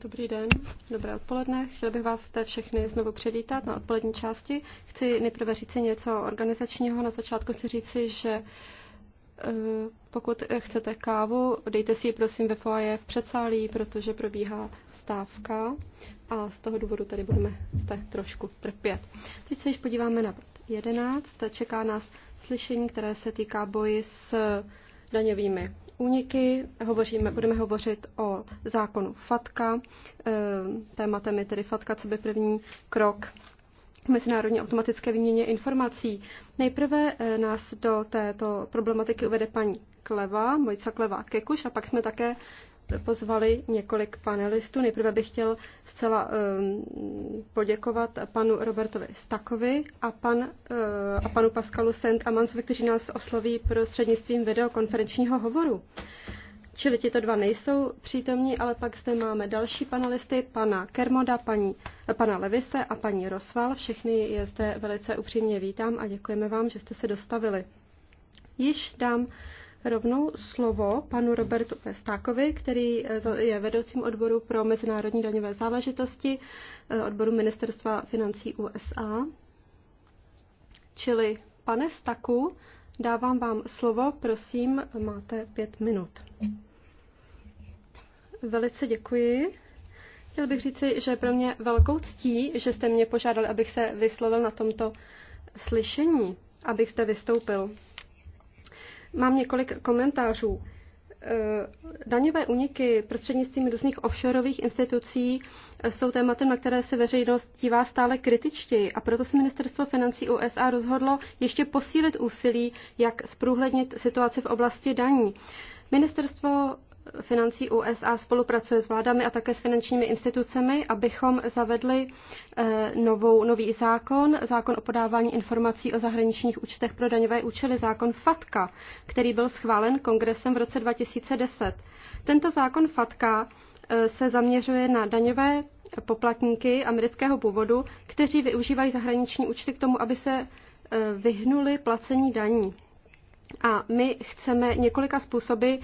Dobrý den, dobré odpoledne. Chtěl bych vás zde všechny znovu přivítat na odpolední části. Chci nejprve říci něco organizačního. Na začátku chci říci, že eh, pokud chcete kávu, dejte si ji prosím ve foaje v předsálí, protože probíhá stávka a z toho důvodu tady budeme zde trošku trpět. Teď se již podíváme na 11. Čeká nás slyšení, které se týká boji s daňovými úniky. Hovoříme, budeme hovořit o zákonu FATKA. E, tématem je tedy FATKA, co by první krok k mezinárodní automatické výměně informací. Nejprve e, nás do této problematiky uvede paní Kleva, Mojca Kleva Kekuš, a pak jsme také pozvali několik panelistů. Nejprve bych chtěl zcela um, poděkovat panu Robertovi Stakovi a, pan, uh, a panu Paskalu Sent Mansovi, kteří nás osloví prostřednictvím videokonferenčního hovoru. Čili tito dva nejsou přítomní, ale pak zde máme další panelisty, pana Kermoda, paní, pana Levise a paní Rosval. Všechny je zde velice upřímně vítám a děkujeme vám, že jste se dostavili. Již dám rovnou slovo panu Robertu Pestákovi, který eh, je vedoucím odboru pro mezinárodní daňové záležitosti eh, odboru Ministerstva financí USA. Čili pane Staku, dávám vám slovo, prosím, máte pět minut. Velice děkuji. Chtěl bych říci, že pro mě velkou ctí, že jste mě požádali, abych se vyslovil na tomto slyšení, abych zde vystoupil. Mám několik komentářů. E, daňové uniky prostřednictvím různých offshoreových institucí e, jsou tématem, na které se veřejnost dívá stále kritičtěji a proto se ministerstvo financí USA rozhodlo ještě posílit úsilí, jak zprůhlednit situaci v oblasti daní. Ministerstvo financí USA spolupracuje s vládami a také s finančními institucemi, abychom zavedli eh, novou, nový zákon, zákon o podávání informací o zahraničních účtech pro daňové účely, zákon FATKA, který byl schválen kongresem v roce 2010. Tento zákon FATKA eh, se zaměřuje na daňové poplatníky amerického původu, kteří využívají zahraniční účty k tomu, aby se eh, vyhnuli placení daní. A my chceme několika způsoby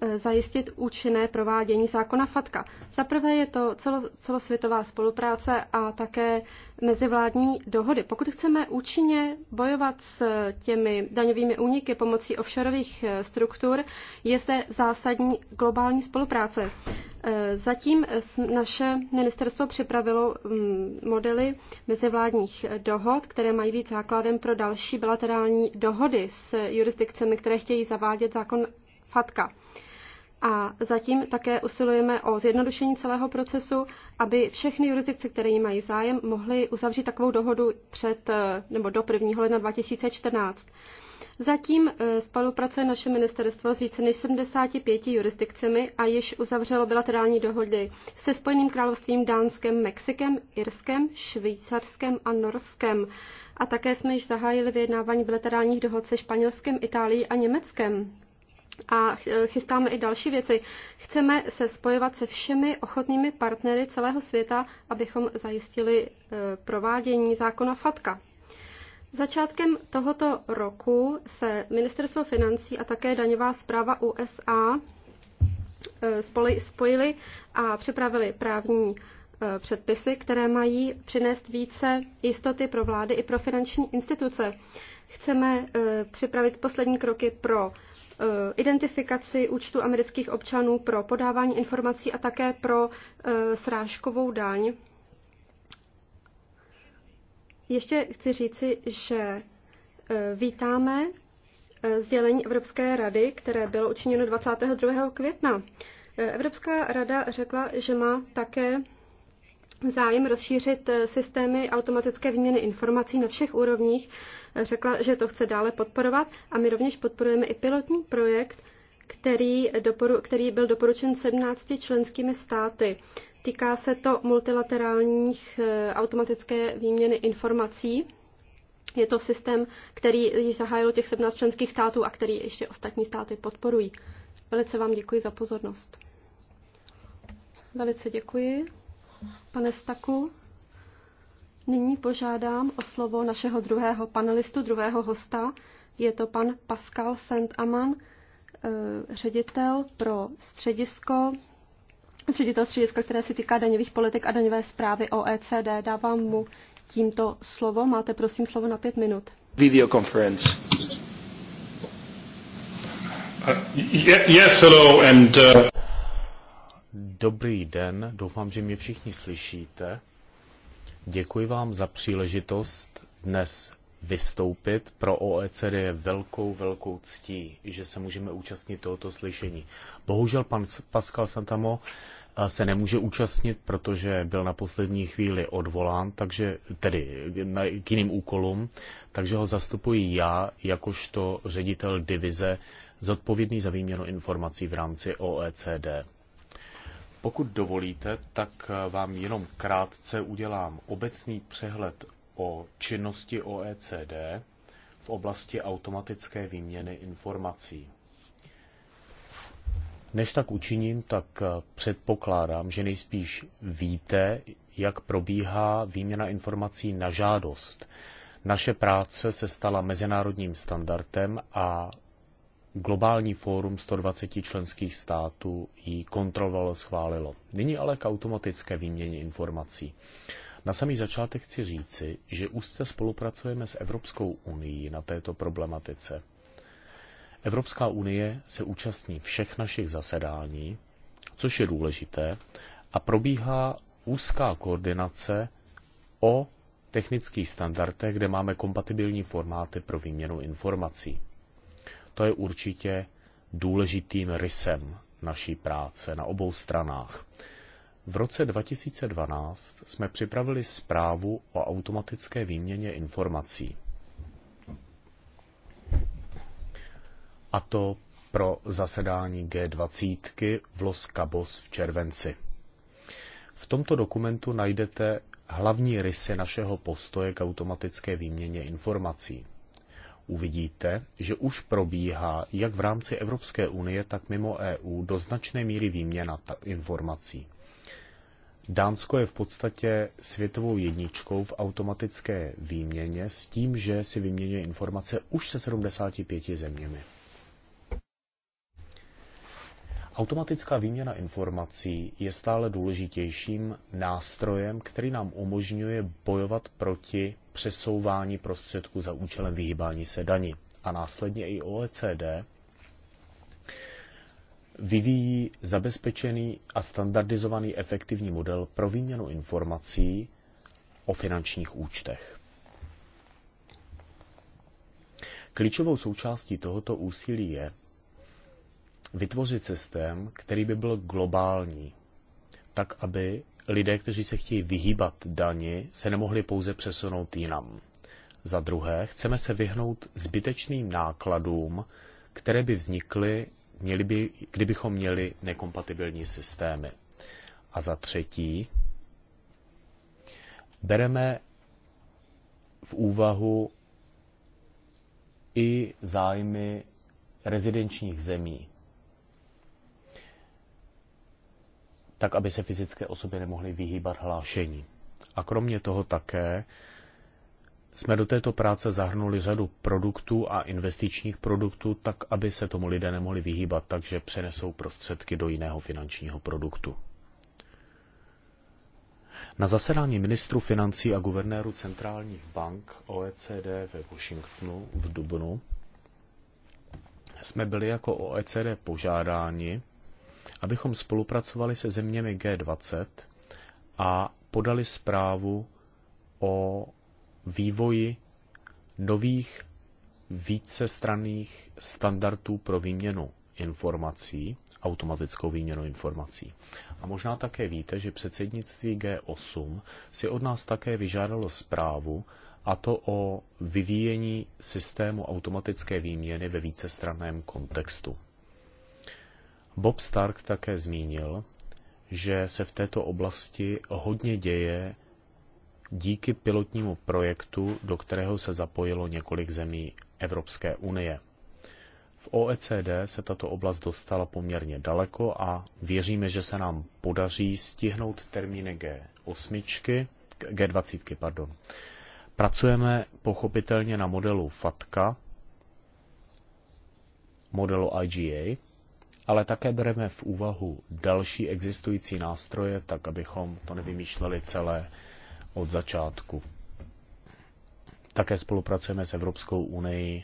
Eh, zajistit účinné provádění zákona FATKA. Za prvé je to celo, celosvětová spolupráce a také mezivládní dohody. Pokud chceme účinně bojovat s těmi daňovými úniky pomocí offshoreových eh, struktur, je zde zásadní globální spolupráce. Eh, zatím naše ministerstvo připravilo mm, modely mezivládních dohod, které mají být základem pro další bilaterální dohody s jurisdikcemi, které chtějí zavádět zákon FATKA a zatím také usilujeme o zjednodušení celého procesu, aby všechny jurisdikce, které jí mají zájem, mohly uzavřít takovou dohodu před eh, nebo do 1. ledna 2014. Zatím eh, spolupracuje naše ministerstvo s více než 75 jurisdikcemi a již uzavřelo bilaterální dohody se Spojeným královstvím, Dánskem, Mexikem, Irskem, Švýcarskem a Norskem. A také jsme již zahájili vyjednávání bilaterálních dohod se Španělskem, Itálií a Německem a eh, chystáme i další věci. Chceme se spojovat se všemi ochotnými partnery celého světa, abychom zajistili eh, provádění zákona FATKA. Začátkem tohoto roku se Ministerstvo financí a také daňová zpráva USA eh, spojili a připravili právní předpisy, které mají přinést více jistoty pro vlády i pro finanční instituce. Chceme připravit poslední kroky pro Eh, identifikaci účtu amerických občanů pro podávání informací a také pro eh, srážkovou daň. Ještě chci říci, že eh, vítáme sdělení Evropské rady, které bylo učiněno 22. května. Evropská rada řekla, že má také zájem rozšířit eh, systémy automatické výměny informací na všech úrovních. Eh, řekla, že to chce dále podporovat a my rovněž podporujeme i pilotní projekt, který, eh, doporu, který byl doporučen 17 členskými státy. Týká se to multilaterálních automatické výměny informací. Je to systém, který již zahájil těch 17 členských států a který ještě ostatní státy podporují. Velice vám děkuji za pozornost. Velice děkuji pane Staku. Nyní požádám o slovo našeho druhého panelistu, druhého hosta. Je to pan Pascal Saint-Aman, eh, ředitel pro středisko, ředitel střediska, které se týká daňových politik a daňové zprávy OECD. Dávám mu tímto slovo. Máte prosím slovo na pět minut. conference. Uh, yes, hello and... Uh... Dobrý den, doufám, že mě všichni slyšíte. Děkuji vám za příležitost dnes vystoupit. Pro OECD je velkou, velkou ctí, že se můžeme účastnit tohoto slyšení. Bohužel pan Pascal Santamo eh, se nemůže účastnit, protože byl na poslední chvíli odvolán, takže tedy k jiným úkolům, takže ho zastupuji já jakožto ředitel divize zodpovědný za výměnu informací v rámci OECD. Pokud dovolíte, tak vám jenom krátce udělám obecný přehled o činnosti OECD v oblasti automatické výměny informací. Než tak učiním, tak předpokládám, že nejspíš víte, jak probíhá výměna informací na žádost. Naše práce se stala mezinárodním standardem a globální fórum 120 členských států ji kontrolovalo, schválilo. Nyní ale k automatické výměně informací. Na samý začátek chci říci, že úzce spolupracujeme s Evropskou unii na této problematice. Evropská unie se účastní všech našich zasedání, což je důležité, a probíhá úzká koordinace o technických standardech, kde máme kompatibilní formáty pro výměnu informací. To je určitě důležitým rysem naší práce na obou stranách. V roce 2012 jsme připravili zprávu o automatické výměně informací. A to pro zasedání G20 v Los Cabos v červenci. V tomto dokumentu najdete hlavní rysy našeho postoje k automatické výměně informací uvidíte, že už probíhá jak v rámci Evropské unie, tak mimo EU do značné míry výměna informací. Dánsko je v podstatě světovou jedničkou v automatické výměně s tím, že si vyměňuje informace už se 75 zeměmi. Automatická výměna informací je stále důležitějším nástrojem, který nám umožňuje bojovat proti přesouvání prostředků za účelem vyhýbání se daní. A následně i OECD vyvíjí zabezpečený a standardizovaný efektivní model pro výměnu informací o finančních účtech. Klíčovou součástí tohoto úsilí je, vytvořit systém, který by byl globální, tak aby lidé, kteří se chtějí vyhýbat dani, se nemohli pouze přesunout jinam. Za druhé, chceme se vyhnout zbytečným nákladům, které by vznikly, měli by, kdybychom měli nekompatibilní systémy. A za třetí, bereme v úvahu i zájmy rezidenčních zemí. tak aby se fyzické osoby nemohly vyhýbat hlášení. A kromě toho také jsme do této práce zahrnuli řadu produktů a investičních produktů, tak aby se tomu lidé nemohli vyhýbat, takže přenesou prostředky do jiného finančního produktu. Na zasedání ministru financí a guvernéru centrálních bank OECD ve Washingtonu v Dubnu jsme byli jako OECD požádáni, abychom spolupracovali se zeměmi G20 a podali zprávu o vývoji nových vícestranných standardů pro výměnu informací, automatickou výměnu informací. A možná také víte, že předsednictví G8 si od nás také vyžádalo zprávu, a to o vyvíjení systému automatické výměny ve vícestranném kontextu. Bob Stark také zmínil, že se v této oblasti hodně děje díky pilotnímu projektu, do kterého se zapojilo několik zemí Evropské unie. V OECD se tato oblast dostala poměrně daleko a věříme, že se nám podaří stihnout termíny G8, G20, pardon. Pracujeme pochopitelně na modelu FATCA, modelu IGA, ale také bereme v úvahu další existující nástroje, tak abychom to nevymýšleli celé od začátku. Také spolupracujeme s Evropskou unii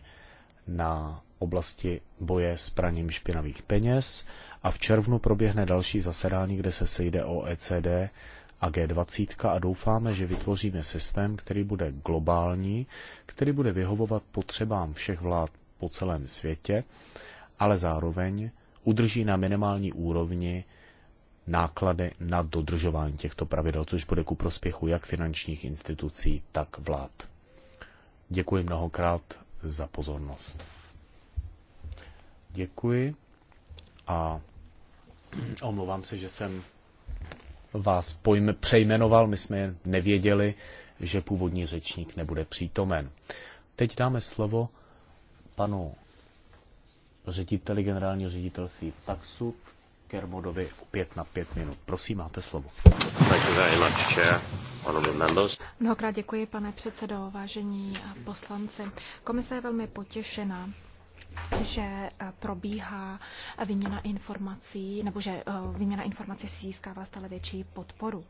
na oblasti boje s praním špinavých peněz a v červnu proběhne další zasedání, kde se sejde OECD a G20 a doufáme, že vytvoříme systém, který bude globální, který bude vyhovovat potřebám všech vlád po celém světě, ale zároveň udrží na minimální úrovni náklady na dodržování těchto pravidel, což bude ku prospěchu jak finančních institucí, tak vlád. Děkuji mnohokrát za pozornost. Děkuji a omlouvám se, že jsem vás pojme, přejmenoval, my jsme nevěděli, že původní řečník nebude přítomen. Teď dáme slovo panu řediteli generálního ředitelství Taxu Kermodovi opět na pět minut. Prosím, máte slovo. Mnohokrát děkuji, pane předsedo, vážení poslanci. Komise je velmi potěšená že eh, probíhá výměna informací, nebo že eh, výměna informací si získává stále větší podporu.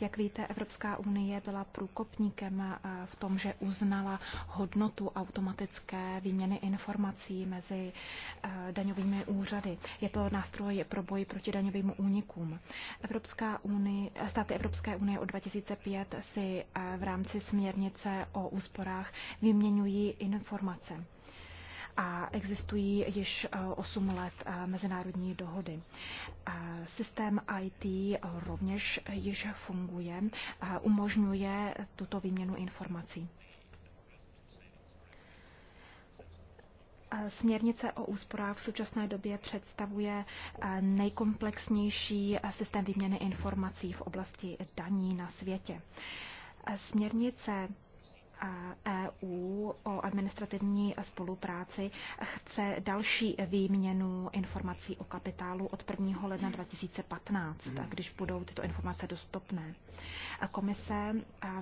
Jak víte, Evropská unie byla průkopníkem eh, v tom, že uznala hodnotu automatické výměny informací mezi daňovými úřady. Je to nástroj pro boj proti daňovým únikům. Evropská unie, státy Evropské unie od 2005 si v rámci směrnice o úsporách vyměňují informace a existují již 8 eh, let eh, mezinárodní dohody. Eh, systém IT rovněž již funguje, umožňuje tuto výměnu informací. Směrnice o úsporách v současné době představuje nejkomplexnější systém výměny informací v oblasti daní na světě. Směrnice EU o administrativní spolupráci chce další výměnu informací o kapitálu od 1. ledna 2015, mhm. když budou tyto informace dostupné. Komise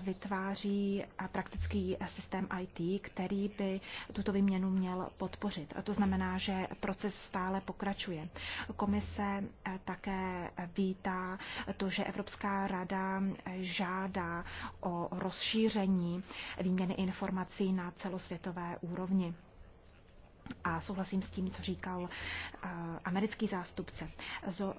vytváří praktický e, systém IT, který by tuto výměnu měl podpořit. To znamená, že proces stále pokračuje. Komise e, také vítá to, že Evropská rada e, žádá o rozšíření výměny informací na celosvětové úrovni. A souhlasím s tím, co říkal eh, americký zástupce.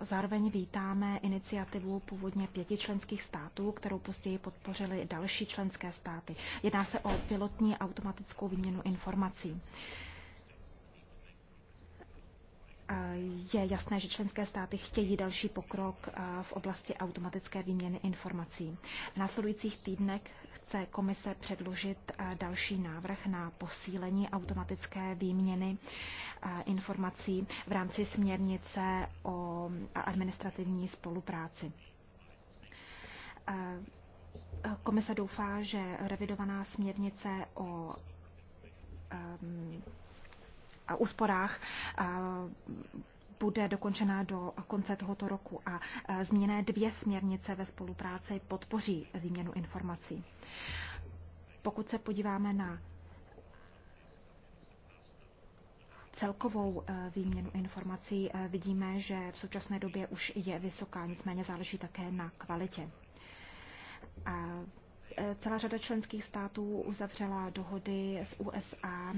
Zároveň vítáme iniciativu původně pěti členských států, kterou později podpořili další členské státy. Jedná se o pilotní automatickou výměnu informací. Eh, je jasné, že členské státy chtějí další pokrok eh, v oblasti automatické výměny informací. V následujících týdnech chce komise předložit eh, další návrh na posílení automatické výměny informací v rámci směrnice o administrativní spolupráci. Komise doufá, že revidovaná směrnice o ehm, a úsporách bude dokončena do konce tohoto roku a změné dvě směrnice ve spolupráci podpoří výměnu informací. Pokud se podíváme na celkovou e, výměnu informací, e, vidíme, že v současné době už je vysoká, nicméně záleží také na kvalitě. E, celá řada členských států uzavřela dohody s USA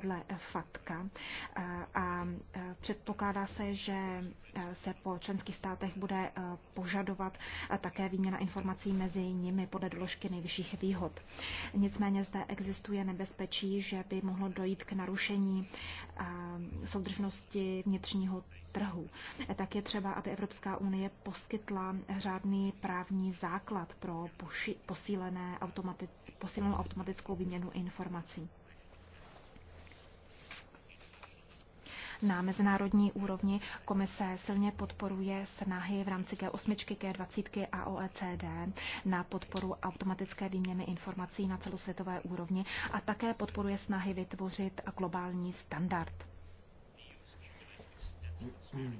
podle FATKA eh, a eh, předpokládá se, že eh, se po členských státech bude požadovat také výměna informací mezi nimi podle doložky nejvyšších výhod. Nicméně zde existuje nebezpečí, že by mohlo dojít k narušení soudržnosti vnitřního trhu. Tak je třeba, aby Evropská unie poskytla řádný právní základ pro posílené automatic, posílenou automatickou výměnu informací. Na mezinárodní úrovni komise silně podporuje snahy v rámci G8, G20 a OECD na podporu automatické výměny informací na celosvětové úrovni a také podporuje snahy vytvořit globální standard.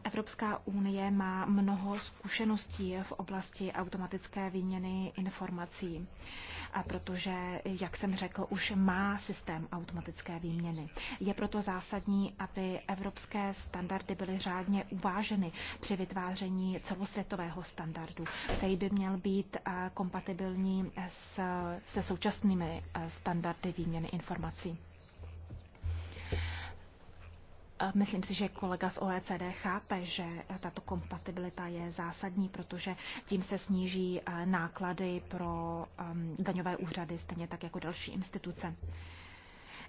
Evropská unie má mnoho zkušeností v oblasti automatické výměny informací, a protože, jak jsem řekl, už má systém automatické výměny. Je proto zásadní, aby evropské standardy byly řádně uváženy při vytváření celosvětového standardu, který by měl být eh, kompatibilní s, se současnými eh, standardy výměny informací. Myslím si, že kolega z OECD chápe, že tato kompatibilita je zásadní, protože tím se sníží eh, náklady pro ehm, daňové úřady, stejně tak jako další instituce.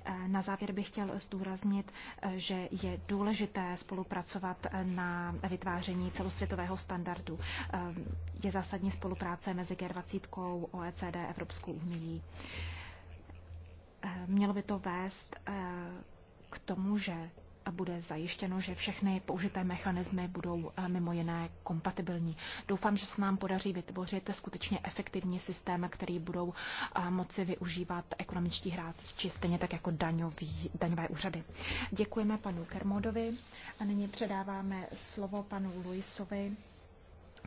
Eh, na závěr bych chtěl zdůraznit, eh, že je důležité spolupracovat na vytváření celosvětového standardu. Ehm, je zásadní spolupráce mezi G20, OECD, Evropskou unii. Mělo by to vést k tomu, že bude zajištěno, že všechny použité mechanismy budou eh, mimo jiné kompatibilní. Doufám, že se nám podaří vytvořit skutečně efektivní systém, který budou eh, moci využívat ekonomičtí hráči stejně tak jako daňový, daňové úřady. Děkujeme panu Kermodovi a nyní předáváme slovo panu Luisovi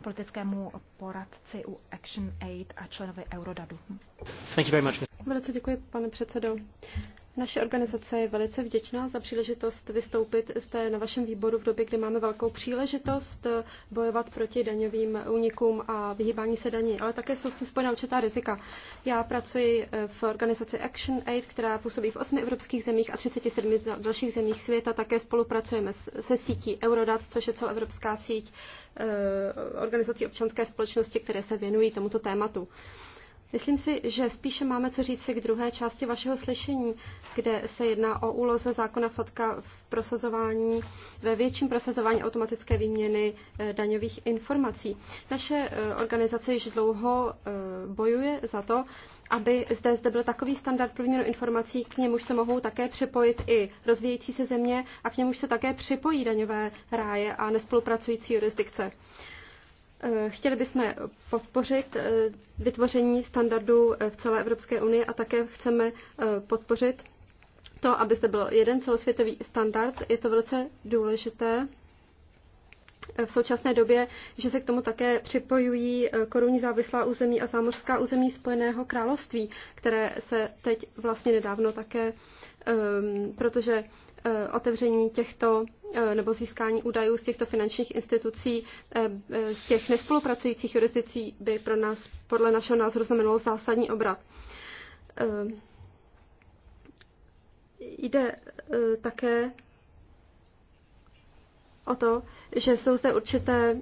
politickému poradci u Action Aid a členovi Eurodadu. Thank you very much, Velice děkuji, pane předsedo. Naše organizace je velice vděčná za příležitost vystoupit zde na vašem výboru v době, kdy máme velkou příležitost eh, bojovat proti daňovým únikům a vyhýbání se daní, ale také jsou s tím spojená určitá rizika. Já pracuji eh, v organizaci Action Aid, která působí v 8 evropských zemích a 37 dalších zemích světa. Také spolupracujeme se sítí Eurodat, což je celoevropská síť eh, organizací občanské společnosti, které se věnují tomuto tématu. Myslím si, že spíše máme co říct si k druhé části vašeho slyšení, kde se jedná o úloze zákona FATKA v prosazování, ve větším prosazování automatické výměny eh, daňových informací. Naše eh, organizace již dlouho eh, bojuje za to, aby zde, zde byl takový standard pro výměnu informací, k němuž se mohou také připojit i rozvíjející se země a k němuž se také připojí daňové ráje a nespolupracující jurisdikce. Uh, Eh, chtěli bychom podpořit eh, vytvoření standardů eh, v celé Evropské unii a také chceme podpořit to, aby zde byl jeden celosvětový standard. Je to velice důležité v současné době, že se k tomu také připojují korunní závislá území a zámořská území Spojeného království, které se teď vlastně nedávno také, ehm, protože Eh, otevření těchto eh, nebo získání údajů z těchto finančních institucí z eh, těch nespolupracujících jurisdikcí by pro nás, podle našeho názoru znamenalo zásadní obrat. Jde také o to, že jsou zde určité,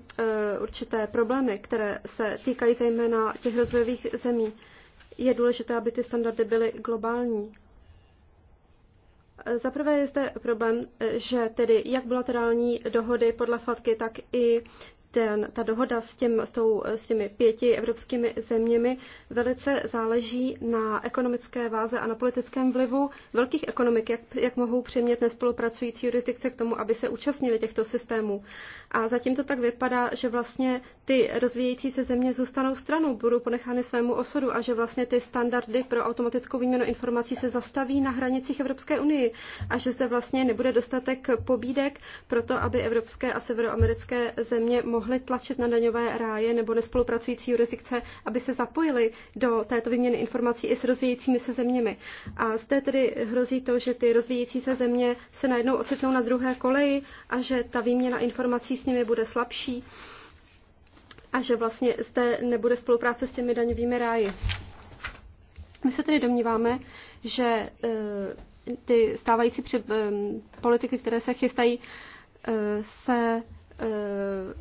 určité problémy, které se týkají zejména těch rozvojových zemí. Je důležité, aby ty standardy byly globální Zaprvé je zde problém, že tedy jak bilaterální dohody podle FATKY, tak i ten, ta dohoda s, těm, s, tou, s těmi pěti evropskými zeměmi velice záleží na ekonomické váze a na politickém vlivu velkých ekonomik, jak, jak mohou přimět nespolupracující jurisdikce k tomu, aby se účastnili těchto systémů. A zatím to tak vypadá, že vlastně ty rozvíjející se země zůstanou stranou, budou ponechány svému osudu a že vlastně ty standardy pro automatickou výměnu informací se zastaví na hranicích Evropské unii a že zde vlastně nebude dostatek pobídek pro to, aby evropské a severoamerické země mohly mohli tlačit na daňové ráje nebo nespolupracující jurisdikce, aby se zapojili do této výměny informací i s rozvíjejícími se zeměmi. A zde tedy hrozí to, že ty rozvíjející se země se najednou ocitnou na druhé koleji a že ta výměna informací s nimi bude slabší a že vlastně zde nebude spolupráce s těmi daňovými ráji. My se tedy domníváme, že eh, ty stávající eh, politiky, které se chystají, eh, se Eh,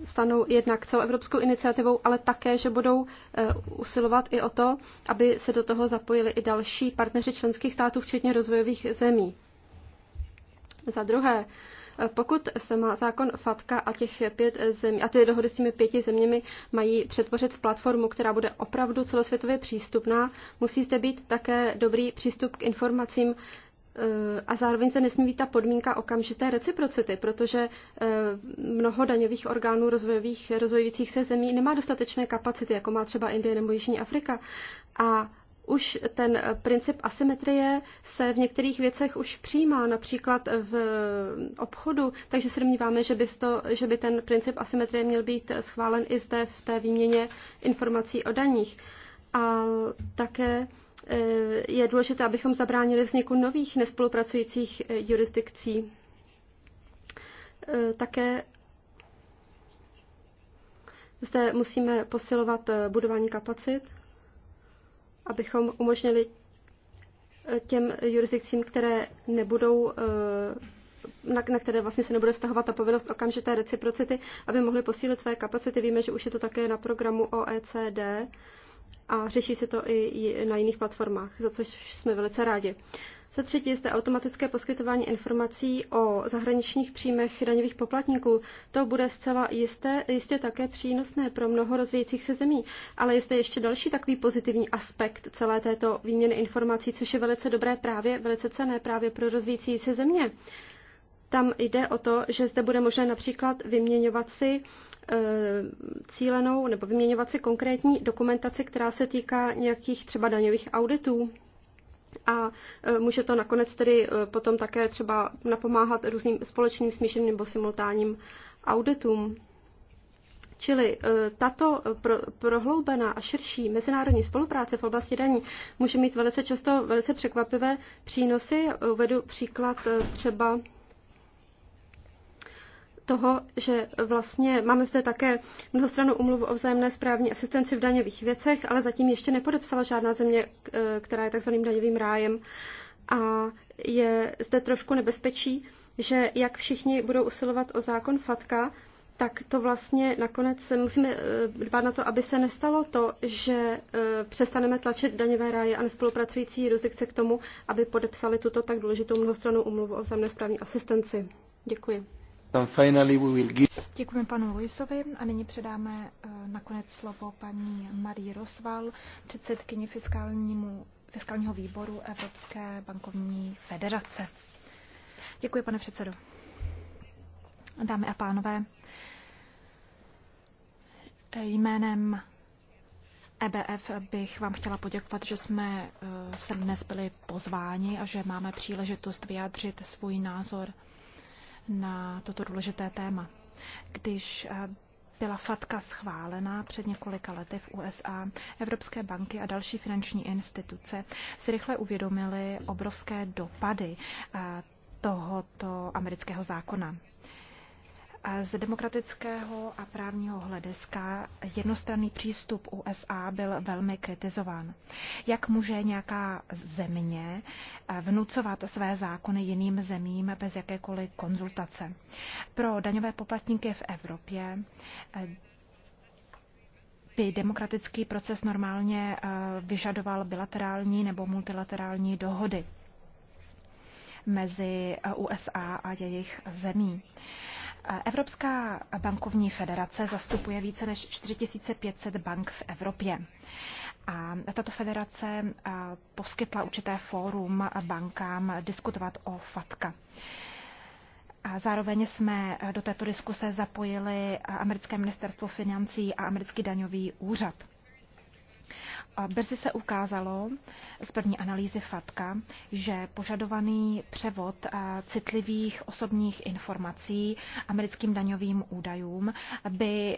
stanou jednak celoevropskou iniciativou, ale také, že budou eh, usilovat i o to, aby se do toho zapojili i další partneři členských států, včetně rozvojových zemí. Za druhé, eh, pokud se má zákon FATKA a těch pět zemí, a ty dohody s těmi pěti zeměmi mají přetvořit v platformu, která bude opravdu celosvětově přístupná, musí zde být také dobrý přístup k informacím Eh, a zároveň se nesmí být ta podmínka okamžité reciprocity, protože eh, mnoho daňových orgánů rozvojových, rozvojujících se zemí nemá dostatečné kapacity, jako má třeba Indie nebo Jižní Afrika. A už ten eh, princip asymetrie se v některých věcech už přijímá, například v obchodu, takže se domníváme, že by, že by ten princip asymetrie měl být schválen i zde v té výměně informací o daních. A také Eh, je důležité, abychom zabránili vzniku nových nespolupracujících eh, jurisdikcí. Eh, také zde musíme posilovat budování kapacit, abychom umožnili těm jurisdikcím, které nebudou na, na které vlastně se nebude stahovat ta povinnost okamžité reciprocity, aby mohly posílit své kapacity. Víme, že už je to také na programu OECD a řeší se to i na jiných platformách, za což jsme velice rádi. Za třetí je zde automatické poskytování informací o zahraničních příjmech daňových poplatníků. To bude zcela jisté, jistě také přínosné pro mnoho rozvíjejících se zemí, ale je zde ještě další takový pozitivní aspekt celé této výměny informací, což je velice dobré právě, velice cené právě pro rozvíjející se země. Tam jde o to, že zde bude možné například vyměňovat si Eh, cílenou nebo vyměňovat si konkrétní dokumentaci, která se týká nějakých třeba daňových auditů. A eh, může to nakonec tedy eh, potom také třeba napomáhat různým společným, smíšeným nebo simultánním auditům. Čili tato prohloubená a širší mezinárodní spolupráce v oblasti daní může mít velice často velice překvapivé přínosy. Uvedu příklad třeba toho, že vlastně máme zde také mnohostranou umluvu o vzájemné správní asistenci v daňových věcech, ale zatím ještě nepodepsala žádná země, e, která je takzvaným daňovým rájem. A je zde trošku nebezpečí, že jak všichni budou usilovat o zákon FATKA, tak to vlastně nakonec musíme e, dbát na to, aby se nestalo to, že e, přestaneme tlačit daňové ráje a nespolupracující jurisdikce k tomu, aby podepsali tuto tak důležitou mnohostranou umluvu o vzájemné správní asistenci. Děkuji. Děkujeme panu Luisovi a nyní předáme eh, nakonec slovo paní Marie Rosval, předsedkyni fiskálnímu, fiskálního výboru Evropské bankovní federace. Děkuji, pane předsedo. Dámy a pánové, jménem EBF bych vám chtěla poděkovat, že jsme eh, sem dnes byli pozváni a že máme příležitost vyjádřit svůj názor na toto důležité téma. Když eh, byla FATKA schválená před několika lety v USA, evropské banky a další finanční instituce si rychle uvědomily obrovské dopady eh, tohoto amerického zákona. Z demokratického a právního hlediska jednostranný přístup USA byl velmi kritizován. Jak může nějaká země eh, vnucovat své zákony jiným zemím bez jakékoliv konzultace? Pro daňové poplatníky v Evropě eh, by demokratický proces normálně eh, vyžadoval bilaterální nebo multilaterální dohody mezi USA a jejich zemí. Evropská bankovní federace zastupuje více než 4500 bank v Evropě. A tato federace poskytla určité fórum bankám diskutovat o FATKA. A zároveň jsme do této diskuse zapojili americké ministerstvo financí a americký daňový úřad brzy se ukázalo z první analýzy FATKA, že požadovaný převod citlivých osobních informací americkým daňovým údajům by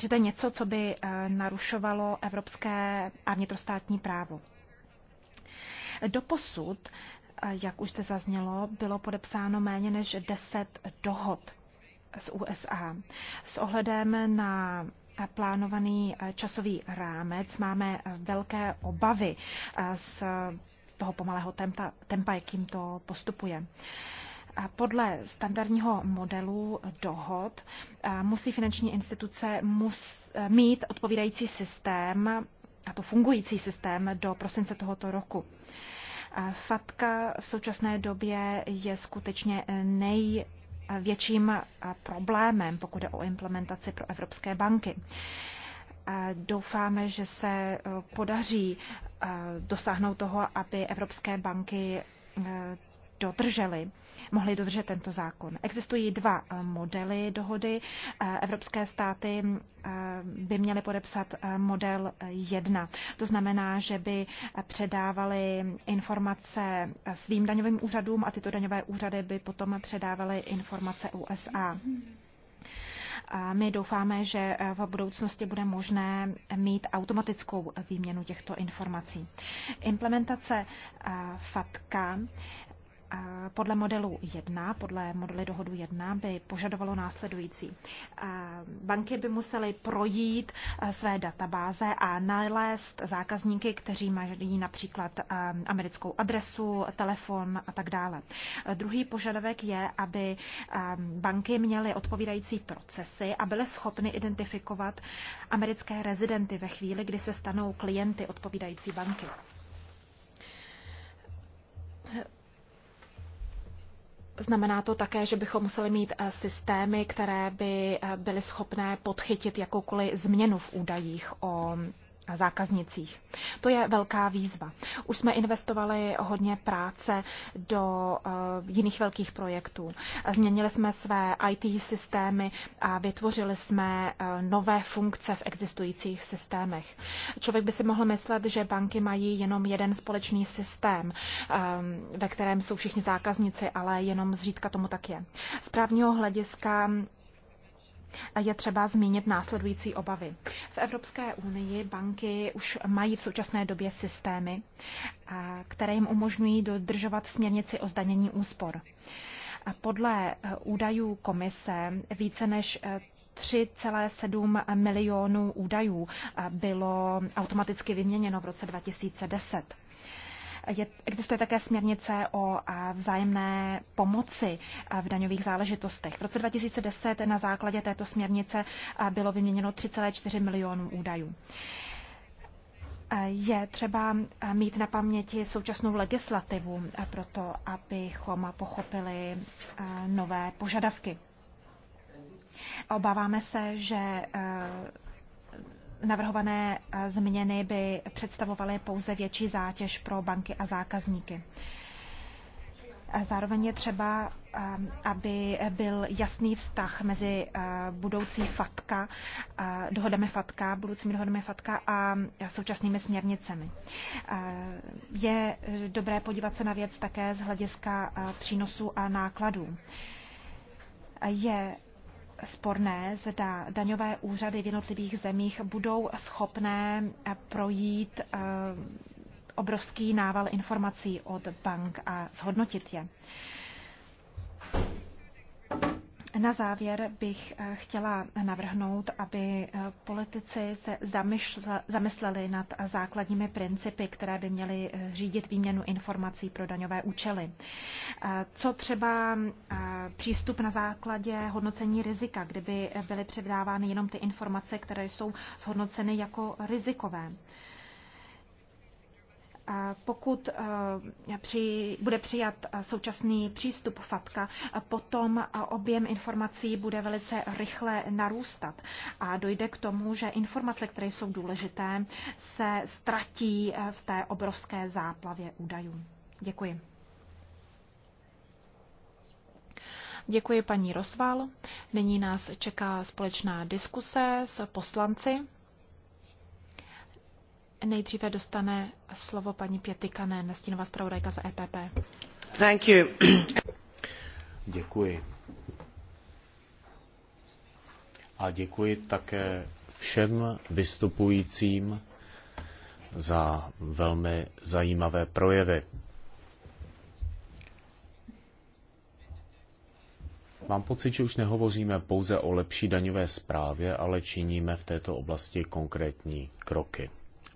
že to je něco, co by narušovalo evropské a vnitrostátní právo. Doposud, jak už jste zaznělo, bylo podepsáno méně než 10 dohod z USA. S ohledem na plánovaný eh, časový rámec. Máme eh, velké obavy eh, z toho pomalého tempa, tempa jakým to postupuje. Podle standardního modelu dohod musí finanční instituce mus, mít odpovídající systém, a to fungující systém, do prosince tohoto roku. Fatka v současné době je skutečně nej větším eh, problémem, pokud je o implementaci pro evropské banky. Eh, doufáme, že se eh, podaří dosáhnout toho, aby evropské banky dodrželi, mohli dodržet tento zákon. Existují dva eh, modely dohody. Eh, evropské státy eh, by měly podepsat model 1. To znamená, že by předávali informace svým daňovým úřadům a tyto daňové úřady by potom předávaly informace USA. A my doufáme, že v budoucnosti bude možné mít automatickou výměnu těchto informací. Implementace FATKA Eh, podle modelu 1, podle modely dohodu 1 by požadovalo následující. Eh, banky by musely projít eh, své databáze a nalézt zákazníky, kteří mají například americkou adresu, telefon a tak dále. Druhý požadavek je, aby banky měly odpovídající procesy a byly schopny identifikovat americké rezidenty ve chvíli, kdy se stanou klienty odpovídající banky. Znamená to také, že bychom museli mít eh, systémy, které by eh, byly schopné podchytit jakoukoliv změnu v údajích o zákaznicích. To je velká výzva. Už jsme investovali hodně práce do eh, jiných velkých projektů. Změnili jsme své IT systémy a vytvořili jsme eh, nové funkce v existujících systémech. Člověk by si mohl myslet, že banky mají jenom jeden společný systém, eh, ve kterém jsou všichni zákazníci, ale jenom zřídka tomu tak je. Z právního hlediska je třeba zmínit následující obavy. V Evropské unii banky už mají v současné době systémy, které jim umožňují dodržovat směrnici o zdanění úspor. Podle eh, údajů komise více než 3,7 eh, milionů údajů eh, bylo automaticky vyměněno v roce 2010. Je, existuje také směrnice o vzájemné pomoci v daňových záležitostech. V roce 2010 na základě této směrnice bylo vyměněno 3,4 milionů údajů. Je třeba mít na paměti současnou legislativu pro to, abychom pochopili nové požadavky. Obáváme se, že navrhované eh, změny by představovaly pouze větší zátěž pro banky a zákazníky. Zároveň je třeba, eh, aby byl jasný vztah mezi eh, budoucí FATKA, dohodami FATKA, budoucími dohodami FATKA a současnými směrnicemi. Je dobré podívat se na věc také z hlediska přínosů a nákladů. Je sporné, zda daňové úřady v jednotlivých zemích budou schopné eh, projít eh, obrovský nával informací od bank a zhodnotit je. Na závěr bych eh, chtěla navrhnout, aby eh, politici se zamysleli nad základními principy, které by měly eh, řídit výměnu informací pro daňové účely. Co třeba přístup na základě hodnocení rizika, kdyby byly předávány jenom ty informace, které jsou zhodnoceny jako rizikové pokud eh, při, bude přijat eh, současný přístup FATKA, eh, potom objem informací bude velice rychle narůstat a dojde k tomu, že informace, které jsou důležité, se ztratí v té obrovské záplavě údajů. Děkuji. Děkuji paní Rosval. Nyní nás čeká společná diskuse s poslanci. Nejdříve dostane slovo paní Pětikanen, nestínová zpravodajka za EPP. Thank you. Děkuji. A děkuji také všem vystupujícím za velmi zajímavé projevy. Mám pocit, že už nehovoříme pouze o lepší daňové správě, ale činíme v této oblasti konkrétní kroky.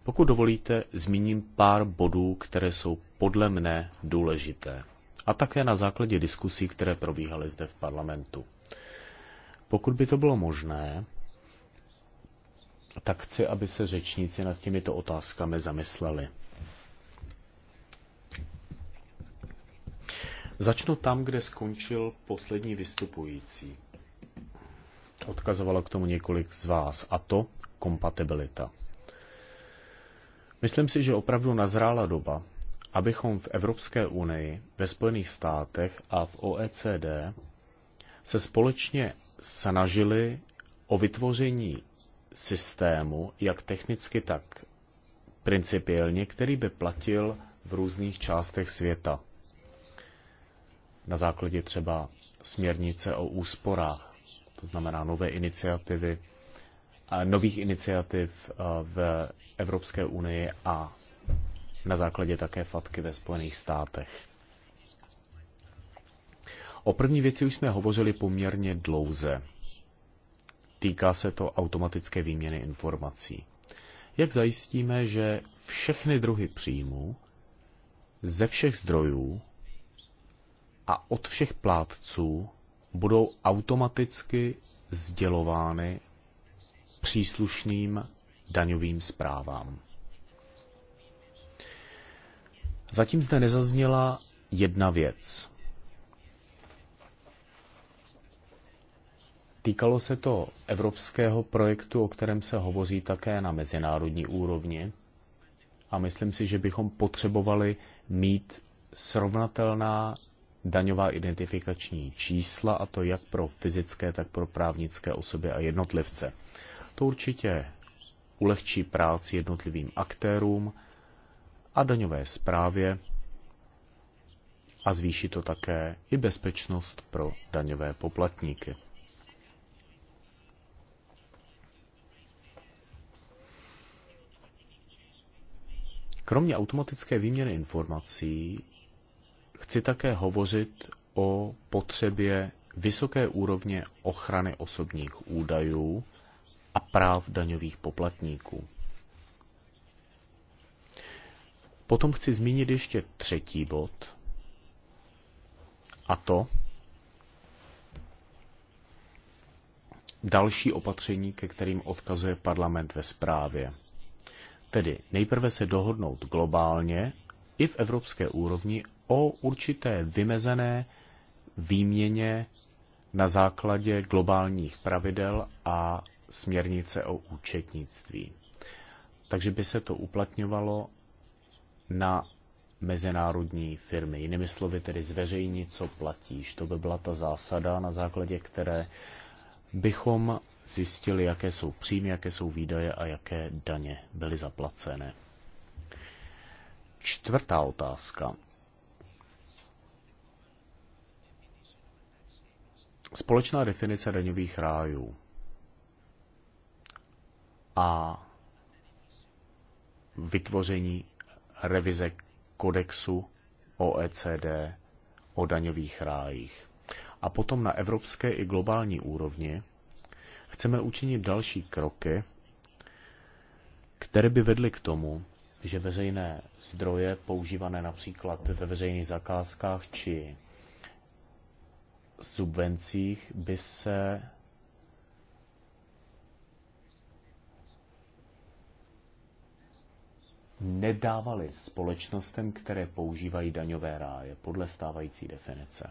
Pokud dovolíte, zmíním pár bodů, které jsou podle mne důležité a také na základě diskusí, které probíhaly zde v parlamentu. Pokud by to bylo možné, tak chci, aby se řečníci nad těmito otázkami zamysleli. Začnu tam, kde skončil poslední vystupující. Odkazovalo k tomu několik z vás, a to kompatibilita. Myslím si, že opravdu nazrála doba, abychom v Evropské unii, ve Spojených státech a v OECD se společně snažili o vytvoření systému, jak technicky, tak principiálně, který by platil v různých částech světa. Na základě třeba směrnice o úsporách, to znamená nové iniciativy, nových iniciativ eh, v Evropské unii a na základě také fatky ve Spojených státech. O první věci už jsme hovořili poměrně dlouze. Týká se to automatické výměny informací. Jak zajistíme, že všechny druhy příjmů ze všech zdrojů a od všech plátců budou automaticky sdělovány příslušným daňovým zprávám. Zatím zde nezazněla jedna věc. Týkalo se to evropského projektu, o kterém se hovoří také na mezinárodní úrovni. A myslím si, že bychom potřebovali mít srovnatelná daňová identifikační čísla, a to jak pro fyzické, tak pro právnické osoby a jednotlivce. To určitě ulehčí práci jednotlivým aktérům a daňové správě a zvýší to také i bezpečnost pro daňové poplatníky. Kromě automatické výměny informací chci také hovořit o potřebě vysoké úrovně ochrany osobních údajů a práv daňových poplatníků. Potom chci zmínit ještě třetí bod, a to další opatření, ke kterým odkazuje parlament ve zprávě. Tedy nejprve se dohodnout globálně i v evropské úrovni o určité vymezené výměně na základě globálních pravidel a směrnice o účetnictví. Takže by se to uplatňovalo na mezinárodní firmy. Jinými slovy tedy zveřejnit, co platíš. To by byla ta zásada, na základě které bychom zjistili, jaké jsou příjmy, jaké jsou výdaje a jaké daně byly zaplacené. Čtvrtá otázka. Společná definice daňových rájů a vytvoření revize kodexu OECD o daňových rájích. A potom na evropské i globální úrovni chceme učinit další kroky, které by vedly k tomu, že veřejné zdroje používané například ve veřejných zakázkách či subvencích by se nedávali společnostem, které používají daňové ráje podle stávající definice.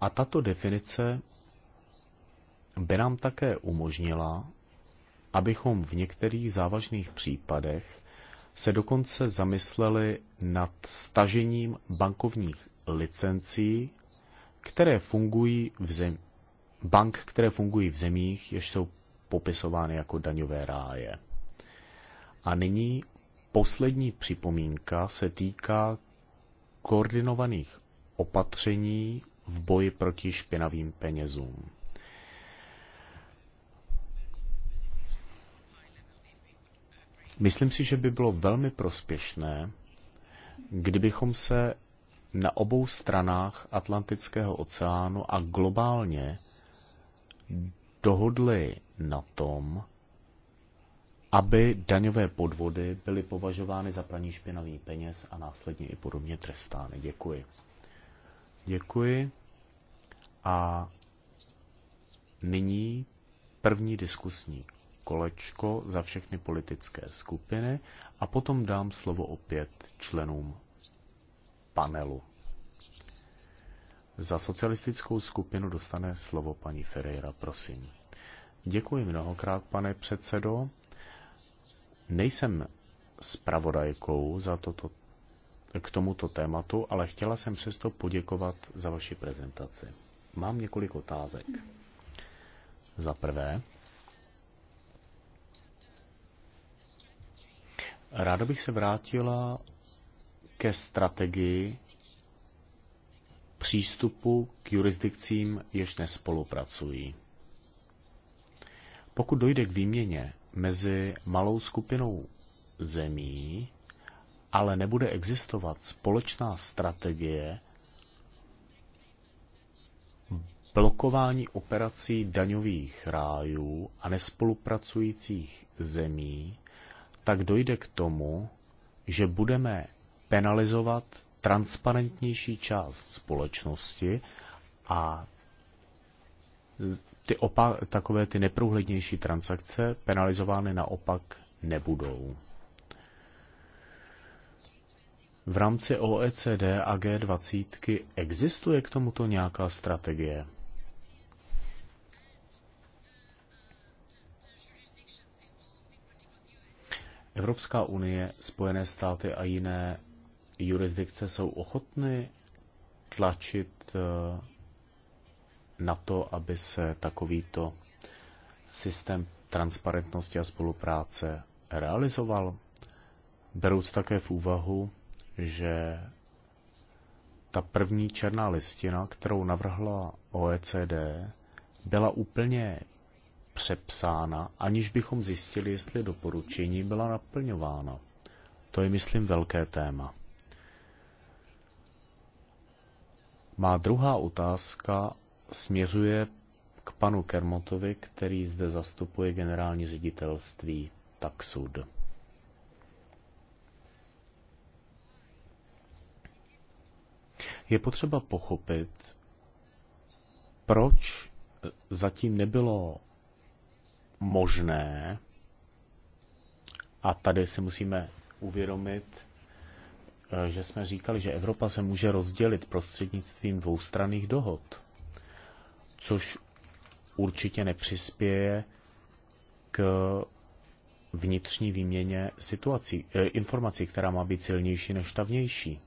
A tato definice by nám také umožnila, abychom v některých závažných případech se dokonce zamysleli nad stažením bankovních licencí, které fungují v zem... bank, které fungují v zemích, jež jsou popisovány jako daňové ráje. A nyní poslední připomínka se týká koordinovaných opatření v boji proti špinavým penězům. Myslím si, že by bylo velmi prospěšné, kdybychom se na obou stranách Atlantického oceánu a globálně dohodli na tom, aby daňové podvody byly považovány za praní špinavý peněz a následně i podobně trestány. Děkuji. Děkuji. A nyní první diskusní kolečko za všechny politické skupiny a potom dám slovo opět členům panelu. Za socialistickou skupinu dostane slovo paní Ferreira, prosím. Děkuji mnohokrát, pane předsedo. Nejsem spravodajkou za toto, k tomuto tématu, ale chtěla jsem přesto poděkovat za vaši prezentaci. Mám několik otázek. Za prvé, ráda bych se vrátila ke strategii přístupu k jurisdikcím, jež nespolupracují. Pokud dojde k výměně mezi malou skupinou zemí, ale nebude existovat společná strategie blokování operací daňových rájů a nespolupracujících zemí, tak dojde k tomu, že budeme penalizovat transparentnější část společnosti a ty opa- takové ty neprůhlednější transakce penalizovány naopak nebudou. V rámci OECD a G20 existuje k tomuto nějaká strategie? Evropská unie, Spojené státy a jiné jurisdikce jsou ochotny tlačit eh, na to, aby se takovýto systém transparentnosti a spolupráce realizoval, berouc také v úvahu, že ta první černá listina, kterou navrhla OECD, byla úplně přepsána, aniž bychom zjistili, jestli doporučení byla naplňována. To je, myslím, velké téma. Má druhá otázka směřuje k panu Kermotovi, který zde zastupuje generální ředitelství Taxud. Je potřeba pochopit, proč zatím nebylo možné, a tady si musíme uvědomit, eh, že jsme říkali, že Evropa se může rozdělit prostřednictvím dvoustranných dohod což určitě nepřispěje k vnitřní výměně situací, eh, informací, která má být silnější než ta vnější.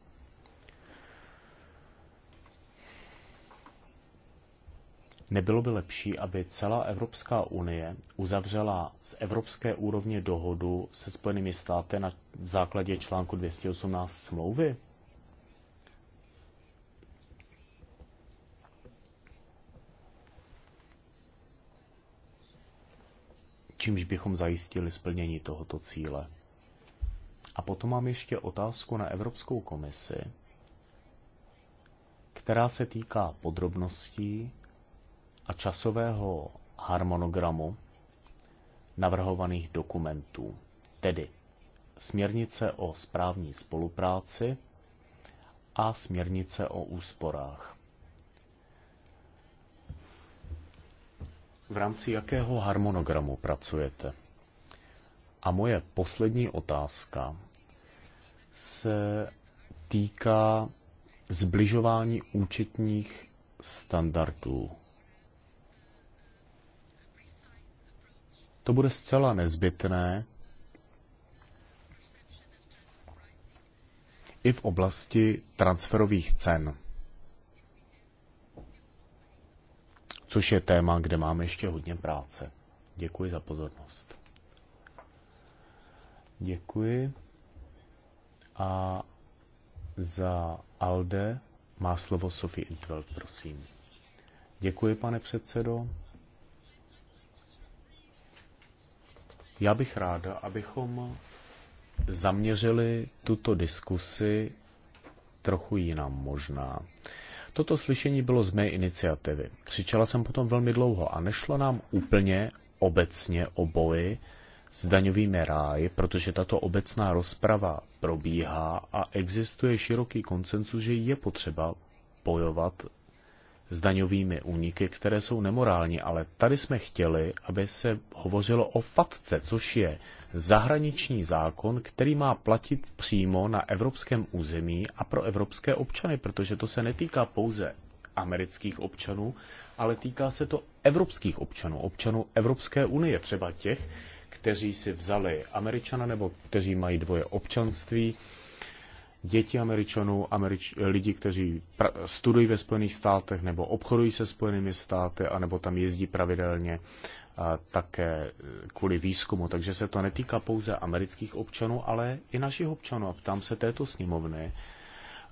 Nebylo by lepší, aby celá Evropská unie uzavřela z evropské úrovně dohodu se Spojenými státy na základě článku 218 smlouvy? čímž bychom zajistili splnění tohoto cíle. A potom mám ještě otázku na Evropskou komisi, která se týká podrobností a časového harmonogramu navrhovaných dokumentů, tedy směrnice o správní spolupráci a směrnice o úsporách. v rámci jakého harmonogramu pracujete? A moje poslední otázka se týká zbližování účetních standardů. To bude zcela nezbytné i v oblasti transferových cen. což je téma, kde máme ještě hodně práce. Děkuji za pozornost. Děkuji. A za Alde má slovo Sofie Intveld, prosím. Děkuji, pane předsedo. Já bych ráda, abychom zaměřili tuto diskusi trochu jinam možná. Toto slyšení bylo z mé iniciativy. Křičela jsem potom velmi dlouho a nešlo nám úplně obecně o boji s daňovými ráji, protože tato obecná rozprava probíhá a existuje široký konsensus, že je potřeba bojovat s daňovými úniky, které jsou nemorální, ale tady jsme chtěli, aby se hovořilo o FATCE, což je zahraniční zákon, který má platit přímo na evropském území a pro evropské občany, protože to se netýká pouze amerických občanů, ale týká se to evropských občanů, občanů Evropské unie, třeba těch, kteří si vzali američana nebo kteří mají dvoje občanství, děti Američanů, Američ, lidi, kteří pra, studují ve Spojených státech nebo obchodují se Spojenými státy, anebo tam jezdí pravidelně a také kvůli výzkumu. Takže se to netýká pouze amerických občanů, ale i našich občanů. A ptám se této sněmovny,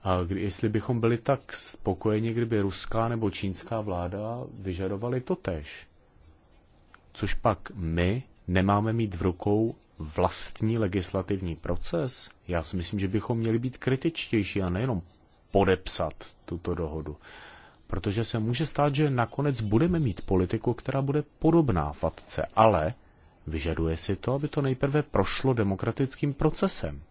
a kdy, jestli bychom byli tak spokojeni, kdyby ruská nebo čínská vláda vyžadovali tež. Což pak my nemáme mít v rukou vlastní legislativní proces, já si myslím, že bychom měli být kritičtější a nejenom podepsat tuto dohodu. Protože se může stát, že nakonec budeme mít politiku, která bude podobná fatce, ale vyžaduje si to, aby to nejprve prošlo demokratickým procesem,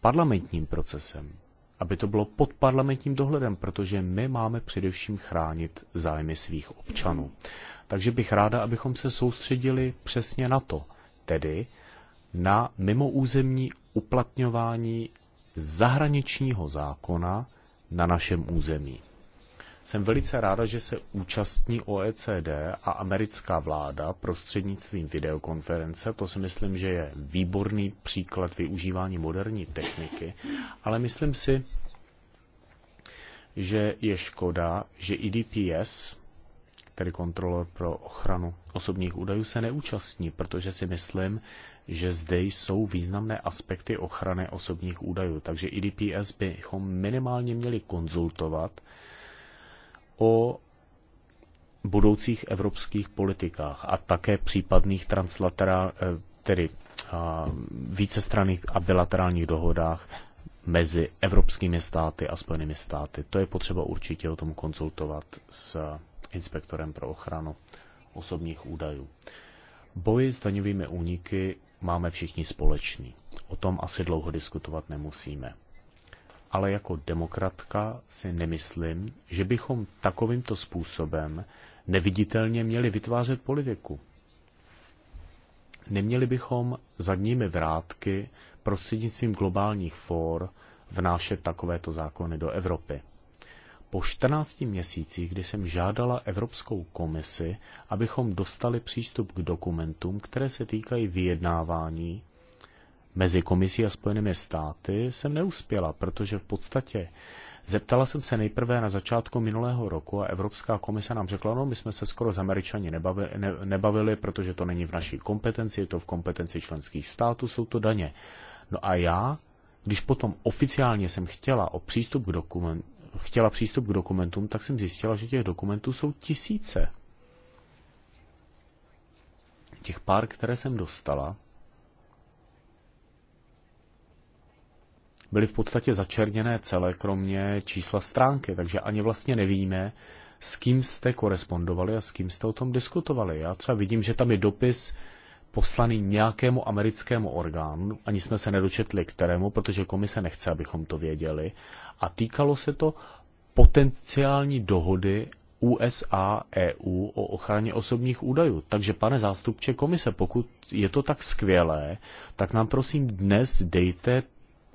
parlamentním procesem, aby to bylo pod parlamentním dohledem, protože my máme především chránit zájmy svých občanů. Takže bych ráda, abychom se soustředili přesně na to, tedy na mimoúzemní uplatňování zahraničního zákona na našem území. Jsem velice ráda, že se účastní OECD a americká vláda prostřednictvím videokonference. To si myslím, že je výborný příklad využívání moderní techniky, ale myslím si, že je škoda, že IDPS, tedy kontrolor pro ochranu osobních údajů, se neúčastní, protože si myslím, že zde jsou významné aspekty ochrany osobních údajů. Takže IDPS bychom minimálně měli konzultovat o budoucích evropských politikách a také případných translaterál, eh, tedy vícestranných a bilaterálních dohodách mezi evropskými státy a spojenými státy. To je potřeba určitě o tom konzultovat s inspektorem pro ochranu osobních údajů. Boji s daňovými úniky máme všichni společný. O tom asi dlouho diskutovat nemusíme. Ale jako demokratka si nemyslím, že bychom takovýmto způsobem neviditelně měli vytvářet politiku. Neměli bychom zadními vrátky prostřednictvím globálních fór vnášet takovéto zákony do Evropy. Po 14 měsících, kdy jsem žádala Evropskou komisi, abychom dostali přístup k dokumentům, které se týkají vyjednávání mezi komisí a Spojenými státy, jsem neuspěla, protože v podstatě zeptala jsem se nejprve na začátku minulého roku a Evropská komise nám řekla, no my jsme se skoro s Američani nebavili, ne, nebavili, protože to není v naší kompetenci, je to v kompetenci členských států, jsou to daně. No a já, když potom oficiálně jsem chtěla o přístup k dokumentům, chtěla přístup k dokumentům, tak jsem zjistila, že těch dokumentů jsou tisíce. Těch pár, které jsem dostala, byly v podstatě začerněné celé, kromě čísla stránky, takže ani vlastně nevíme, s kým jste korespondovali a s kým jste o tom diskutovali. Já třeba vidím, že tam je dopis poslaný nějakému americkému orgánu, ani jsme se nedočetli kterému, protože komise nechce, abychom to věděli. A týkalo se to potenciální dohody USA-EU e o ochraně osobních údajů. Takže pane zástupče komise, pokud je to tak skvělé, tak nám prosím dnes dejte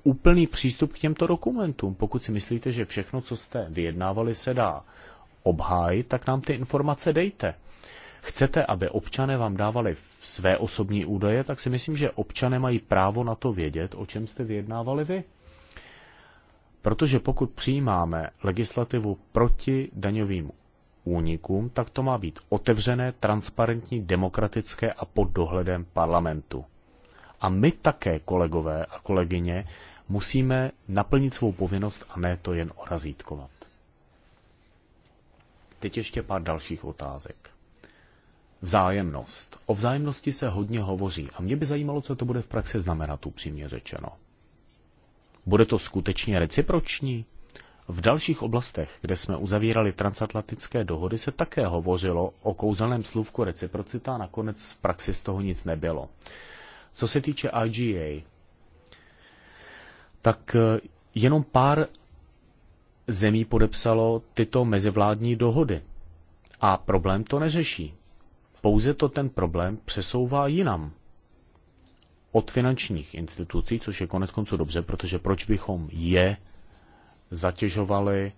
úplný přístup k těmto dokumentům. Pokud si myslíte, že všechno, co jste vyjednávali, se dá obhájit, tak nám ty informace dejte chcete, aby občané vám dávali své osobní údaje, tak si myslím, že občané mají právo na to vědět, o čem jste vyjednávali vy. Protože pokud přijímáme legislativu proti daňovým únikům, tak to má být otevřené, transparentní, demokratické a pod dohledem parlamentu. A my také, kolegové a kolegyně, musíme naplnit svou povinnost a ne to jen orazítkovat. Teď ještě pár dalších otázek. Vzájemnost. O vzájemnosti se hodně hovoří a mě by zajímalo, co to bude v praxi znamenat, upřímně řečeno. Bude to skutečně reciproční? V dalších oblastech, kde jsme uzavírali transatlantické dohody, se také hovořilo o kouzelném slůvku reciprocita a nakonec v praxi z toho nic nebylo. Co se týče IGA, tak eh, jenom pár zemí podepsalo tyto mezivládní dohody. A problém to neřeší pouze to ten problém přesouvá jinam. Od finančních institucí, což je konec konců dobře, protože proč bychom je zatěžovali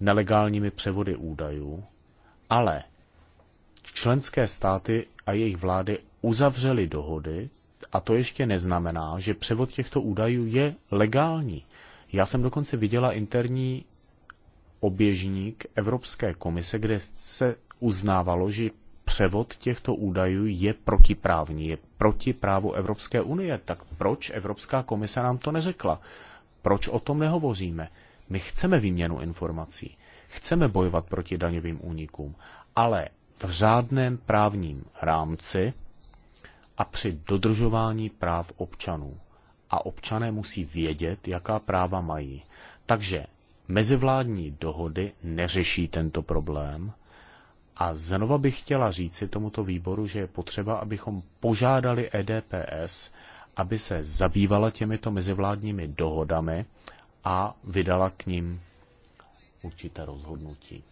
nelegálními převody údajů, ale členské státy a jejich vlády uzavřely dohody a to ještě neznamená, že převod těchto údajů je legální. Já jsem dokonce viděla interní oběžník Evropské komise, kde se uznávalo, že převod těchto údajů je protiprávní, je proti právu Evropské unie. Tak proč Evropská komise nám to neřekla? Proč o tom nehovoříme? My chceme výměnu informací, chceme bojovat proti daňovým únikům, ale v řádném právním rámci a při dodržování práv občanů. A občané musí vědět, jaká práva mají. Takže mezivládní dohody neřeší tento problém, a znova bych chtěla říci tomuto výboru, že je potřeba, abychom požádali EDPS, aby se zabývala těmito mezivládními dohodami a vydala k ním určité rozhodnutí.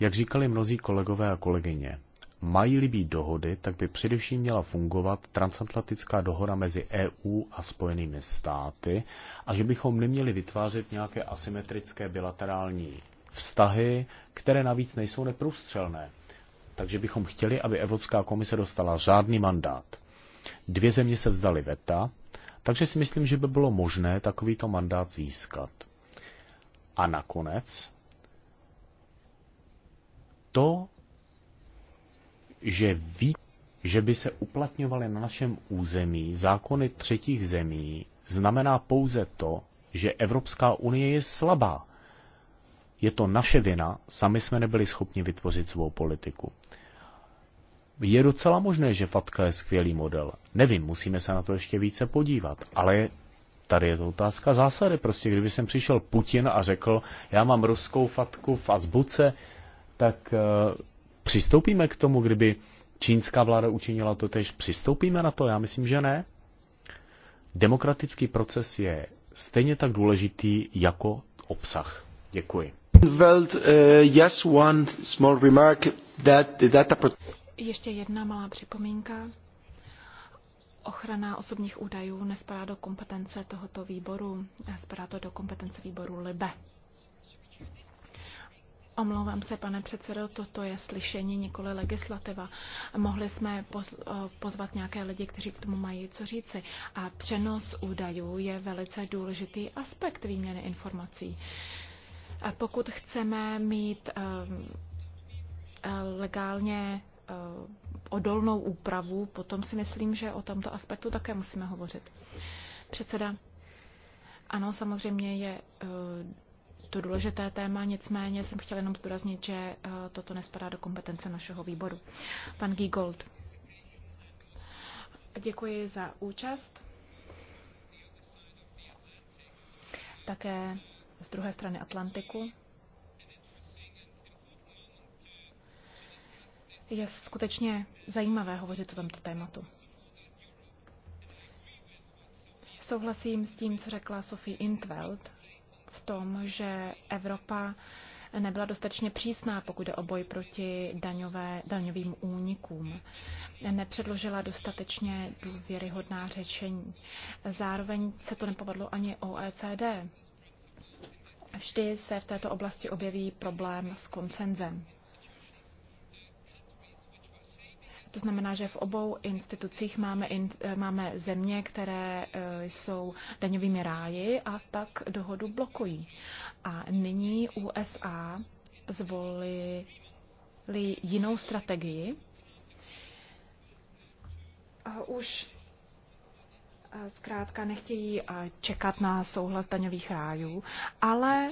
Jak říkali mnozí kolegové a kolegyně, mají-li být dohody, tak by především měla fungovat transatlantická dohoda mezi EU a Spojenými státy a že bychom neměli vytvářet nějaké asymetrické bilaterální vztahy, které navíc nejsou neprůstřelné. Takže bychom chtěli, aby Evropská komise dostala řádný mandát. Dvě země se vzdali veta, takže si myslím, že by bylo možné takovýto mandát získat. A nakonec to, že ví, že by se uplatňovaly na našem území zákony třetích zemí, znamená pouze to, že Evropská unie je slabá je to naše vina, sami jsme nebyli schopni vytvořit svou politiku. Je docela možné, že Fatka je skvělý model. Nevím, musíme se na to ještě více podívat, ale tady je to otázka zásady. Prostě kdyby jsem přišel Putin a řekl, já mám ruskou Fatku v azbuce, tak uh, přistoupíme k tomu, kdyby čínská vláda učinila to tež, přistoupíme na to? Já myslím, že ne. Demokratický proces je stejně tak důležitý jako obsah. Děkuji. Eh, Ještě jedna malá připomínka. Ochrana osobních údajů nespadá do kompetence tohoto výboru, spadá to do kompetence výboru LIBE. Omlouvám se, pane předsedo, toto je slyšení, nikoli legislativa. Mohli jsme eh, pozvat nějaké lidi, kteří k tomu mají co říci. A přenos údajů je velice důležitý aspekt výměny informací. Uh, pokud chceme mít eh, eh, legálně eh, odolnou úpravu, potom si myslím, že o tomto aspektu také musíme hovořit. Předseda, ano, samozřejmě je to důležité téma, nicméně jsem chtěla jenom zdůraznit, že toto nespadá do kompetence našeho výboru. Pan Giegold. Děkuji za účast. Také z druhé strany Atlantiku. Je skutečně zajímavé hovořit o tomto tématu. Souhlasím s tím, co řekla Sophie Intveld v tom, že Evropa nebyla dostatečně přísná, pokud jde o boj proti daňové, daňovým únikům. Nepředložila dostatečně důvěryhodná řešení. Zároveň se to nepovedlo ani OECD. Vždy se v této oblasti objeví problém s koncenzem. To znamená, že v obou institucích máme, in, eh, máme země, které eh, jsou daňovými ráji a tak dohodu blokují. A nyní USA zvolili jinou strategii. A už zkrátka nechtějí čekat na souhlas daňových rájů, ale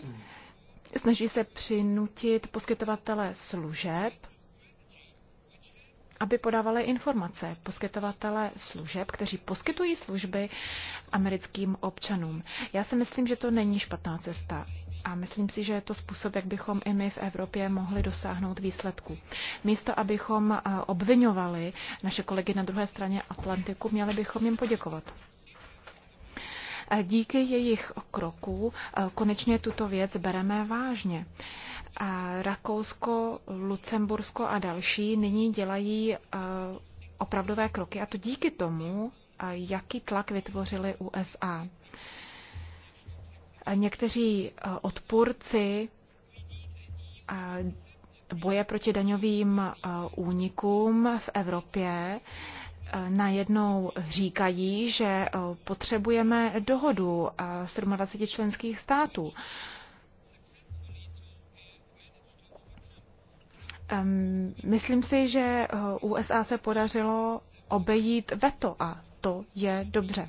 snaží se přinutit poskytovatele služeb, aby podávali informace poskytovatele služeb, kteří poskytují služby americkým občanům. Já si myslím, že to není špatná cesta. A myslím si, že je to způsob, jak bychom i my v Evropě mohli dosáhnout výsledku. Místo, abychom obvinovali naše kolegy na druhé straně Atlantiku, měli bychom jim poděkovat díky jejich kroků eh, konečně tuto věc bereme vážně. Rakousko, Lucembursko a další nyní dělají eh, opravdové kroky a to díky tomu, eh, jaký tlak vytvořili USA. Někteří odpůrci boje proti daňovým únikům v Evropě najednou říkají, že eh, potřebujeme dohodu 27 eh, členských států. Myslím si, že eh, USA se podařilo obejít veto a to je dobře.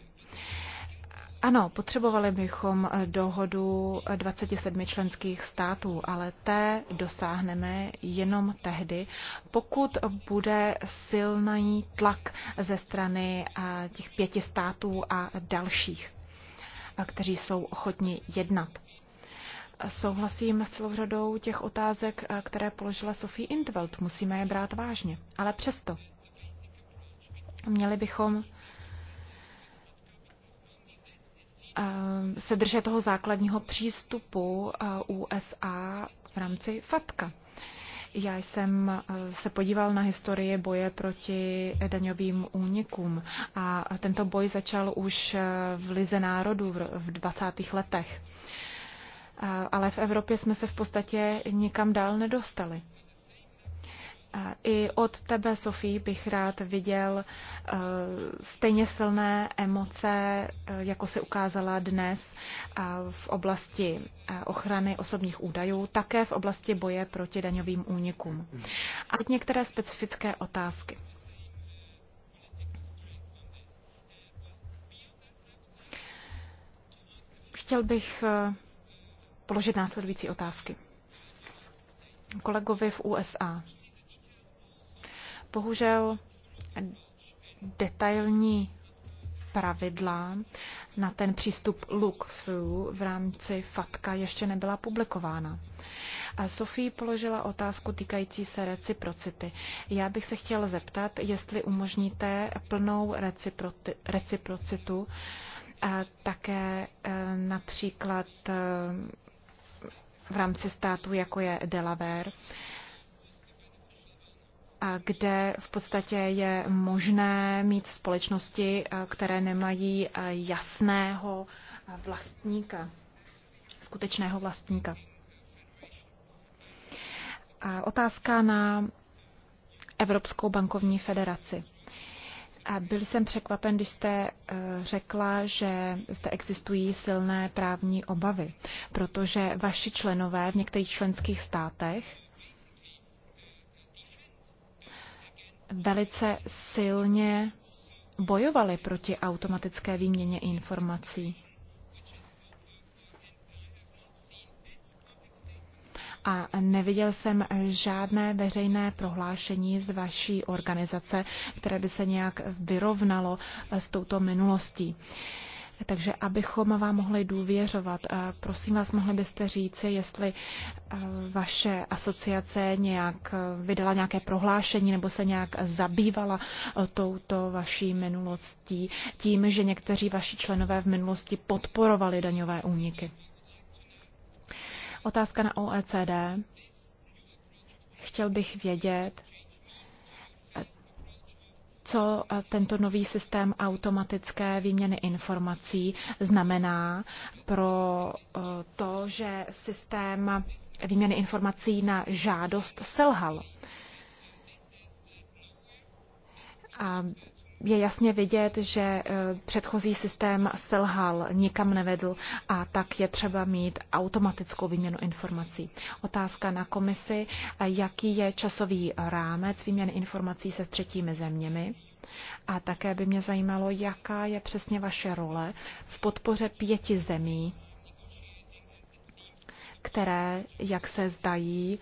Ano, potřebovali bychom eh, dohodu 27 eh, členských států, ale té dosáhneme jenom tehdy, pokud bude silný tlak ze strany eh, těch pěti států a dalších, kteří jsou ochotni jednat. Souhlasím s celou řadou těch otázek, které položila Sophie Intveld. Musíme je brát vážně, ale přesto. Měli bychom Eh, se drže toho základního přístupu eh, USA v rámci FATKA. Já jsem eh, se podíval na historii boje proti daňovým únikům a tento boj začal už v Lize národů v 20. letech. Ale v Evropě jsme se v podstatě nikam dál nedostali. I od tebe, Sofie, bych rád viděl eh, stejně silné emoce, eh, jako se ukázala dnes eh, v oblasti ochrany osobních údajů, také v oblasti boje proti daňovým únikům. A některé specifické otázky. Chtěl bych položit následující otázky. Kolegovi v USA. Bohužel detailní pravidla na ten přístup look-through v rámci FATKA ještě nebyla publikována. A Sofie položila otázku týkající se reciprocity. Já bych se chtěla zeptat, jestli umožníte plnou reciprocitu také e, například e, v rámci státu, jako je Delaware, kde v podstatě je možné mít společnosti, eh, které nemají eh, jasného eh, vlastníka, skutečného vlastníka. Otázka na Evropskou bankovní federaci. A byl jsem překvapen, když jste řekla, že zde existují silné právní obavy, protože vaši členové v některých členských státech velice silně bojovali proti automatické výměně informací. a neviděl jsem žádné veřejné prohlášení z vaší organizace, které by se nějak vyrovnalo s touto minulostí. Uh, takže abychom vám mohli důvěřovat, eh, prosím vás, mohli byste říci, jestli eh, vaše asociace nějak eh, vydala nějaké prohlášení nebo se nějak zabývala touto vaší minulostí, tím, že někteří vaši členové v minulosti podporovali daňové úniky. Otázka na OECD. Chtěl bych vědět, co eh, tento nový systém automatické výměny informací znamená pro eh, to, že systém výměny informací na žádost selhal. A je jasně vidět, že eh, předchozí systém selhal, nikam nevedl a tak je třeba mít automatickou výměnu informací. Otázka na komisi, eh, jaký je časový rámec výměny informací se třetími zeměmi. A také by mě zajímalo, jaká je přesně vaše role v podpoře pěti zemí, které, jak se, zdají,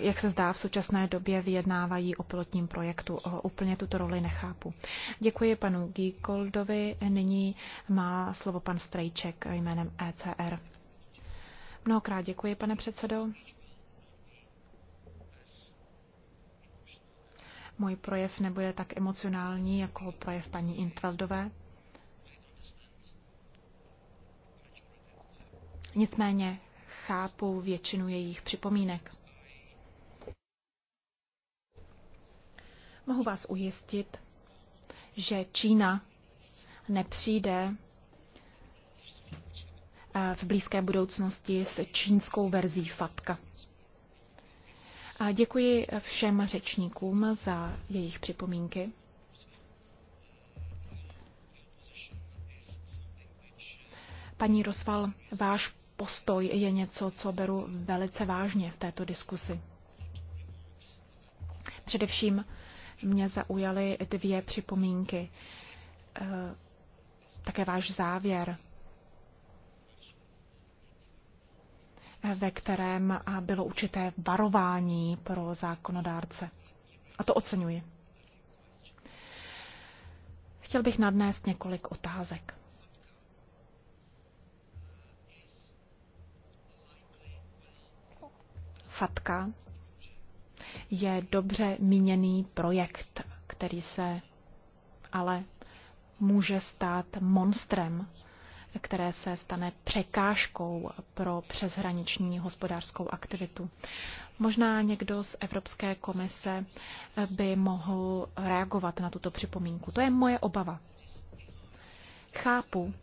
jak se zdá v současné době, vyjednávají o pilotním projektu. O, úplně tuto roli nechápu. Děkuji panu Gikoldovi. Nyní má slovo pan Strejček jménem ECR. Mnohokrát děkuji, pane předsedo. Můj projev nebude tak emocionální jako projev paní Intveldové. Nicméně chápu většinu jejich připomínek. Mohu vás ujistit, že Čína nepřijde eh, v blízké budoucnosti s čínskou verzí FATKA. A děkuji všem řečníkům za jejich připomínky. Paní Rosval, váš postoj je něco, co beru velice vážně v této diskusi. Především mě zaujaly dvě připomínky. Eh, také váš závěr, eh, ve kterém bylo určité varování pro zákonodárce. A to oceňuji. Chtěl bych nadnést několik otázek. FATKA je dobře míněný projekt, který se ale může stát monstrem, které se stane překážkou pro přeshraniční hospodářskou aktivitu. Možná někdo z Evropské komise by mohl reagovat na tuto připomínku. To je moje obava. Chápu,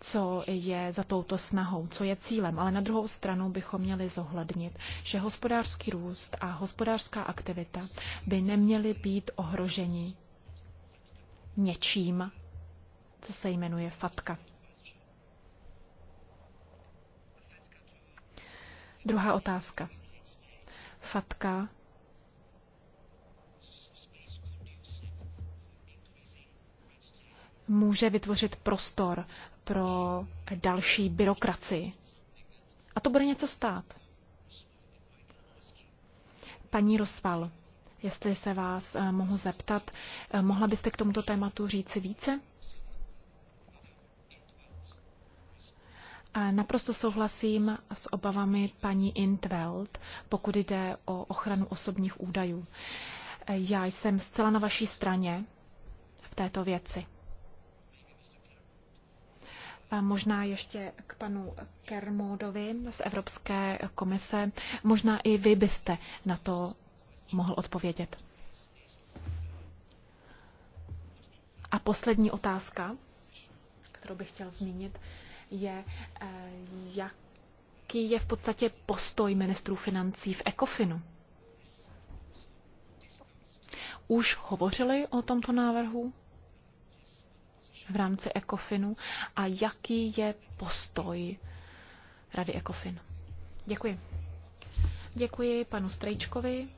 co je za touto snahou, co je cílem, ale na druhou stranu bychom měli zohlednit, že hospodářský růst a hospodářská aktivita by neměly být ohroženi něčím, co se jmenuje fatka. Druhá otázka. Fatka může vytvořit prostor pro další byrokracii. A to bude něco stát. Paní Rosval, jestli se vás eh, mohu zeptat, eh, mohla byste k tomuto tématu říci více? Naprosto souhlasím s obavami paní Intveld, pokud jde o ochranu osobních údajů. Eh, já jsem zcela na vaší straně v této věci možná ještě k panu Kermodovi z Evropské komise. Možná i vy byste na to mohl odpovědět. A poslední otázka, kterou bych chtěl zmínit, je, eh, jaký je v podstatě postoj ministrů financí v ECOFINu. Už hovořili o tomto návrhu? v rámci ECOFINu a jaký je postoj Rady ECOFIN. Děkuji. Děkuji panu Strejčkovi.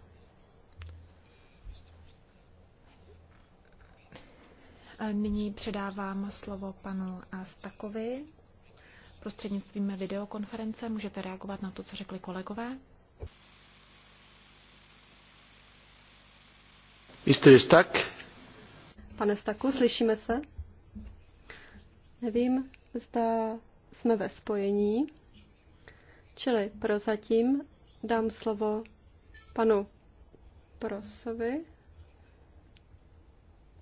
Nyní předávám slovo panu Stakovi. Prostřednictvím videokonference můžete reagovat na to, co řekli kolegové. Mr. Stak. Pane Staku, slyšíme se? Nevím, zda jsme ve spojení, čili prozatím dám slovo panu Prosovi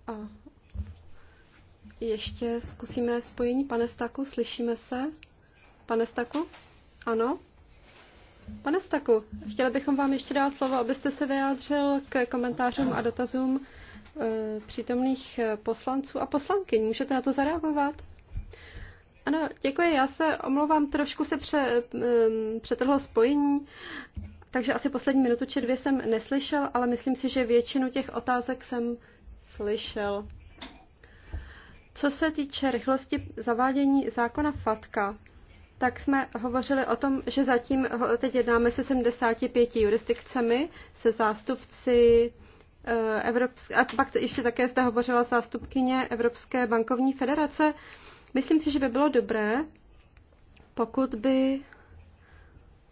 a ještě zkusíme spojení. Pane Staku, slyšíme se? Pane Staku? Ano? Pane Staku, chtěli bychom vám ještě dát slovo, abyste se vyjádřil k komentářům a dotazům eh, přítomných eh, poslanců a poslankyň. Můžete na to zareagovat? Ano, děkuji, já se omlouvám, trošku se pře, um, přetrhlo spojení, takže asi poslední minutu či dvě jsem neslyšel, ale myslím si, že většinu těch otázek jsem slyšel. Co se týče rychlosti zavádění zákona FATKA, tak jsme hovořili o tom, že zatím teď jednáme se 75 jurisdikcemi, se zástupci eh, Evropské, a pak ještě také jste hovořila zástupkyně Evropské bankovní federace. Myslím si, že by bylo dobré, pokud by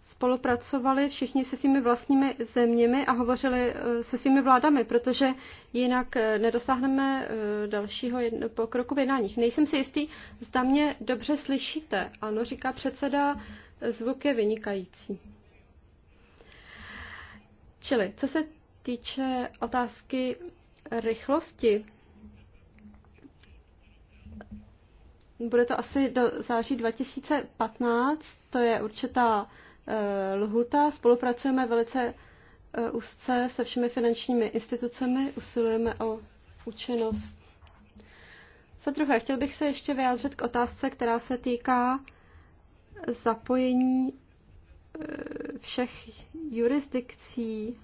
spolupracovali všichni se svými vlastními zeměmi a hovořili eh, se svými vládami, protože jinak eh, nedosáhneme eh, dalšího pokroku v jednáních. Nejsem si jistý, zda mě dobře slyšíte. Ano, říká předseda, zvuk je vynikající. Čili, co se týče otázky rychlosti, Bude to asi do září 2015, to je určitá eh, lhuta. Spolupracujeme velice eh, úzce se všemi finančními institucemi, usilujeme o účinnost. Za druhé, chtěl bych se ještě vyjádřit k otázce, která se týká eh, zapojení všech jurisdikcí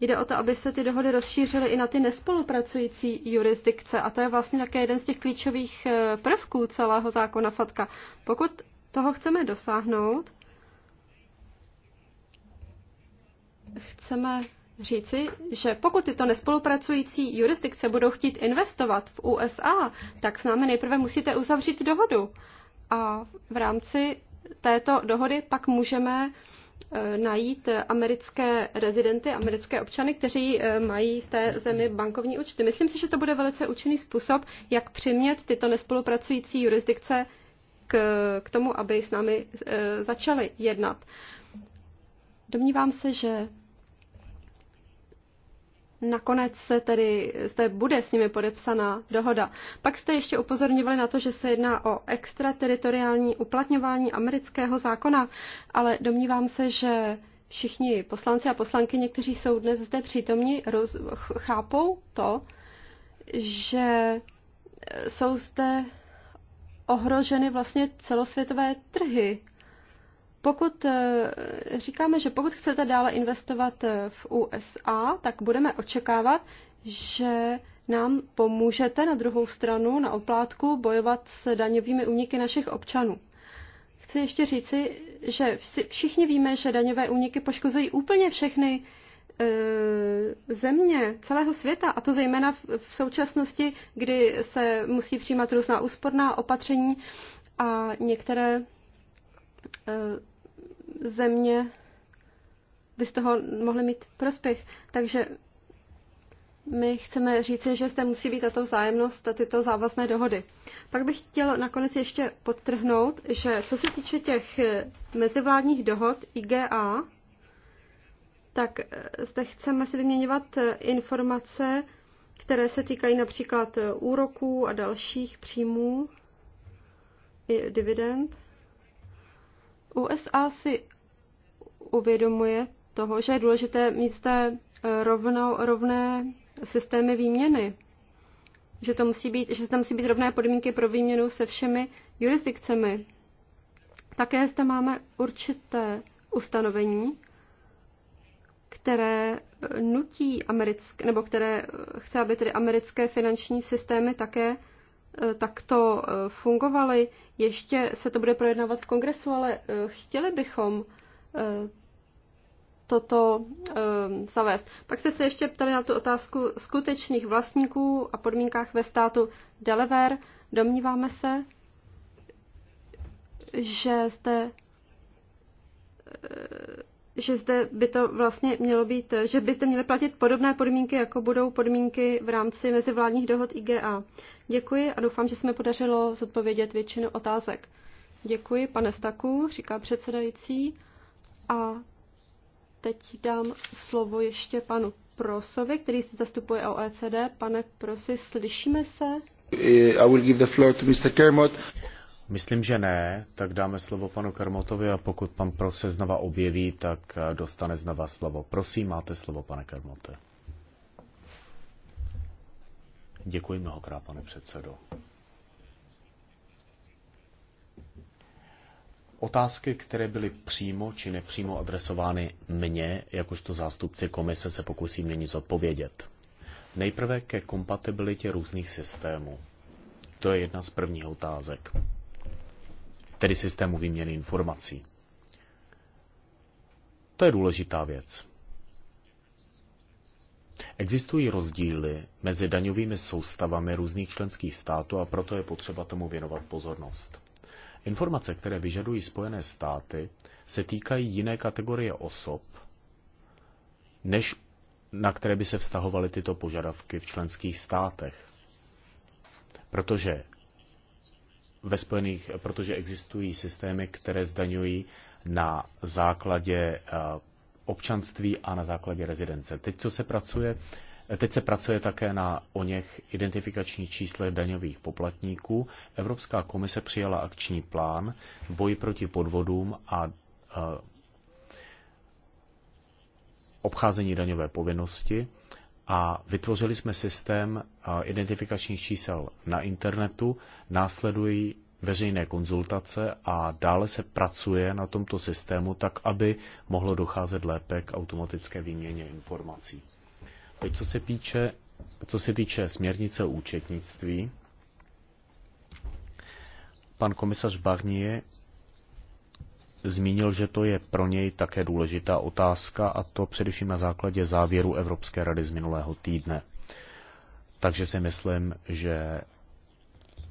Jde o to, aby se ty dohody rozšířily i na ty nespolupracující jurisdikce a to je vlastně také jeden z těch klíčových eh, prvků celého zákona FATKA. Pokud toho chceme dosáhnout, chceme říci, že pokud tyto nespolupracující jurisdikce budou chtít investovat v USA, tak s námi nejprve musíte uzavřít dohodu. A v rámci této dohody pak můžeme Eh, najít americké rezidenty, americké občany, kteří eh, mají v té zemi bankovní účty. Myslím si, že to bude velice účinný způsob, jak přimět tyto nespolupracující jurisdikce k, k tomu, aby s námi eh, začaly jednat. Domnívám se, že Nakonec se tedy zde bude s nimi podepsaná dohoda. Pak jste ještě upozorňovali na to, že se jedná o extrateritoriální uplatňování amerického zákona, ale domnívám se, že všichni poslanci a poslankyně, kteří jsou dnes zde přítomni, roz, chápou to, že jsou zde ohroženy vlastně celosvětové trhy. Pokud eh, říkáme, že pokud chcete dále investovat eh, v USA, tak budeme očekávat, že nám pomůžete na druhou stranu, na oplátku, bojovat s daňovými úniky našich občanů. Chci ještě říci, že všichni víme, že daňové úniky poškozují úplně všechny eh, země celého světa, a to zejména v současnosti, kdy se musí přijímat různá úsporná opatření a některé země by z toho mohly mít prospěch. Takže my chceme říci, že zde musí být tato vzájemnost a tyto závazné dohody. Pak bych chtěl nakonec ještě podtrhnout, že co se týče těch mezivládních dohod IGA, tak eh, zde chceme si vyměňovat eh, informace, které se týkají například eh, úroků a dalších příjmů, dividend. USA si uvědomuje toho, že je důležité mít té e, rovno, rovné systémy výměny. Že, to musí být, že tam musí být rovné podmínky pro výměnu se všemi jurisdikcemi. Také zde máme určité ustanovení, které e, nutí americké, nebo které e, chce, aby tedy americké finanční systémy také Eh, takto eh, fungovaly. Ještě se to bude projednávat v kongresu, ale eh, chtěli bychom toto zavést. Pak jste se ještě ptali na tu otázku skutečných vlastníků a podmínkách ve státu Delaware. Domníváme se, že zde že zde by to vlastně mělo být, že byste měli platit podobné podmínky, jako budou podmínky v rámci mezivládních dohod IGA. Děkuji a doufám, že jsme podařilo zodpovědět většinu otázek. Děkuji, pane Staku, říká předsedající. A teď dám slovo ještě panu Prosovi, který se zastupuje OECD. Pane Prosi, slyšíme se? I will give the floor to Mr. Kermot. Myslím, že ne, tak dáme slovo panu Karmotovi a pokud pan pro se znova objeví, tak eh, dostane znova slovo. Prosím, máte slovo, pane Karmote. Děkuji mnohokrát, pane předsedo. Otázky, které byly přímo či nepřímo adresovány mně, jakožto zástupci komise, se pokusím nyní zodpovědět. Nejprve ke kompatibilitě různých systémů. To je jedna z prvních otázek tedy systému výměny informací. To je důležitá věc. Existují rozdíly mezi daňovými soustavami různých členských států a proto je potřeba tomu věnovat pozornost. Informace, které vyžadují Spojené státy, se týkají jiné kategorie osob, než na které by se vztahovaly tyto požadavky v členských státech. Protože ve Spojených, protože existují systémy, které zdaňují na základě eh, občanství a na základě rezidence. Teď, co se pracuje, teď se pracuje také na o něch identifikačních číslech daňových poplatníků. Evropská komise přijala akční plán boji proti podvodům a eh, obcházení daňové povinnosti a vytvořili jsme systém identifikačních čísel na internetu, následují veřejné konzultace a dále se pracuje na tomto systému tak, aby mohlo docházet lépe k automatické výměně informací. Teď, co se týče, co se týče směrnice o účetnictví, pan komisař Barnier zmínil, že to je pro něj také důležitá otázka, a to především na základě závěru Evropské rady z minulého týdne. Takže si myslím, že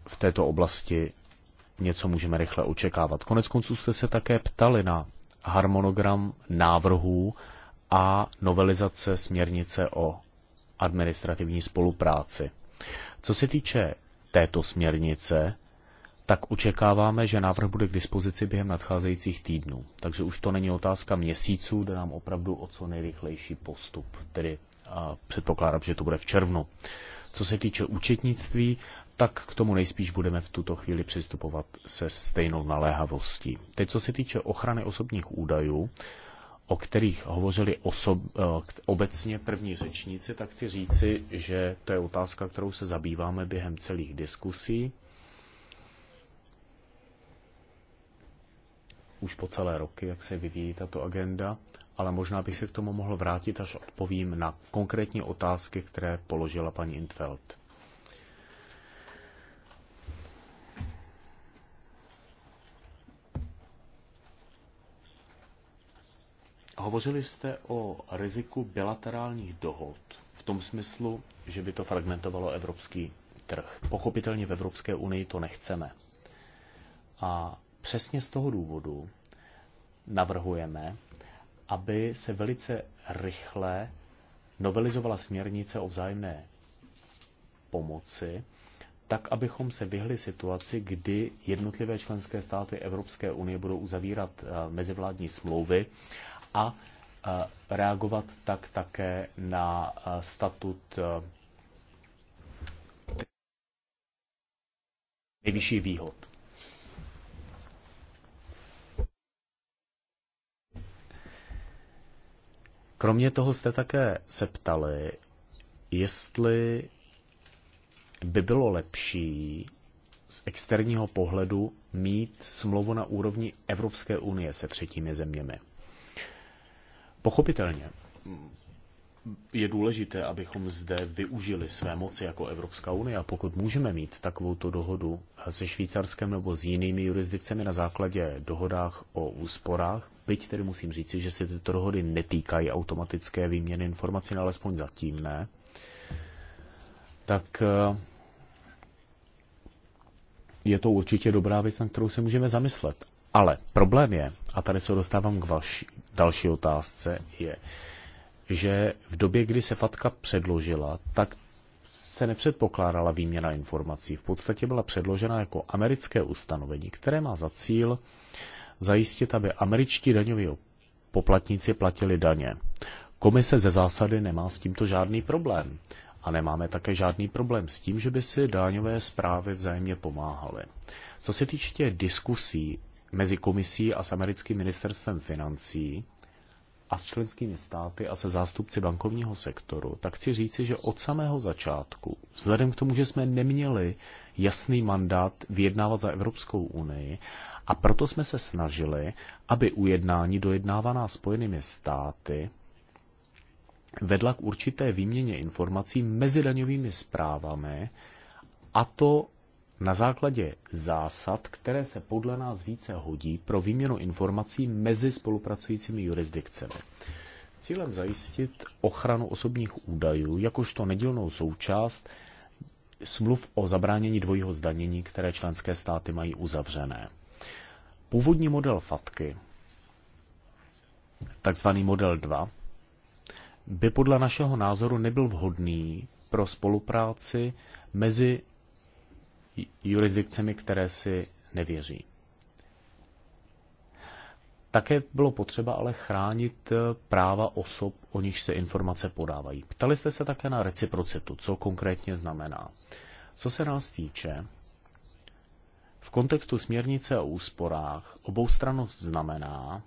v této oblasti něco můžeme rychle očekávat. Konec konců jste se také ptali na harmonogram návrhů a novelizace směrnice o administrativní spolupráci. Co se týče této směrnice, tak očekáváme, že návrh bude k dispozici během nadcházejících týdnů. Takže už to není otázka měsíců, jde nám opravdu o co nejrychlejší postup. Tedy a předpokládám, že to bude v červnu. Co se týče účetnictví, tak k tomu nejspíš budeme v tuto chvíli přistupovat se stejnou naléhavostí. Teď, co se týče ochrany osobních údajů, o kterých hovořili osob, eh, obecně první řečníci, tak chci říci, že to je otázka, kterou se zabýváme během celých diskusí. Už po celé roky, jak se vyvíjí tato agenda ale možná bych se k tomu mohl vrátit, až odpovím na konkrétní otázky, které položila paní Intveld. Hovořili jste o riziku bilaterálních dohod v tom smyslu, že by to fragmentovalo evropský trh. Pochopitelně v Evropské unii to nechceme. A přesně z toho důvodu navrhujeme, aby se velice rychle novelizovala směrnice o vzájemné pomoci, tak abychom se vyhli situaci, kdy jednotlivé členské státy Evropské unie budou uzavírat eh, mezivládní smlouvy a eh, reagovat tak také na eh, statut nejvyšší výhod. Kromě toho jste také se ptali, jestli by bylo lepší z externího pohledu mít smlouvu na úrovni Evropské unie se třetími zeměmi. Pochopitelně, je důležité, abychom zde využili své moci jako Evropská unie a pokud můžeme mít takovouto dohodu se Švýcarskem nebo s jinými jurisdikcemi na základě dohodách o úsporách, byť tedy musím říci, že se tyto dohody netýkají automatické výměny informací, ale alespoň zatím ne, tak eh, je to určitě dobrá věc, na kterou se můžeme zamyslet. Ale problém je, a tady se dostávám k další, další otázce, je, že v době, kdy se FATKA předložila, tak se nepředpokládala výměna informací. V podstatě byla předložena jako americké ustanovení, které má za cíl zajistit, aby američtí daňoví poplatníci platili daně. Komise ze zásady nemá s tímto žádný problém. A nemáme také žádný problém s tím, že by si dáňové zprávy vzájemně pomáhaly. Co se týče diskusí mezi komisí a s americkým ministerstvem financí, a s členskými státy a se zástupci bankovního sektoru, tak chci říci, že od samého začátku, vzhledem k tomu, že jsme neměli jasný mandát vyjednávat za Evropskou unii a proto jsme se snažili, aby ujednání dojednávaná spojenými státy vedla k určité výměně informací mezi daňovými zprávami, a to na základě zásad, které se podle nás více hodí pro výměnu informací mezi spolupracujícími jurisdikcemi. S cílem zajistit ochranu osobních údajů jakožto nedílnou součást smluv o zabránění dvojího zdanění, které členské státy mají uzavřené. Původní model FATKY, takzvaný model 2, by podle našeho názoru nebyl vhodný pro spolupráci mezi jurisdikcemi, které si nevěří. Také bylo potřeba ale chránit eh, práva osob, o nich se informace podávají. Ptali jste se také na reciprocitu, co konkrétně znamená. Co se nás týče, v kontextu směrnice o úsporách oboustrannost znamená,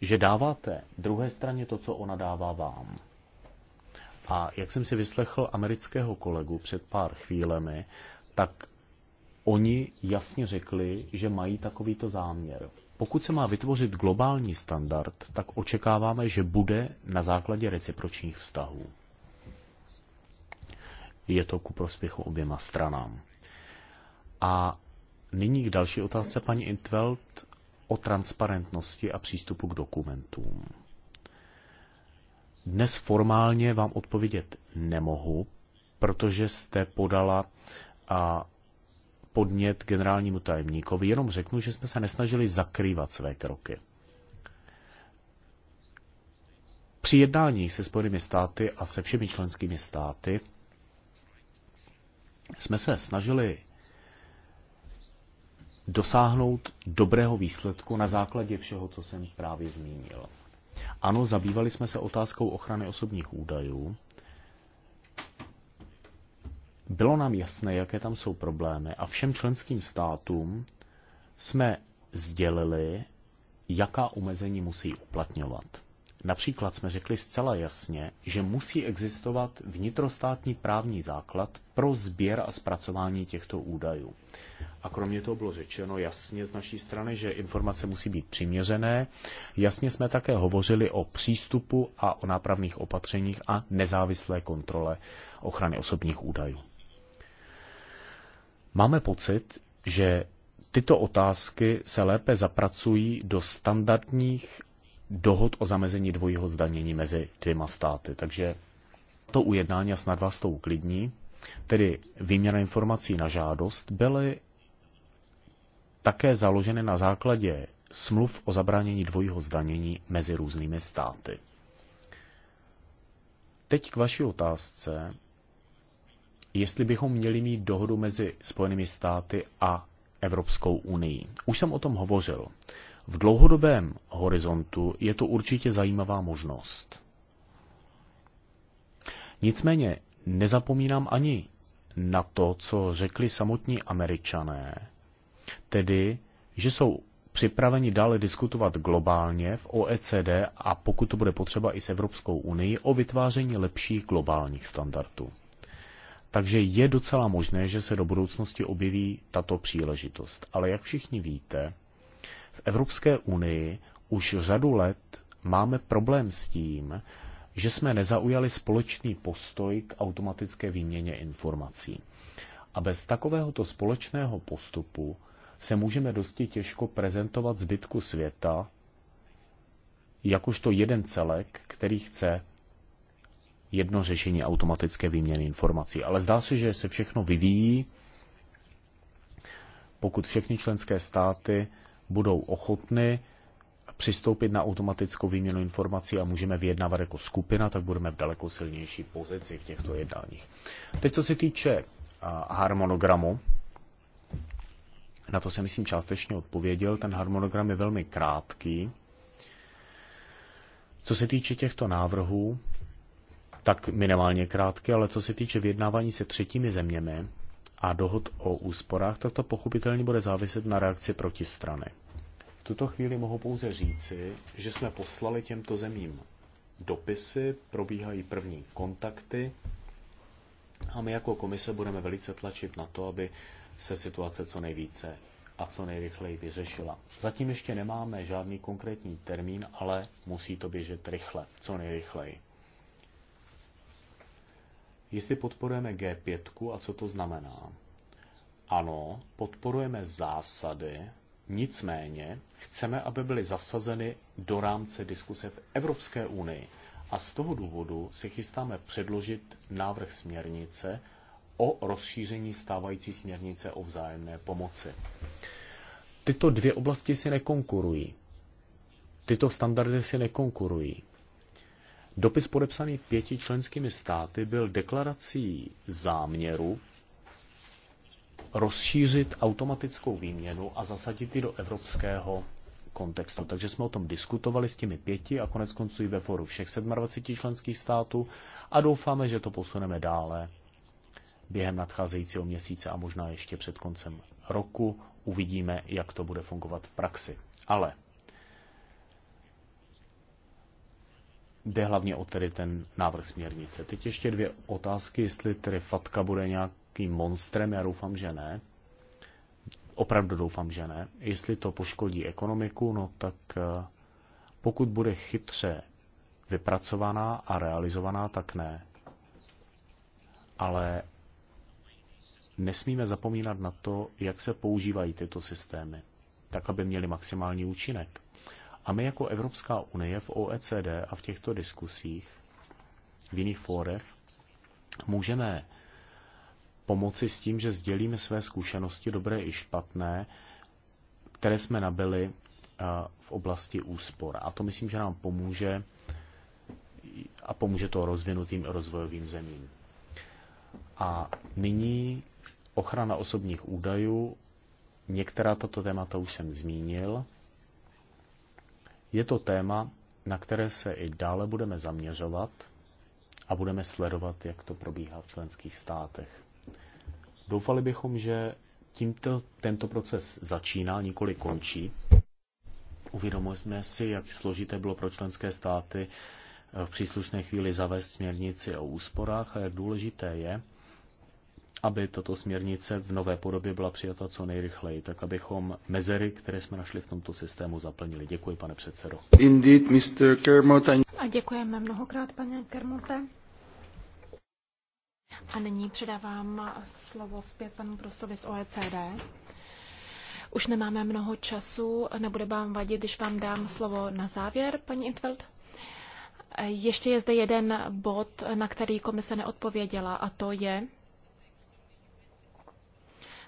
že dáváte druhé straně to, co ona dává vám. A jak jsem si vyslechl amerického kolegu před pár chvílemi, tak oni jasně řekli, že mají takovýto záměr. Pokud se má vytvořit globální standard, tak očekáváme, že bude na základě recipročních vztahů. Je to ku prospěchu oběma stranám. A nyní k další otázce paní Intveld o transparentnosti a přístupu k dokumentům. Dnes formálně vám odpovědět nemohu, protože jste podala a podnět generálnímu tajemníkovi. Jenom řeknu, že jsme se nesnažili zakrývat své kroky. Při jednání se Spojenými státy a se všemi členskými státy jsme se snažili dosáhnout dobrého výsledku na základě všeho, co jsem právě zmínil. Ano, zabývali jsme se otázkou ochrany osobních údajů, bylo nám jasné, jaké tam jsou problémy a všem členským státům jsme sdělili, jaká omezení musí uplatňovat. Například jsme řekli zcela jasně, že musí existovat vnitrostátní právní základ pro sběr a zpracování těchto údajů. A kromě toho bylo řečeno jasně z naší strany, že informace musí být přiměřené. Jasně jsme také hovořili o přístupu a o nápravných opatřeních a nezávislé kontrole ochrany osobních údajů. Máme pocit, že tyto otázky se lépe zapracují do standardních dohod o zamezení dvojího zdanění mezi dvěma státy. Takže to ujednání, a snad vás to uklidní, tedy výměna informací na žádost, byly také založeny na základě smluv o zabránění dvojího zdanění mezi různými státy. Teď k vaší otázce jestli bychom měli mít dohodu mezi Spojenými státy a Evropskou unii. Už jsem o tom hovořil. V dlouhodobém horizontu je to určitě zajímavá možnost. Nicméně nezapomínám ani na to, co řekli samotní američané, tedy, že jsou připraveni dále diskutovat globálně v OECD a pokud to bude potřeba i s Evropskou unii o vytváření lepších globálních standardů. Takže je docela možné, že se do budoucnosti objeví tato příležitost. Ale jak všichni víte, v Evropské unii už řadu let máme problém s tím, že jsme nezaujali společný postoj k automatické výměně informací. A bez takovéhoto společného postupu se můžeme dosti těžko prezentovat zbytku světa jakožto jeden celek, který chce jedno řešení automatické výměny informací. Ale zdá se, že se všechno vyvíjí, pokud všechny členské státy budou ochotny přistoupit na automatickou výměnu informací a můžeme vyjednávat jako skupina, tak budeme v daleko silnější pozici v těchto jednáních. Teď, co se týče harmonogramu, na to jsem, myslím, částečně odpověděl. Ten harmonogram je velmi krátký. Co se týče těchto návrhů, tak minimálně krátké, ale co se týče vyjednávání se třetími zeměmi a dohod o úsporách, tak to pochopitelně bude záviset na reakci protistrany. V tuto chvíli mohu pouze říci, že jsme poslali těmto zemím dopisy, probíhají první kontakty a my jako komise budeme velice tlačit na to, aby se situace co nejvíce a co nejrychleji vyřešila. Zatím ještě nemáme žádný konkrétní termín, ale musí to běžet rychle, co nejrychleji. Jestli podporujeme G5 a co to znamená? Ano, podporujeme zásady, nicméně chceme, aby byly zasazeny do rámce diskuse v Evropské unii. A z toho důvodu si chystáme předložit návrh směrnice o rozšíření stávající směrnice o vzájemné pomoci. Tyto dvě oblasti si nekonkurují. Tyto standardy si nekonkurují. Dopis podepsaný pěti členskými státy byl deklarací záměru rozšířit automatickou výměnu a zasadit ji do evropského kontextu. Takže jsme o tom diskutovali s těmi pěti a konec konců i ve foru všech 27 členských států a doufáme, že to posuneme dále během nadcházejícího měsíce a možná ještě před koncem roku uvidíme, jak to bude fungovat v praxi. Ale Jde hlavně o tedy ten návrh směrnice. Teď ještě dvě otázky, jestli tedy FATKA bude nějakým monstrem, já doufám, že ne. Opravdu doufám, že ne. Jestli to poškodí ekonomiku, no tak eh, pokud bude chytře vypracovaná a realizovaná, tak ne. Ale nesmíme zapomínat na to, jak se používají tyto systémy, tak aby měly maximální účinek. A my jako Evropská unie v OECD a v těchto diskusích, v jiných fórech, můžeme pomoci s tím, že sdělíme své zkušenosti, dobré i špatné, které jsme nabili eh, v oblasti úspor. A to myslím, že nám pomůže a pomůže to rozvinutým rozvojovým zemím. A nyní ochrana osobních údajů. Některá tato témata už jsem zmínil. Je to téma, na které se i dále budeme zaměřovat a budeme sledovat, jak to probíhá v členských státech. Doufali bychom, že tímto tento proces začíná, nikoli končí. Uvědomujeme si, jak složité bylo pro členské státy eh, v příslušné chvíli zavést směrnici o úsporách a jak důležité je, aby tato směrnice v nové podobě byla přijata co nejrychleji, tak abychom mezery, které jsme našli v tomto systému, zaplnili. Děkuji, pane předsedo. Indeed, Mr. Kermot. A děkujeme mnohokrát, pane Kermote. A nyní předávám slovo zpět panu Prosovi z OECD. Už nemáme mnoho času, nebude vám vadit, když vám dám slovo na závěr, paní Intveld? Ještě je zde jeden bod, na který komise neodpověděla, a to je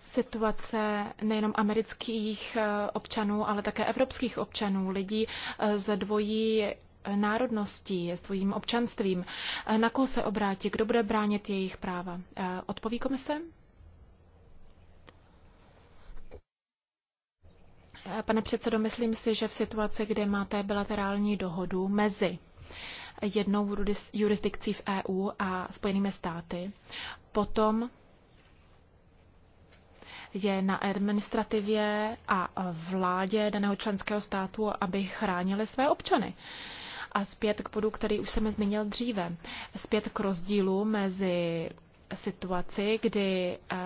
situace nejenom amerických eh, občanů, ale také evropských občanů, lidí eh, ze dvojí eh, národností, s tvojím občanstvím. Na koho se obrátí? Kdo bude bránit jejich práva? Odpoví komise? Pane předsedo, myslím si, že v situaci, kde máte bilaterální dohodu mezi jednou jurisdikcí v EU a Spojenými státy, potom je na administrativě a vládě daného členského státu, aby chránili své občany. A zpět k bodu, který už jsem zmínil dříve. Zpět k rozdílu mezi situaci, kdy eh,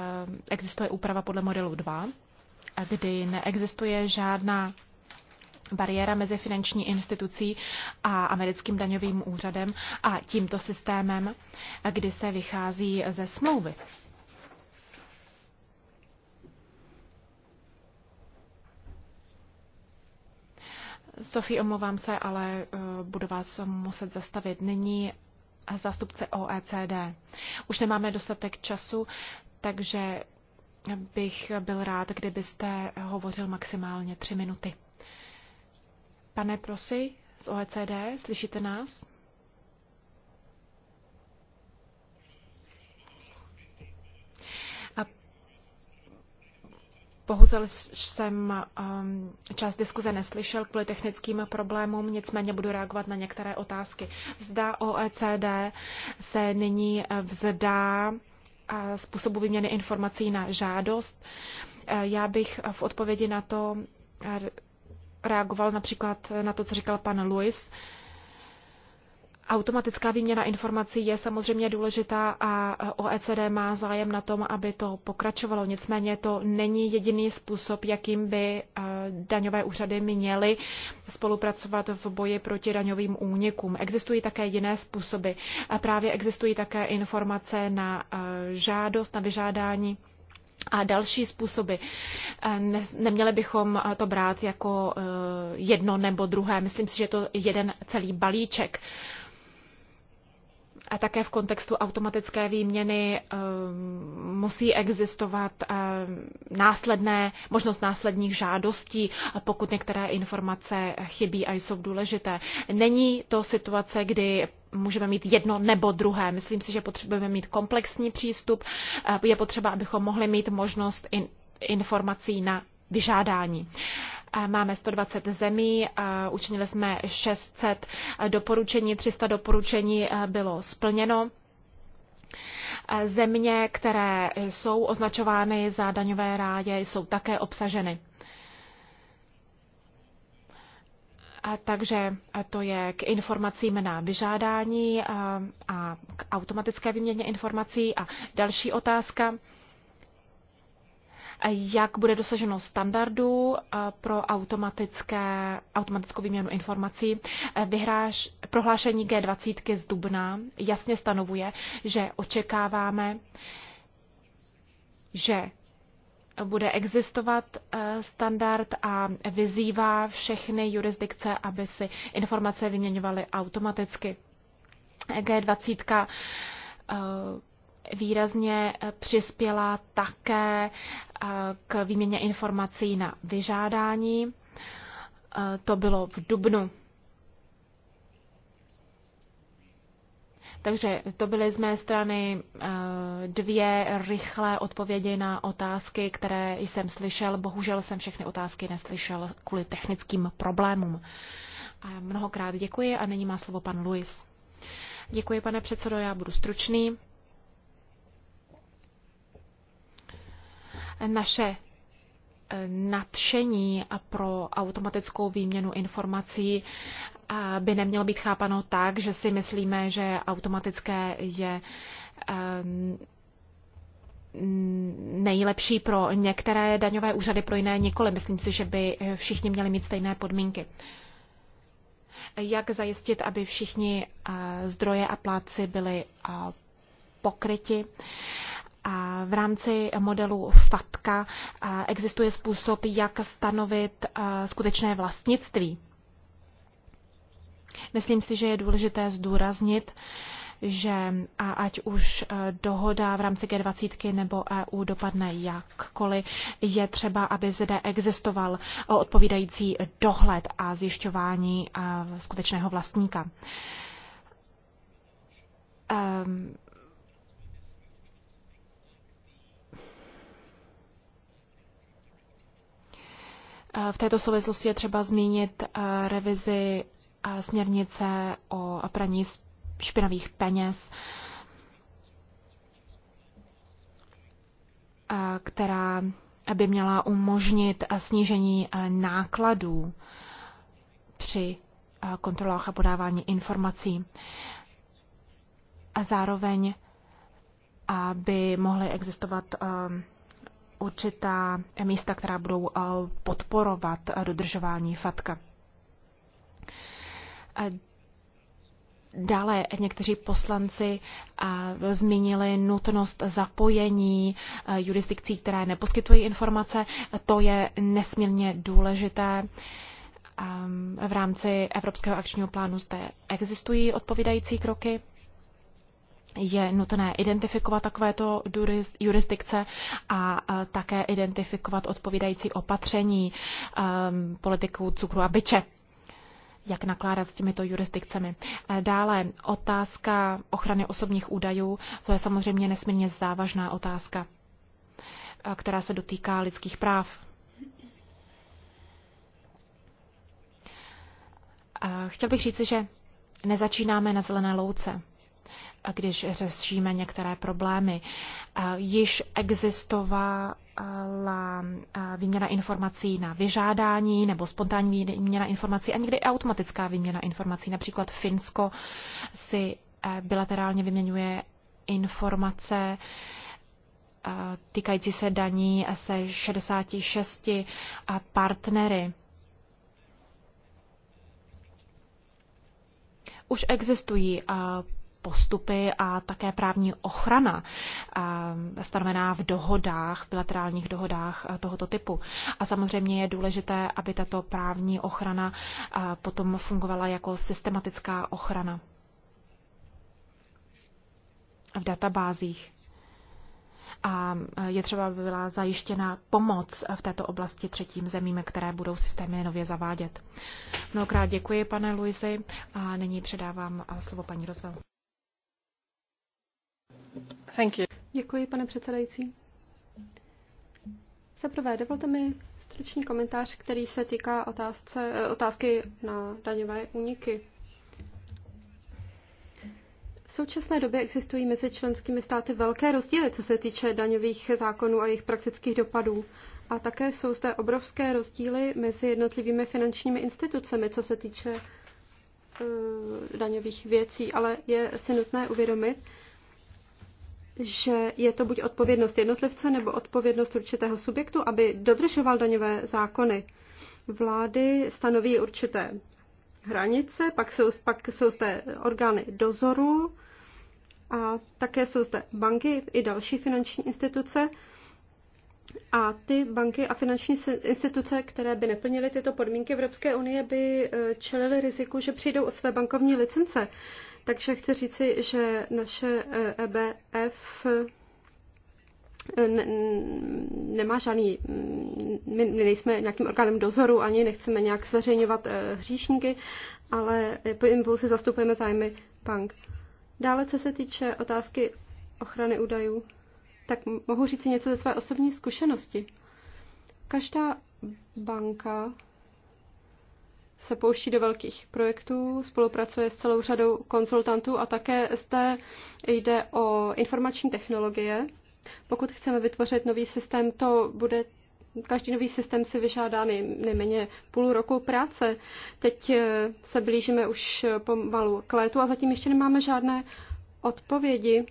existuje úprava podle modelu 2, kdy neexistuje žádná bariéra mezi finanční institucí a americkým daňovým úřadem a tímto systémem, kdy se vychází ze smlouvy Sofie, omlouvám se, ale eh, budu vás muset zastavit. Nyní zástupce OECD. Už nemáme dostatek času, takže bych byl rád, kdybyste hovořil maximálně tři minuty. Pane Prosi z OECD, slyšíte nás? Bohužel jsem um, část diskuze neslyšel kvůli technickým problémům, nicméně budu reagovat na některé otázky. Zda OECD se nyní vzdá uh, způsobu vyměny informací na žádost. Uh, já bych v odpovědi na to uh, reagoval například na to, co říkal pan Luis. Uh, Automatická výměna informací je samozřejmě důležitá a OECD má zájem na tom, aby to pokračovalo. Nicméně to není jediný způsob, jakým by eh, daňové úřady měly spolupracovat v boji proti daňovým únikům. Existují také jiné způsoby. A právě existují také informace na eh, žádost, na vyžádání a další způsoby. Eh, neměli bychom to brát jako jedno nebo druhé. Myslím si, že to je jeden celý balíček a také v kontextu automatické výměny ehm, musí existovat ehm, následné, možnost následních žádostí, pokud některé informace chybí a jsou důležité. Není to situace, kdy můžeme mít jedno nebo druhé. Myslím si, že potřebujeme mít komplexní přístup. Ehm, je potřeba, abychom mohli mít možnost in, informací na vyžádání. Máme 120 zemí, učinili jsme 600 doporučení, 300 doporučení bylo splněno země, které jsou označovány za daňové ráje, jsou také obsaženy. A takže to je k informacím na vyžádání a, a k automatické výměně informací. A další otázka jak bude dosaženo standardů eh, pro automatické, automatickou výměnu informací. Eh, vyhráš, prohlášení G20 z Dubna jasně stanovuje, že očekáváme, že bude existovat eh, standard a vyzývá všechny jurisdikce, aby si informace vyměňovaly automaticky. G20 výrazně eh, přispěla také eh, k výměně informací na vyžádání. Eh, to bylo v Dubnu. Takže to byly z mé strany dvě rychlé odpovědi na otázky, které jsem slyšel. Bohužel jsem všechny otázky neslyšel kvůli technickým problémům. Mnohokrát děkuji a nyní má slovo pan Luis. Děkuji, pane předsedo, já budu stručný. Naše eh, nadšení pro automatickou výměnu informací eh, by nemělo být chápano tak, že si myslíme, že automatické je ehm, nejlepší pro některé daňové úřady, pro jiné nikoli. Myslím si, že by eh, všichni měli mít stejné podmínky. Jak zajistit, aby všichni zdroje a pláci byli pokryti? V rámci modelu FATKA existuje způsob, jak stanovit skutečné vlastnictví. Myslím si, že je důležité zdůraznit, že a ať už e, dohoda v rámci G20 nebo EU dopadne jakkoliv, je třeba, aby zde existoval e, odpovídající dohled a zjišťování e, skutečného vlastníka. Ehm, V této souvislosti je třeba zmínit eh, revizi eh, směrnice o praní špinavých peněz, eh, která by měla umožnit snížení nákladů při kontrolách a podávání informací. A zároveň aby mohly existovat určitá místa, která budou eh, podporovat eh, dodržování FATKA. Eh, dále někteří poslanci zmínili nutnost zapojení jurisdikcí, které neposkytují informace. To je nesmírně důležité. Ehm, v rámci Evropského akčního plánu zde existují odpovídající kroky je nutné identifikovat takovéto jurisdikce a také identifikovat odpovídající opatření ehm, politiků cukru a byče jak nakládat s těmito jurisdikcemi. E, dále otázka ochrany osobních údajů, to je samozřejmě nesmírně závažná otázka, e, která se dotýká lidských práv. E, chtěl bych říci, že nezačínáme na zelené louce když řešíme některé problémy. Již existovala výměna informací na vyžádání nebo spontánní výměna informací a někdy automatická výměna informací. Například Finsko si e, bilaterálně vyměňuje informace e, týkající se daní se 66 e, partnery. Už existují postupy a také právní ochrana stanovená v dohodách, v bilaterálních dohodách tohoto typu. A samozřejmě je důležité, aby tato právní ochrana potom fungovala jako systematická ochrana v databázích a je třeba, aby byla zajištěna pomoc v této oblasti třetím zemím, které budou systémy nově zavádět. Mnohokrát děkuji, pane Luisi, a nyní předávám slovo paní Rozvel. Thank you. Děkuji, pane předsedající. Za prvé, dovolte mi stručný komentář, který se týká otázce, otázky na daňové úniky. V současné době existují mezi členskými státy velké rozdíly, co se týče daňových zákonů a jejich praktických dopadů. A také jsou zde obrovské rozdíly mezi jednotlivými finančními institucemi, co se týče uh, daňových věcí. Ale je si nutné uvědomit, že je to buď odpovědnost jednotlivce nebo odpovědnost určitého subjektu, aby dodržoval daňové zákony. Vlády stanoví určité hranice, pak jsou, pak jsou zde orgány dozoru a také jsou zde banky i další finanční instituce. A ty banky a finanční instituce, které by neplnily tyto podmínky Evropské unie, by eh, čelily riziku, že přijdou o své bankovní licence. Takže chci říci, že naše EBF eh, e eh, nemá žádný, mm, my nejsme nějakým orgánem dozoru, ani nechceme nějak zveřejňovat eh, hříšníky, ale pouze zastupujeme zájmy bank. Dále, co se týče otázky ochrany údajů, tak mohu říct si něco ze své osobní zkušenosti. Každá banka se pouští do velkých projektů, spolupracuje s celou řadou konzultantů a také zde jde o informační technologie. Pokud chceme vytvořit nový systém, to bude každý nový systém si vyžádá nejméně půl roku práce. Teď eh, se blížíme už pomalu k létu a zatím ještě nemáme žádné odpovědi.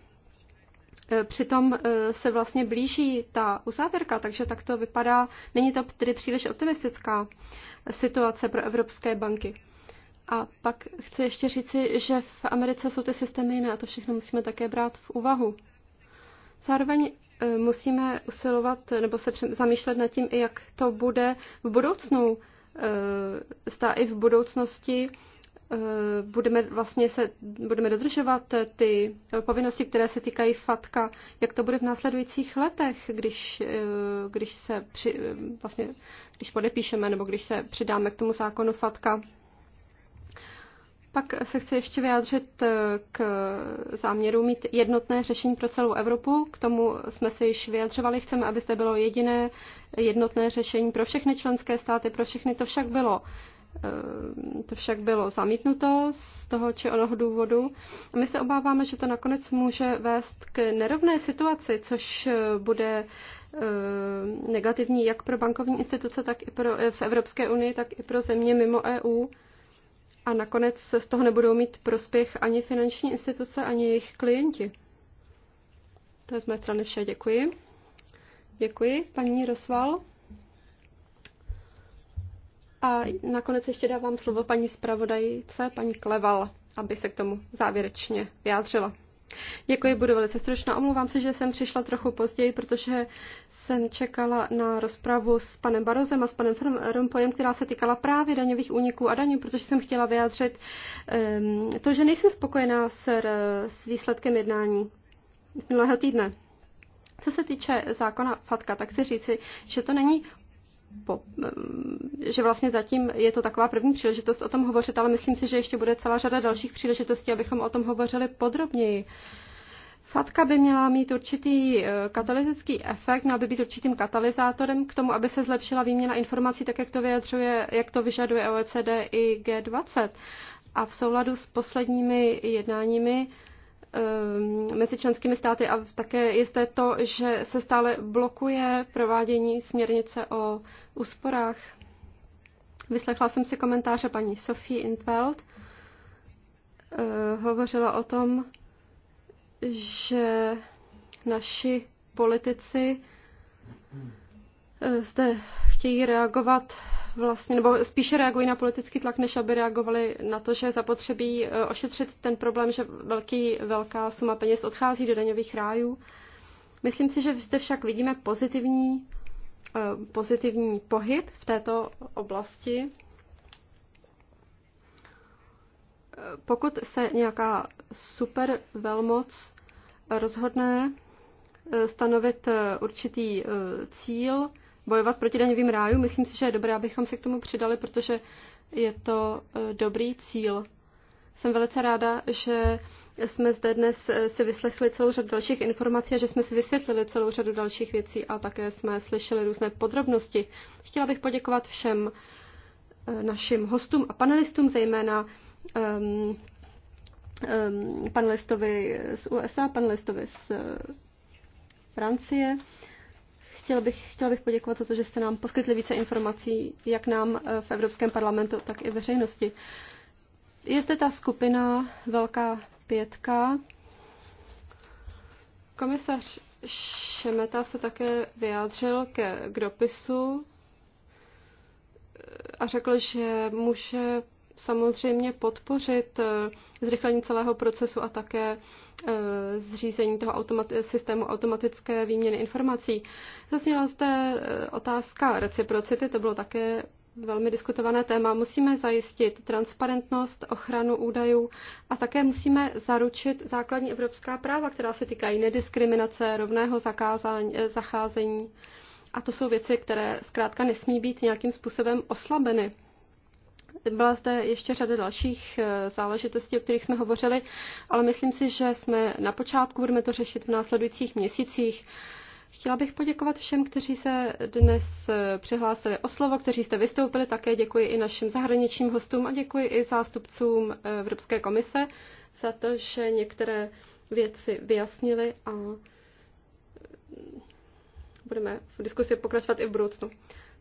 Eh, přitom eh, se vlastně blíží ta uzávěrka, takže tak to vypadá. Není to tedy příliš optimistická situace pro evropské banky. A pak chci ještě říci, že v Americe jsou ty systémy jiné a to všechno musíme také brát v úvahu. Zároveň eh, musíme usilovat nebo se zamýšlet nad tím, jak to bude v budoucnu. Zda i v budoucnosti Eh, budeme vlastně se, budeme dodržovat ty povinnosti, které se týkají FATKA, jak to bude v následujících letech, když, eh, když se při, eh, vlastně, když podepíšeme nebo když se přidáme k tomu zákonu FATKA. Pak se chci ještě vyjádřit k záměru mít jednotné řešení pro celou Evropu. K tomu jsme se již vyjadřovali. Chceme, aby zde bylo jediné jednotné řešení pro všechny členské státy. Pro všechny to však bylo Ehm, to však bylo zamítnuto z toho či onoho důvodu. My se obáváme, že to nakonec může vést k nerovné situaci, což eh, bude ehm, negativní jak pro bankovní instituce, tak i pro, eh, v Evropské unii, tak i pro země mimo EU. A nakonec se z toho nebudou mít prospěch ani finanční instituce, ani jejich klienti. To je z mé strany vše. Děkuji. Děkuji, paní Rosval. A nakonec ještě dávám slovo paní zpravodajce, paní Kleval, aby se k tomu závěrečně vyjádřila. Děkuji, budu velice stručná. Omlouvám se, že jsem přišla trochu později, protože jsem čekala na rozpravu s panem Barozem a s panem Rompojem, která se týkala právě daňových úniků a daní, protože jsem chtěla vyjádřit um, to, že nejsem spokojená s, s výsledkem jednání z minulého týdne. Co se týče zákona FATKA, tak si říci, že to není po, eh, že vlastně zatím je to taková první příležitost o tom hovořit, ale myslím si, že ještě bude celá řada dalších příležitostí, abychom o tom hovořili podrobněji. Fatka by měla mít určitý eh, katalytický efekt, měla by být určitým katalyzátorem k tomu, aby se zlepšila výměna informací, tak jak to vyjadřuje, jak to vyžaduje OECD i G20. A v souladu s posledními jednáními Ehm, mezi členskými státy a také jisté to, že se stále blokuje provádění směrnice o úsporách. Vyslechla jsem si komentáře paní Sophie Intveld. Eh, hovořila o tom, že naši politici eh, zde chtějí reagovat vlastně, nebo spíše reagují na politický tlak, než aby reagovali na to, že zapotřebí eh, ošetřit ten problém, že velký, velká suma peněz odchází do daňových rájů. Myslím si, že zde však vidíme pozitivní, eh, pozitivní pohyb v této oblasti. Eh, pokud se nějaká super velmoc rozhodne stanovit určitý cíl, bojovat proti daňovým rájům. Myslím si, že je dobré, abychom se k tomu přidali, protože je to e, dobrý cíl. Jsem velice ráda, že jsme zde dnes e, si vyslechli celou řadu dalších informací a že jsme si vysvětlili celou řadu dalších věcí a také jsme slyšeli různé podrobnosti. Chtěla bych poděkovat všem e, našim hostům a panelistům, zejména um, um, panelistovi z USA, panelistovi z Francie. Chtěl bych, chtěl bych poděkovat za to, že jste nám poskytli více informací, jak nám eh, v Evropském parlamentu, tak i veřejnosti. Je zde ta skupina Velká pětka. Komisař Šemeta se také vyjádřil ke, k dopisu eh, a řekl, že může samozřejmě podpořit eh, zrychlení celého procesu a také eh, zřízení toho automati- systému automatické výměny informací. Zazněla zde eh, otázka reciprocity, to bylo také velmi diskutované téma. Musíme zajistit transparentnost, ochranu údajů a také musíme zaručit základní evropská práva, která se týkají nediskriminace, rovného zakázání, zacházení. A to jsou věci, které zkrátka nesmí být nějakým způsobem oslabeny. Byla zde ještě řada dalších eh, záležitostí, o kterých jsme hovořili, ale myslím si, že jsme na počátku, budeme to řešit v následujících měsících. Chtěla bych poděkovat všem, kteří se dnes eh, přihlásili o slovo, kteří jste vystoupili. Také děkuji i našim zahraničním hostům a děkuji i zástupcům eh, Evropské komise za to, že některé věci vyjasnili a budeme v diskusi pokračovat i v budoucnu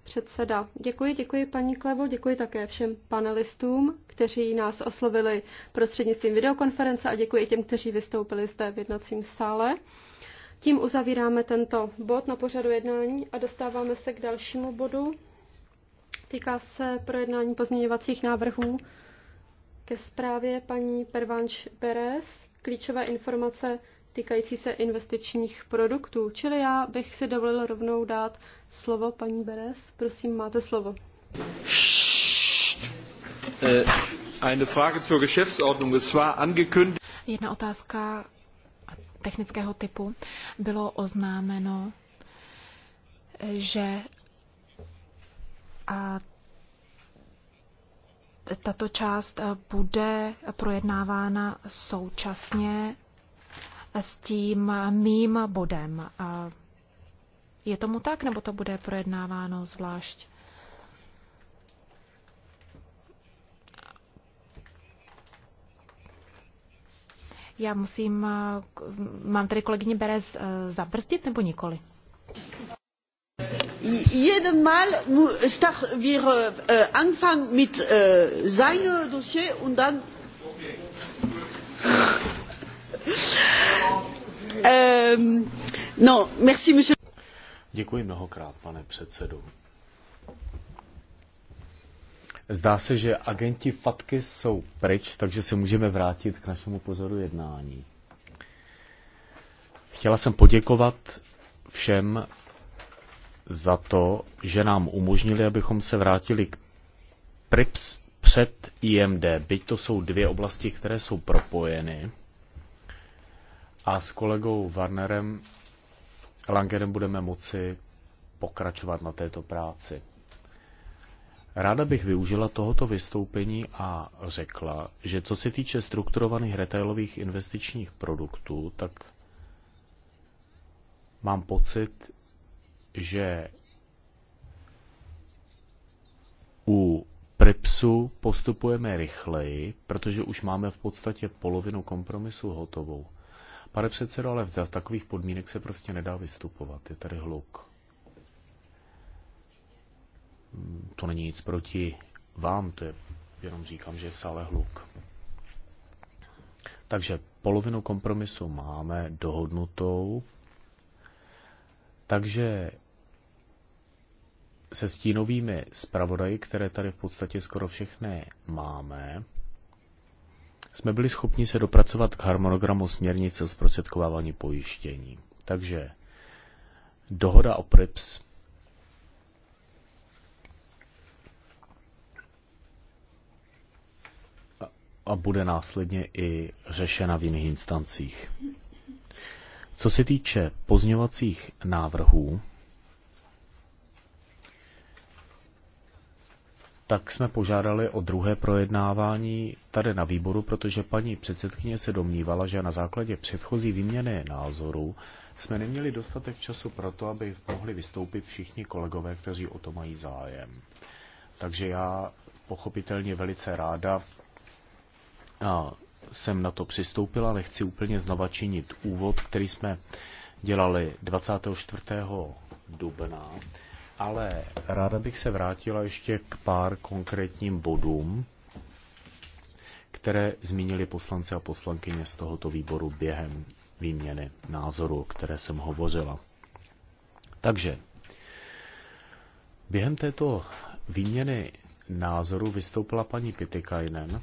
předseda. Děkuji, děkuji paní Klevo, děkuji také všem panelistům, kteří nás oslovili prostřednictvím videokonference a děkuji těm, kteří vystoupili zde v jednacím sále. Tím uzavíráme tento bod na pořadu jednání a dostáváme se k dalšímu bodu. Týká se projednání pozměňovacích návrhů ke zprávě paní Pervanč Beres. klíčové informace týkající se investičních produktů. Čili já bych si dovolil rovnou dát slovo paní Beres. Prosím, máte slovo. Eine Frage zur Geschäftsordnung. Es war angekündigt. Jedna otázka technického typu. Bylo oznámeno, že a tato část bude projednávána současně s tím mým bodem. Je tomu tak, nebo to bude projednáváno zvlášť? Já musím, mám tady kolegyně Berez eh, zabrzdit nebo nikoli? Jeden Mal wir eh, anfangen mit eh, seinem Dossier und dann Ehm, no, merci, monsieur. Děkuji mnohokrát, pane předsedo. Zdá se, že agenti FATKY jsou pryč, takže se můžeme vrátit k našemu pozoru jednání. Chtěla jsem poděkovat všem za to, že nám umožnili, abychom se vrátili k PRIPS před IMD, byť to jsou dvě oblasti, které jsou propojeny a s kolegou Warnerem Langerem budeme moci pokračovat na této práci. Ráda bych využila tohoto vystoupení a řekla, že co se týče strukturovaných retailových investičních produktů, tak mám pocit, že u Prepsu postupujeme rychleji, protože už máme v podstatě polovinu kompromisu hotovou. Pane předsedo, ale za takových podmínek se prostě nedá vystupovat. Je tady hluk. To není nic proti vám, to je, jenom říkám, že je v sále hluk. Takže polovinu kompromisu máme dohodnutou, takže se stínovými zpravodaji, které tady v podstatě skoro všechny máme, jsme byli schopni se dopracovat k harmonogramu směrnice o zprostředkovávání pojištění. Takže dohoda o PRIPS a bude následně i řešena v jiných instancích. Co se týče pozňovacích návrhů, tak jsme požádali o druhé projednávání tady na výboru, protože paní předsedkyně se domnívala, že na základě předchozí výměny názorů jsme neměli dostatek času pro to, aby mohli vystoupit všichni kolegové, kteří o to mají zájem. Takže já pochopitelně velice ráda a jsem na to přistoupila, nechci úplně znova činit úvod, který jsme dělali 24. dubna. Ale ráda bych se vrátila ještě k pár konkrétním bodům, které zmínili poslanci a poslankyně z tohoto výboru během výměny názoru, o které jsem hovořila. Takže během této výměny názoru vystoupila paní Pitikainen,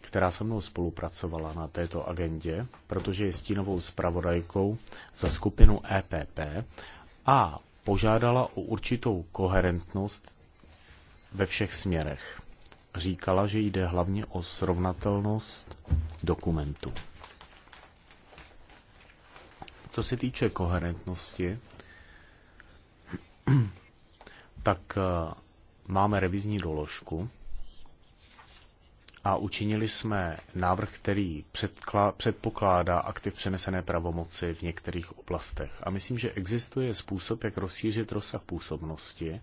která se mnou spolupracovala na této agendě, protože je stínovou zpravodajkou za skupinu EPP a požádala o určitou koherentnost ve všech směrech. Říkala, že jde hlavně o srovnatelnost dokumentů. Co se týče koherentnosti, tak eh, máme revizní doložku, a učinili jsme návrh, který předpokládá aktiv přenesené pravomoci v některých oblastech. A myslím, že existuje způsob, jak rozšířit rozsah působnosti,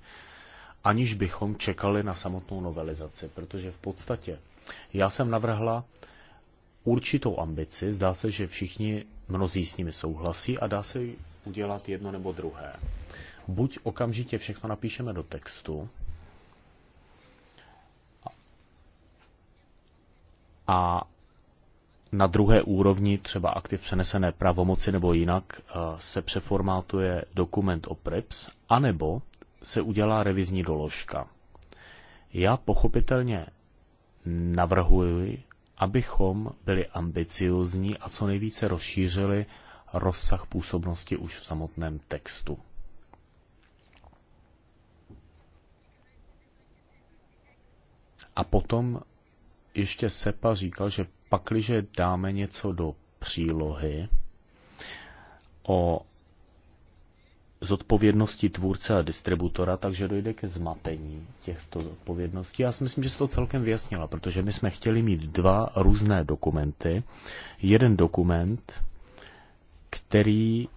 aniž bychom čekali na samotnou novelizaci, protože v podstatě já jsem navrhla určitou ambici, zdá se, že všichni mnozí s nimi souhlasí a dá se udělat jedno nebo druhé. Buď okamžitě všechno napíšeme do textu, a na druhé úrovni, třeba aktiv přenesené pravomoci nebo jinak, eh, se přeformátuje dokument o PREPS, anebo se udělá revizní doložka. Já pochopitelně navrhuji, abychom byli ambiciozní a co nejvíce rozšířili rozsah působnosti už v samotném textu. A potom ještě SEPA říkal, že pakliže dáme něco do přílohy o zodpovědnosti tvůrce a distributora, takže dojde ke zmatení těchto odpovědností. Já si myslím, že se to celkem vyjasnila, protože my jsme chtěli mít dva různé dokumenty. Jeden dokument, který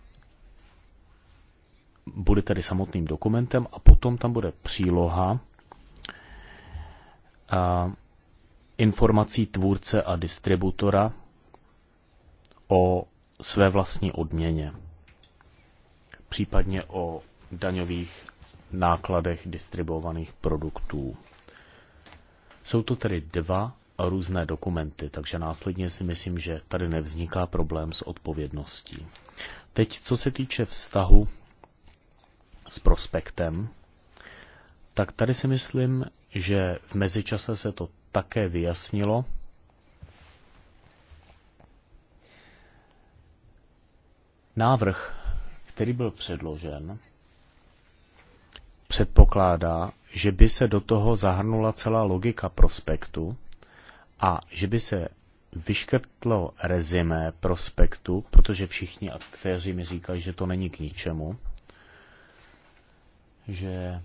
bude tady samotným dokumentem a potom tam bude příloha, a informací tvůrce a distributora o své vlastní odměně, případně o daňových nákladech distribuovaných produktů. Jsou to tedy dva různé dokumenty, takže následně si myslím, že tady nevzniká problém s odpovědností. Teď, co se týče vztahu s prospektem, tak tady si myslím, že v mezičase se to také vyjasnilo. Návrh, který byl předložen, předpokládá, že by se do toho zahrnula celá logika prospektu a že by se vyškrtlo rezimé prospektu, protože všichni aktéři mi říkají, že to není k ničemu, že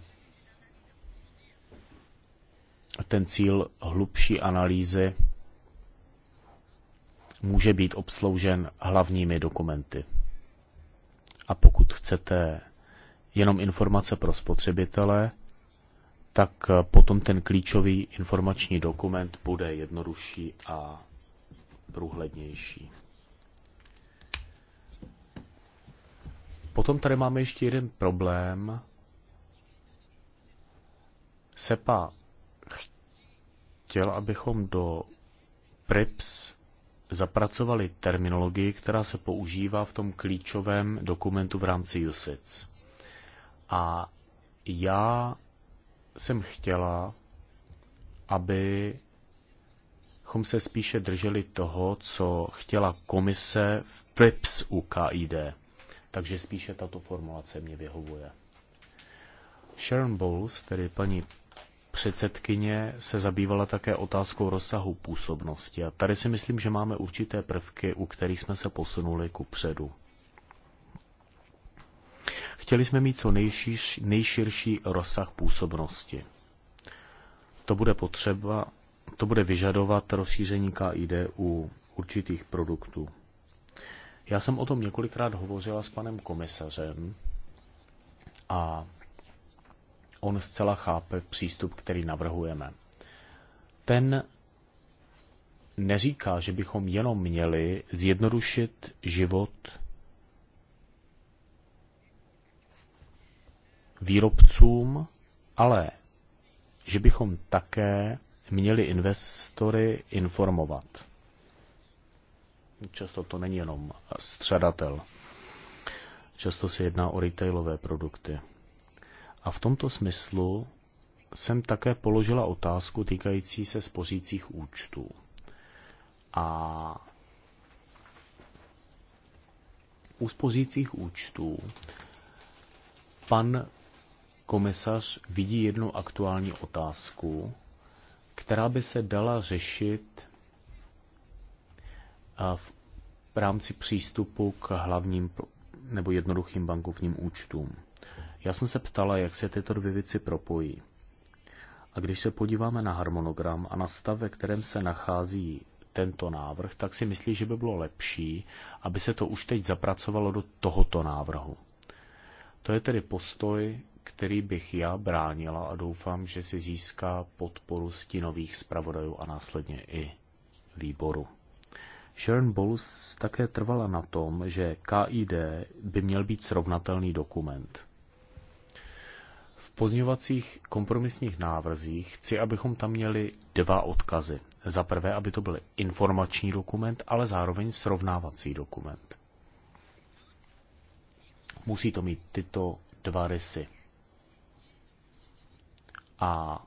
ten cíl hlubší analýzy může být obsloužen hlavními dokumenty. A pokud chcete jenom informace pro spotřebitele, tak potom ten klíčový informační dokument bude jednodušší a průhlednější. Potom tady máme ještě jeden problém. SEPA chtěl, abychom do PRIPS zapracovali terminologii, která se používá v tom klíčovém dokumentu v rámci USIC. A já jsem chtěla, aby abychom se spíše drželi toho, co chtěla komise v PRIPS u KID. Takže spíše tato formulace mě vyhovuje. Sharon Bowles, tedy paní předsedkyně se zabývala také otázkou rozsahu působnosti a tady si myslím, že máme určité prvky, u kterých jsme se posunuli ku předu. Chtěli jsme mít co nejšíř, nejširší rozsah působnosti. To bude potřeba, to bude vyžadovat rozšíření KID u určitých produktů. Já jsem o tom několikrát hovořila s panem komisařem a on zcela chápe přístup, který navrhujeme. Ten neříká, že bychom jenom měli zjednodušit život výrobcům, ale že bychom také měli investory informovat. Často to není jenom středatel. Často se jedná o retailové produkty. A v tomto smyslu jsem také položila otázku týkající se spořících účtů. A u spořících účtů pan komisař vidí jednu aktuální otázku, která by se dala řešit v rámci přístupu k hlavním nebo jednoduchým bankovním účtům. Já jsem se ptala, jak se tyto dvě věci propojí. A když se podíváme na harmonogram a na stav, ve kterém se nachází tento návrh, tak si myslím, že by bylo lepší, aby se to už teď zapracovalo do tohoto návrhu. To je tedy postoj, který bych já bránila a doufám, že si získá podporu stinových zpravodajů a následně i výboru. Sharon Bowles také trvala na tom, že KID by měl být srovnatelný dokument pozňovacích kompromisních návrzích chci, abychom tam měli dva odkazy. Za prvé, aby to byl informační dokument, ale zároveň srovnávací dokument. Musí to mít tyto dva rysy. A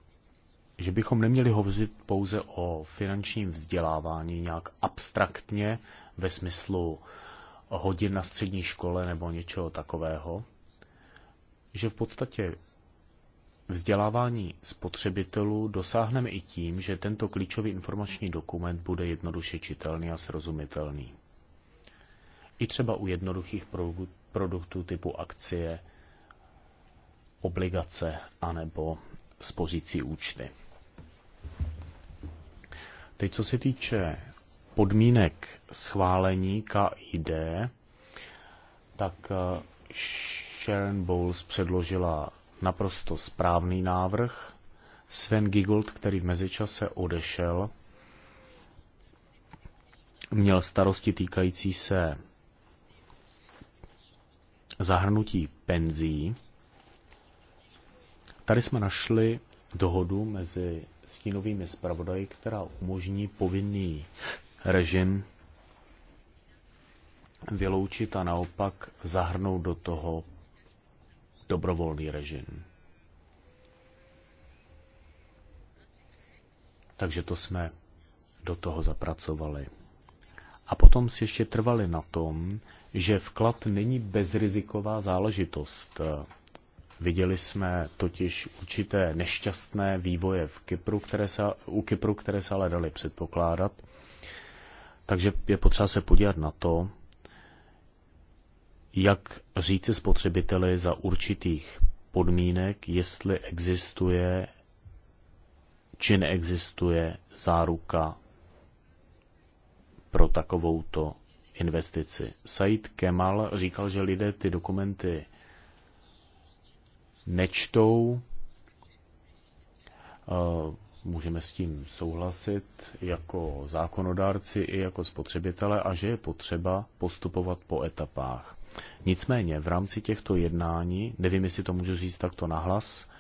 že bychom neměli hovořit pouze o finančním vzdělávání nějak abstraktně ve smyslu hodin na střední škole nebo něčeho takového, že v podstatě vzdělávání spotřebitelů dosáhneme i tím, že tento klíčový informační dokument bude jednoduše čitelný a srozumitelný. I třeba u jednoduchých produktů typu akcie, obligace anebo spořící účty. Teď co se týče podmínek schválení KID, tak eh, Sharon Bowles předložila naprosto správný návrh. Sven Gigold, který v mezičase odešel, měl starosti týkající se zahrnutí penzí. Tady jsme našli dohodu mezi stínovými zpravodaji, která umožní povinný režim vyloučit a naopak zahrnout do toho dobrovolný režim. Takže to jsme do toho zapracovali. A potom si ještě trvali na tom, že vklad není bezriziková záležitost. Viděli jsme totiž určité nešťastné vývoje v Kypru, které se, u Kypru, které se ale daly předpokládat. Takže je potřeba se podívat na to, jak říci spotřebiteli za určitých podmínek, jestli existuje či neexistuje záruka pro takovouto investici. Said Kemal říkal, že lidé ty dokumenty nečtou. Eh, můžeme s tím souhlasit jako zákonodárci i jako spotřebitele a že je potřeba postupovat po etapách. Nicméně v rámci těchto jednání, nevím, jestli to můžu říct takto nahlas,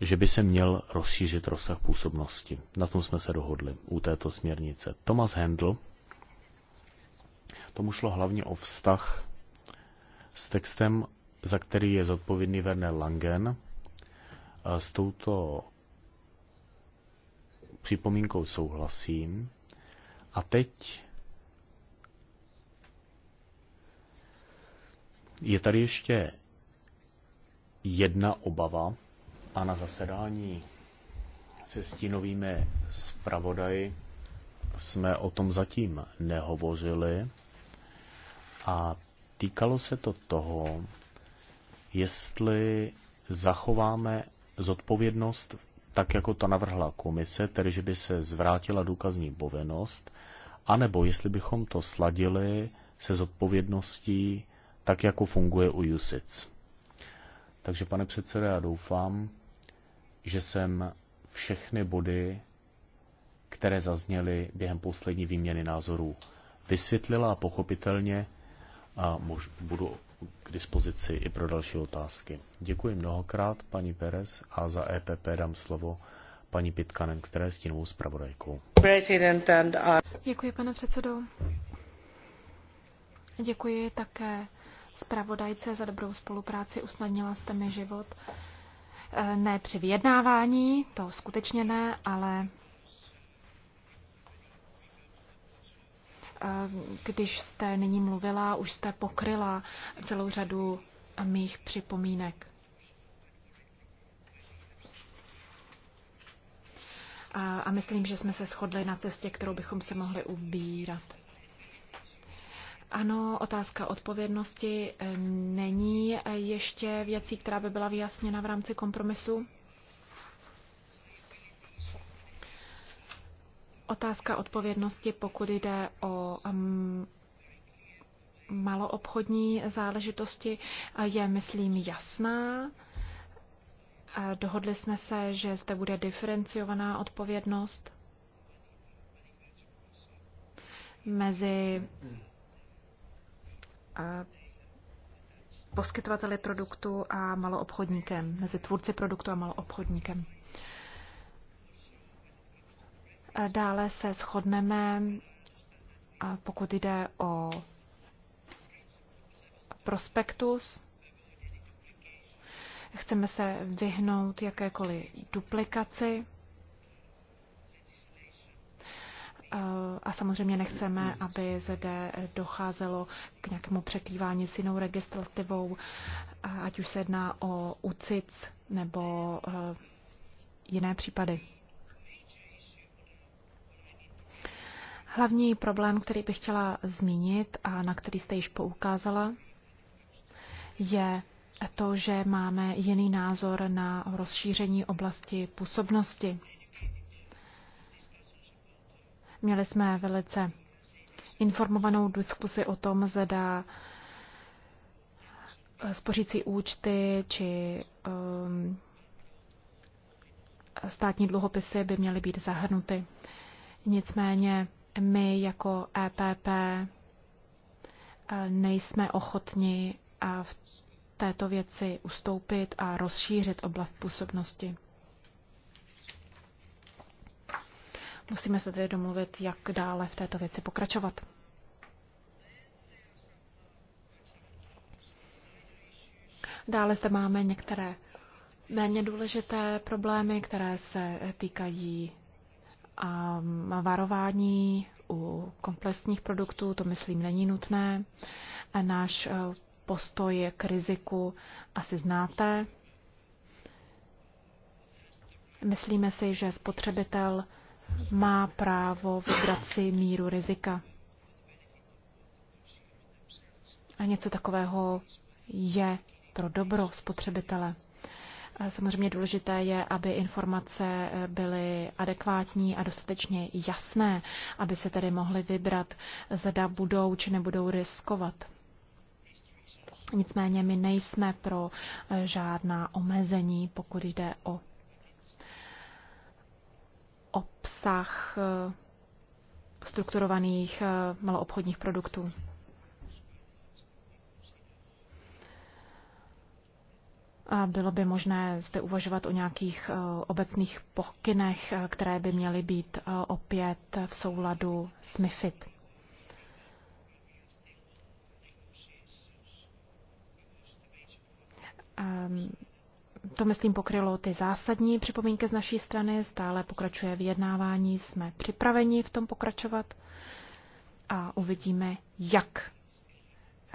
že by se měl rozšířit rozsah působnosti. Na tom jsme se dohodli u této směrnice. Thomas Handel, tomu šlo hlavně o vztah s textem, za který je zodpovědný Werner Langen, a s touto připomínkou souhlasím. A teď Je tady ještě jedna obava a na zasedání se stínovými zpravodaji jsme o tom zatím nehovořili a týkalo se to toho, jestli zachováme zodpovědnost tak, jako to navrhla komise, tedy že by se zvrátila důkazní povinnost, anebo jestli bychom to sladili se zodpovědností tak jako funguje u USIC. Takže pane předsedo, já doufám, že jsem všechny body, které zazněly během poslední výměny názorů, vysvětlila a pochopitelně a mož, budu k dispozici i pro další otázky. Děkuji mnohokrát, paní Perez, a za EPP dám slovo paní Pitkanen, která je stínovou zpravodajkou. Děkuji, pane předsedo. Děkuji také zpravodajce za dobrou spolupráci, usnadnila jste mi život. E, ne při vyjednávání, to skutečně ne, ale e, když jste nyní mluvila, už jste pokryla celou řadu mých připomínek. E, a, myslím, že jsme se shodli na cestě, kterou bychom se mohli ubírat. Ano, otázka odpovědnosti eh, není eh, ještě věcí, která by byla vyjasněna v rámci kompromisu. Otázka odpovědnosti, pokud jde o um, maloobchodní záležitosti, eh, je, myslím, jasná. Dohodli jsme se, že zde bude diferenciovaná odpovědnost mezi poskytovateli produktu a maloobchodníkem, mezi tvůrci produktu a maloobchodníkem. Dále se shodneme, pokud jde o prospektus. Chceme se vyhnout jakékoliv duplikaci a samozřejmě nechceme, aby zde docházelo k nějakému překrývání s jinou registrativou, ať už se jedná o UCIC nebo eh, jiné případy. Hlavní problém, který bych chtěla zmínit a na který jste již poukázala, je to, že máme jiný názor na rozšíření oblasti působnosti. Měli jsme velice informovanou diskusi o tom, zda eh, spořící účty či um, státní dluhopisy by měly být zahrnuty. Nicméně my jako EPP eh, nejsme ochotni eh, v této věci ustoupit a rozšířit oblast působnosti. Musíme se tedy domluvit, jak dále v této věci pokračovat. Dále zde máme některé méně důležité problémy, které se týkají um, varování u komplexních produktů. To, myslím, není nutné. A náš uh, postoj k riziku asi znáte. Myslíme si, že spotřebitel má právo vybrat si míru rizika. A něco takového je pro dobro spotřebitele. Samozřejmě důležité je, aby informace byly adekvátní a dostatečně jasné, aby se tedy mohli vybrat, zda budou či nebudou riskovat. Nicméně my nejsme pro žádná omezení, pokud jde o obsah eh, strukturovaných eh, maloobchodních produktů. A bylo by možné zde uvažovat o nějakých eh, obecných pokynech, které by měly být opět v souladu s MIFID. Um, to, myslím, pokrylo ty zásadní připomínky z naší strany. Stále pokračuje vyjednávání, jsme připraveni v tom pokračovat a uvidíme, jak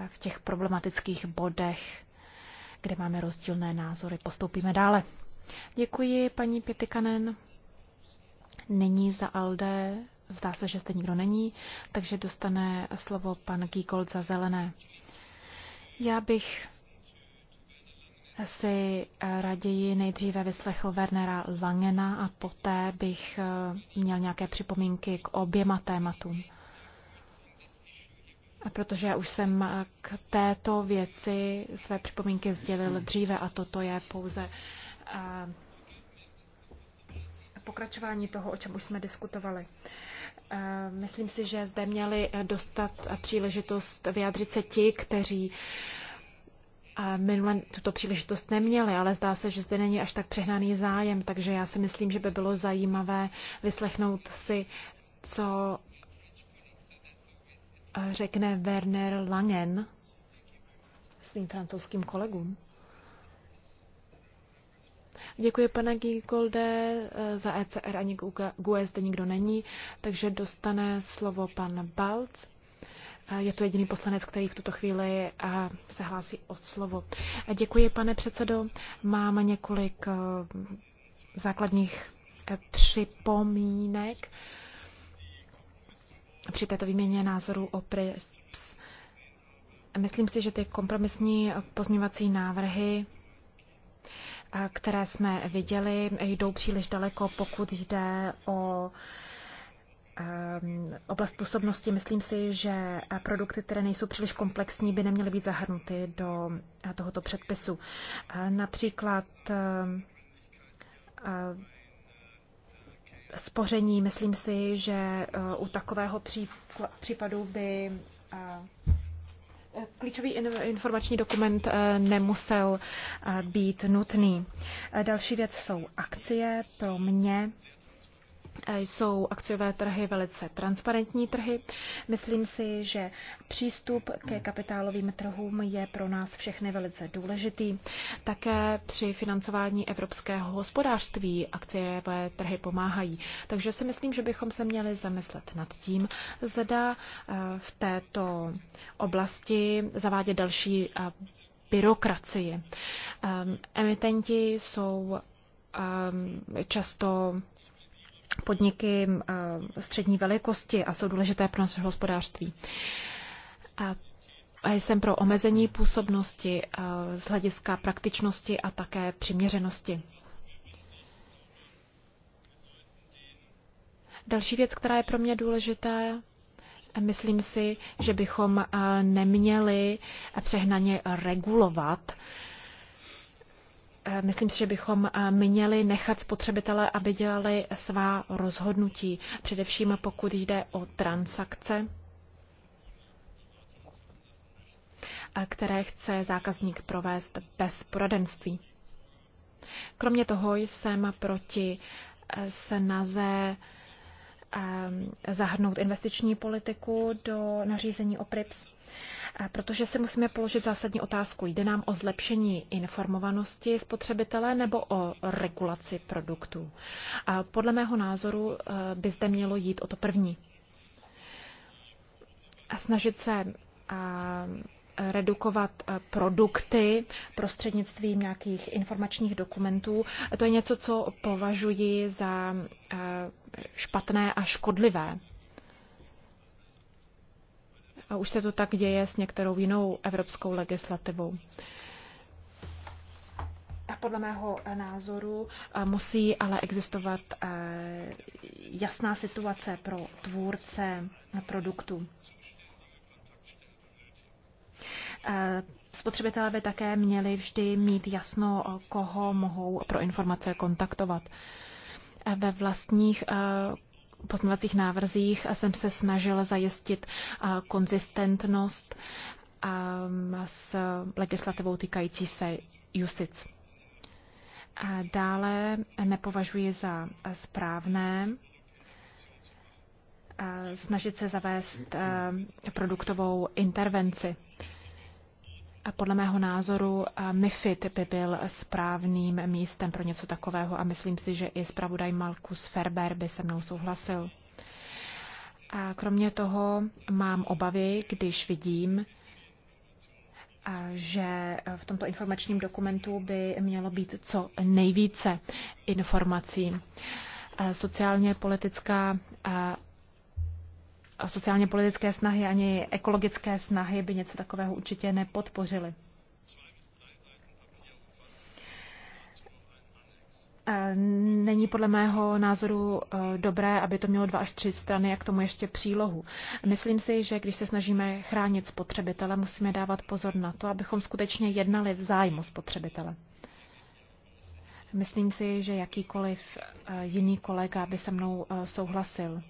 v těch problematických bodech, kde máme rozdílné názory, postoupíme dále. Děkuji, paní Pětikanen. Není za Alde, zdá se, že zde nikdo není, takže dostane slovo pan Giegold za zelené. Já bych si eh, raději nejdříve vyslechl Wernera Langena a poté bych eh, měl nějaké připomínky k oběma tématům. A protože já už jsem eh, k této věci své připomínky sdělil dříve a toto je pouze pokračování toho, o čem už jsme diskutovali. Myslím si, že zde měli dostat příležitost vyjádřit se ti, kteří minule tuto příležitost neměli, ale zdá se, že zde není až tak přehnaný zájem, takže já si myslím, že by bylo zajímavé vyslechnout si, co eh, řekne Werner Langen svým francouzským kolegům. Děkuji, pane Gigolde. Eh, za ECR ani GUE zde nikdo není, takže dostane slovo pan Balc. Je to jediný poslanec, který v tuto chvíli se hlásí od slovo. Děkuji, pane předsedo. Mám několik e, základních e, připomínek při této výměně názorů o PRIPS. Myslím si, že ty kompromisní pozměňovací návrhy, e, které jsme viděli, jdou příliš daleko, pokud jde o Ehm, oblast působnosti. Myslím si, že eh, produkty, které nejsou příliš komplexní, by neměly být zahrnuty do eh, tohoto předpisu. Eh, například ehm, spoření, myslím si, že u takového případu by klíčový informační dokument nemusel být nutný. Další věc jsou akcie. Pro mě Eh, jsou akciové trhy velice transparentní trhy. Myslím si, že přístup ke kapitálovým trhům je pro nás všechny velice důležitý. Také při financování evropského hospodářství akciové trhy pomáhají. Takže si myslím, že bychom se měli zamyslet nad tím, zda eh, v této oblasti zavádět další eh, byrokracii. Ehm, emitenti jsou ehm, často podniky střední velikosti a jsou důležité pro naše hospodářství. A jsem pro omezení působnosti z hlediska praktičnosti a také přiměřenosti. Další věc, která je pro mě důležitá, myslím si, že bychom neměli přehnaně regulovat Eh, myslím si, že bychom eh, měli nechat spotřebitele, aby dělali svá rozhodnutí, především pokud jde o transakce, eh, které chce zákazník provést bez poradenství. Kromě toho jsem proti snaze zahrnout investiční politiku do nařízení o PRIPS. Protože si musíme položit zásadní otázku, jde nám o zlepšení informovanosti spotřebitele nebo o regulaci produktů. A podle mého názoru eh, by zde mělo jít o to první. A snažit se a redukovat eh, produkty prostřednictvím nějakých informačních dokumentů. To je něco, co považuji za eh, špatné a škodlivé. A už se to tak děje s některou jinou evropskou legislativou. A podle mého názoru musí ale existovat jasná situace pro tvůrce produktu. Spotřebitelé by také měli vždy mít jasno, koho mohou pro informace kontaktovat. Ve vlastních pozměňovacích návrzích a jsem se snažil zajistit konzistentnost s legislativou týkající se jusic. Dále nepovažuji za správné snažit se zavést produktovou intervenci podle mého názoru eh, MIFID by byl správným místem pro něco takového a myslím si, že i zpravodaj Malkus Ferber by se mnou souhlasil. A kromě toho mám obavy, když vidím, eh, že v tomto informačním dokumentu by mělo být co nejvíce informací. Eh, Sociálně politická sociálně politické snahy ani ekologické snahy by něco takového určitě nepodpořily. Není podle mého názoru e, dobré, aby to mělo dva až tři strany a k tomu ještě přílohu. Myslím si, že když se snažíme chránit spotřebitele, musíme dávat pozor na to, abychom skutečně jednali v zájmu spotřebitele. Myslím si, že jakýkoliv e, jiný kolega by se mnou e, souhlasil.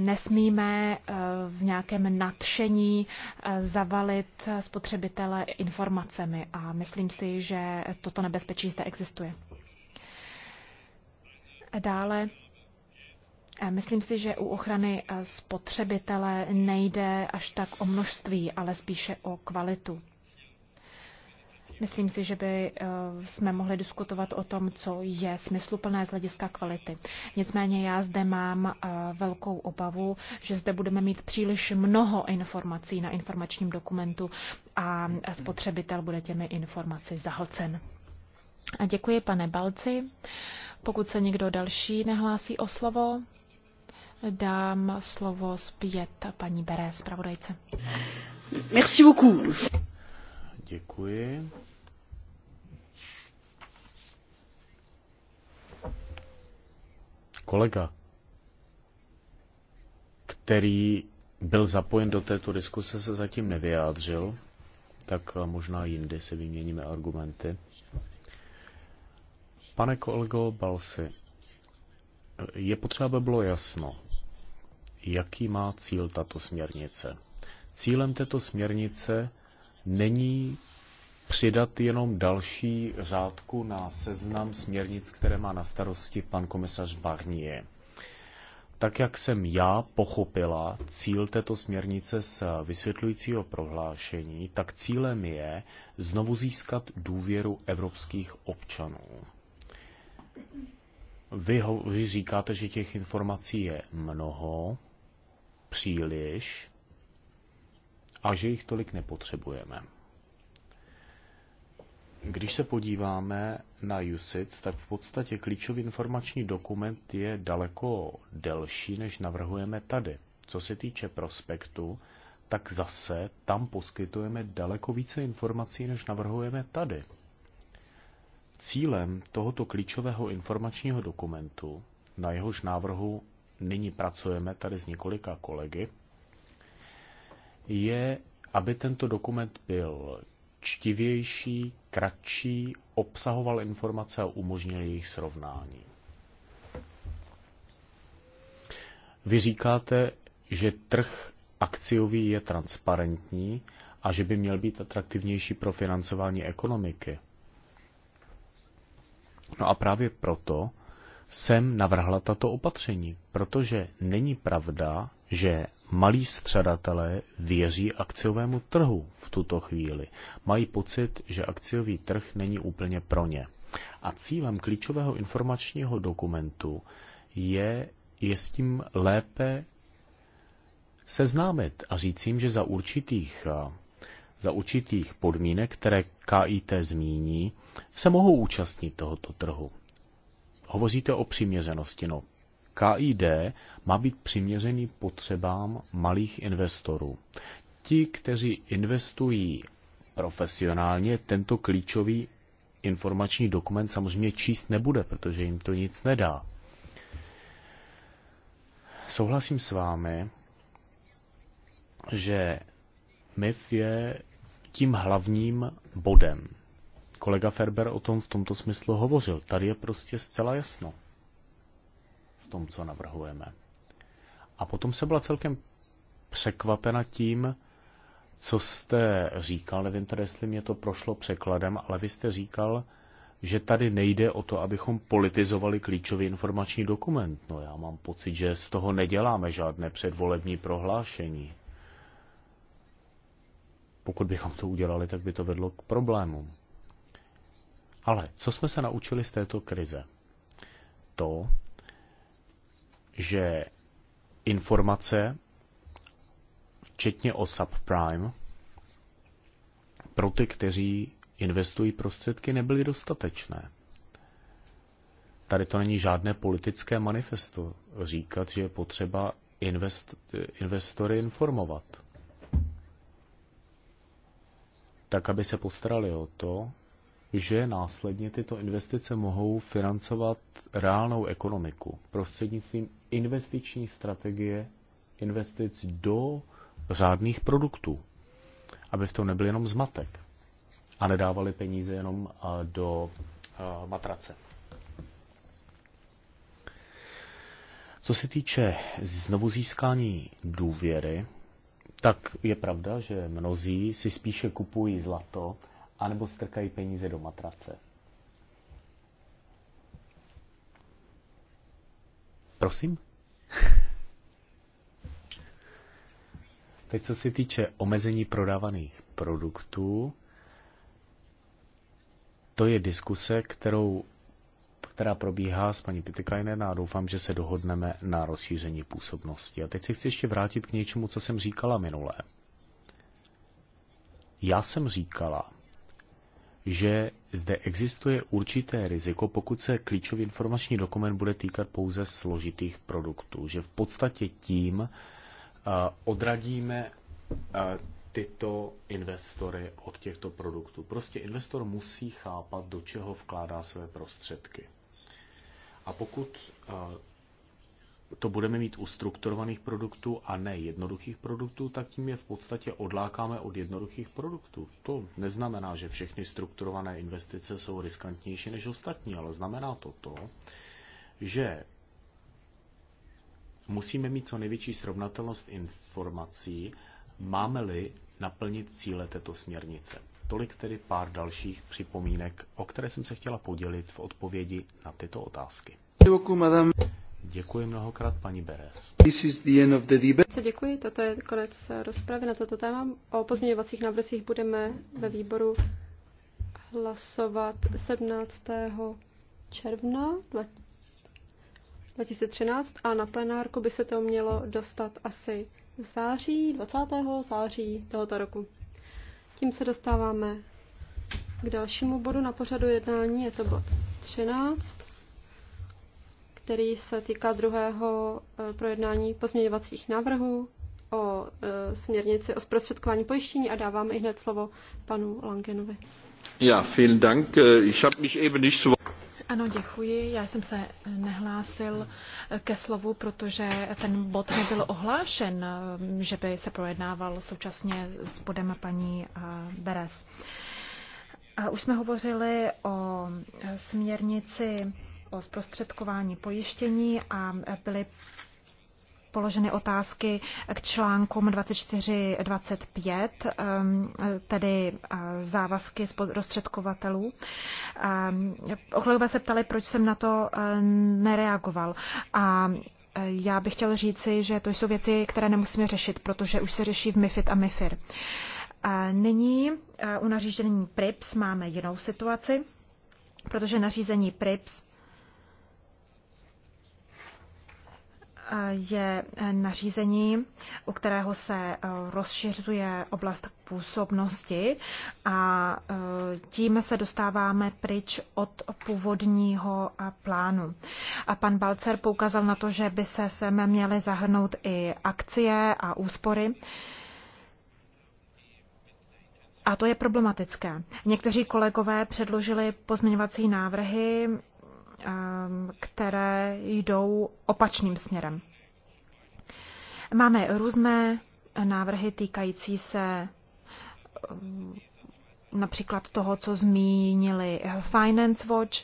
Nesmíme eh, v nějakém nadšení eh, zavalit spotřebitele informacemi a myslím si, že toto nebezpečí zde existuje. Dále eh, Myslím si, že u ochrany spotřebitele nejde až tak o množství, ale spíše o kvalitu. Myslím si, že by eh, jsme mohli diskutovat o tom, co je smysluplné z hlediska kvality. Nicméně já zde mám eh, velkou obavu, že zde budeme mít příliš mnoho informací na informačním dokumentu a spotřebitel bude těmi informaci zahlcen. A děkuji, pane Balci. Pokud se někdo další nehlásí o slovo, dám slovo zpět paní Beré, zpravodajce. Merci beaucoup. Děkuji. kolega, který byl zapojen do této diskuse, se zatím nevyjádřil, tak možná jindy si vyměníme argumenty. Pane kolego Balsi, je potřeba, aby bylo jasno, jaký má cíl tato směrnice. Cílem této směrnice není přidat jenom další řádku na seznam směrnic, které má na starosti pan komisař Barnier. Tak jak jsem já pochopila cíl této směrnice z vysvětlujícího prohlášení, tak cílem je znovu získat důvěru evropských občanů. Vy, ho, vy říkáte, že těch informací je mnoho, příliš, a že jich tolik nepotřebujeme. Když se podíváme na USIC, tak v podstatě klíčový informační dokument je daleko delší, než navrhujeme tady. Co se týče prospektu, tak zase tam poskytujeme daleko více informací, než navrhujeme tady. Cílem tohoto klíčového informačního dokumentu, na jehož návrhu nyní pracujeme tady s několika kolegy, je, aby tento dokument byl čtivější, kratší, obsahoval informace a umožnil jejich srovnání. Vy říkáte, že trh akciový je transparentní a že by měl být atraktivnější pro financování ekonomiky. No a právě proto jsem navrhla tato opatření, protože není pravda, že malí střadatelé věří akciovému trhu v tuto chvíli. Mají pocit, že akciový trh není úplně pro ně. A cílem klíčového informačního dokumentu je, je s tím lépe seznámit a říct jim, že za určitých, eh, za určitých podmínek, které KIT zmíní, se mohou účastnit tohoto trhu. Hovoříte o přiměřenosti. No, KID má být přiměřený potřebám malých investorů. Ti, kteří investují profesionálně, tento klíčový informační dokument samozřejmě číst nebude, protože jim to nic nedá. Souhlasím s vámi, že MIF je tím hlavním bodem Kolega Ferber o tom v tomto smyslu hovořil. Tady je prostě zcela jasno v tom, co navrhujeme. A potom se byla celkem překvapena tím, co jste říkal, nevím tedy, jestli mě to prošlo překladem, ale vy jste říkal, že tady nejde o to, abychom politizovali klíčový informační dokument. No já mám pocit, že z toho neděláme žádné předvolební prohlášení. Pokud bychom to udělali, tak by to vedlo k problémům. Ale co jsme se naučili z této krize? To, že informace, včetně o subprime, pro ty, kteří investují prostředky, nebyly dostatečné. Tady to není žádné politické manifesto říkat, že je potřeba invest, investory informovat. Tak, aby se postarali o to, že následně tyto investice mohou financovat reálnou ekonomiku prostřednictvím investiční strategie investic do řádných produktů, aby v tom nebyl jenom zmatek a nedávali peníze jenom do matrace. Co se týče znovu získání důvěry, tak je pravda, že mnozí si spíše kupují zlato, anebo strkají peníze do matrace. Prosím? Teď co se týče omezení prodávaných produktů, to je diskuse, kterou, která probíhá s paní Pitikajnen a doufám, že se dohodneme na rozšíření působnosti. A teď se chci ještě vrátit k něčemu, co jsem říkala minule. Já jsem říkala, že zde existuje určité riziko, pokud se klíčový informační dokument bude týkat pouze složitých produktů, že v podstatě tím eh, odradíme eh, tyto investory od těchto produktů. Prostě investor musí chápat, do čeho vkládá své prostředky. A pokud eh, to budeme mít u strukturovaných produktů a ne jednoduchých produktů, tak tím je v podstatě odlákáme od jednoduchých produktů. To neznamená, že všechny strukturované investice jsou riskantnější než ostatní, ale znamená to to, že musíme mít co největší srovnatelnost informací, máme-li naplnit cíle této směrnice. Tolik tedy pár dalších připomínek, o které jsem se chtěla podělit v odpovědi na tyto otázky. Děkuji, madame. Děkuji mnohokrát, paní Beres. This is the end of the debate. Děkuji, toto je konec rozpravy na toto téma. O pozměňovacích návrzích budeme ve výboru hlasovat 17. června 2013 a na plenárku by se to mělo dostat asi v září, 20. září tohoto roku. Tím se dostáváme k dalšímu bodu na pořadu jednání, je to bod 13 který se týká druhého eh, projednání pozměňovacích návrhů o eh, směrnici o zprostředkování pojištění a dávám i hned slovo panu Langenovi. Ja, vielen Dank. Äh, ich habe mich eben nicht so... Ano, děkuji. Já jsem se nehlásil eh, ke slovu, protože ten bod nebyl ohlášen, že by se projednával současně s bodem paní Beres. A už jsme hovořili o směrnici o zprostředkování pojištění a byly položeny otázky k článkům 24-25, ehm, tedy závazky z prostředkovatelů. Ehm, Ochlejové se ptali, proč jsem na to ehm, nereagoval. A e, já bych chtěl říci, že to jsou věci, které nemusíme řešit, protože už se řeší v MIFID a MIFIR. nyní e, u nařízení PRIPS máme jinou situaci, protože nařízení PRIPS je nařízení, u kterého se eh, rozšiřuje oblast působnosti a eh, tím se dostáváme pryč od původního eh, plánu. A pan Balcer poukázal na to, že by se sem měly zahrnout i akcie a úspory. A to je problematické. Někteří kolegové předložili pozměňovací návrhy, Um, které jdou opačným směrem. Máme různé návrhy týkající se um, například toho, co zmínili Finance Watch.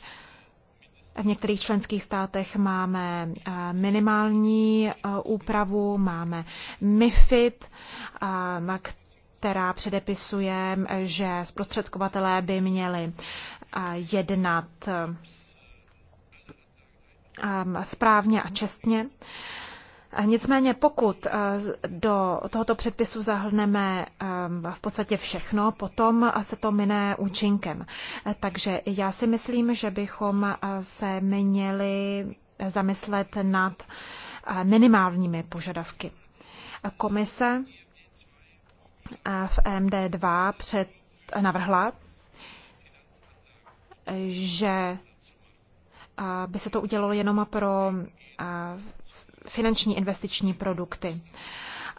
V některých členských státech máme uh, minimální uh, úpravu, máme MIFID, um, která předepisuje, že zprostředkovatelé by měli uh, jednat Ehm, správně a čestně. Nicméně pokud eh, do tohoto předpisu zahrneme ehm, v podstatě všechno, potom se to miné účinkem. Eh, takže já si myslím, že bychom eh, se měli zamyslet nad minimálními požadavky. Komise v MD2 před, navrhla, že by se to udělalo jenom pro finanční investiční produkty.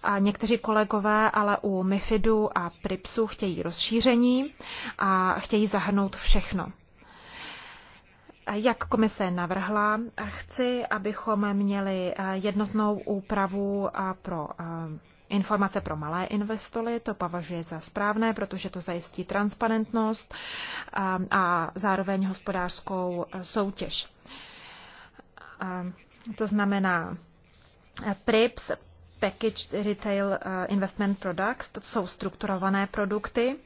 A někteří kolegové ale u MIFIDu a PRIPSu chtějí rozšíření a chtějí zahrnout všechno. Jak komise navrhla, chci, abychom měli jednotnou úpravu pro informace pro malé investory. To považuje za správné, protože to zajistí transparentnost a, a zároveň hospodářskou e, soutěž. A, to znamená e, PRIPS, Packaged Retail e, Investment Products, to jsou strukturované produkty.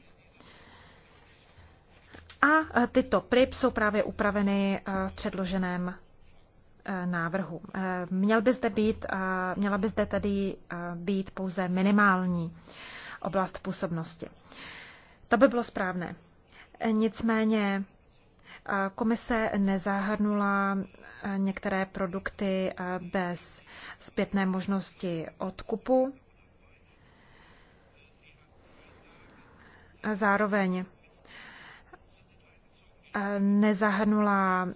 A tyto PRIP jsou právě upraveny v předloženém Eh, návrhu. Eh, měl by zde být, eh, měla by zde tedy být pouze minimální oblast působnosti. To by bylo správné. Nicméně komise nezahrnula některé produkty bez zpětné možnosti odkupu. Zároveň nezahrnula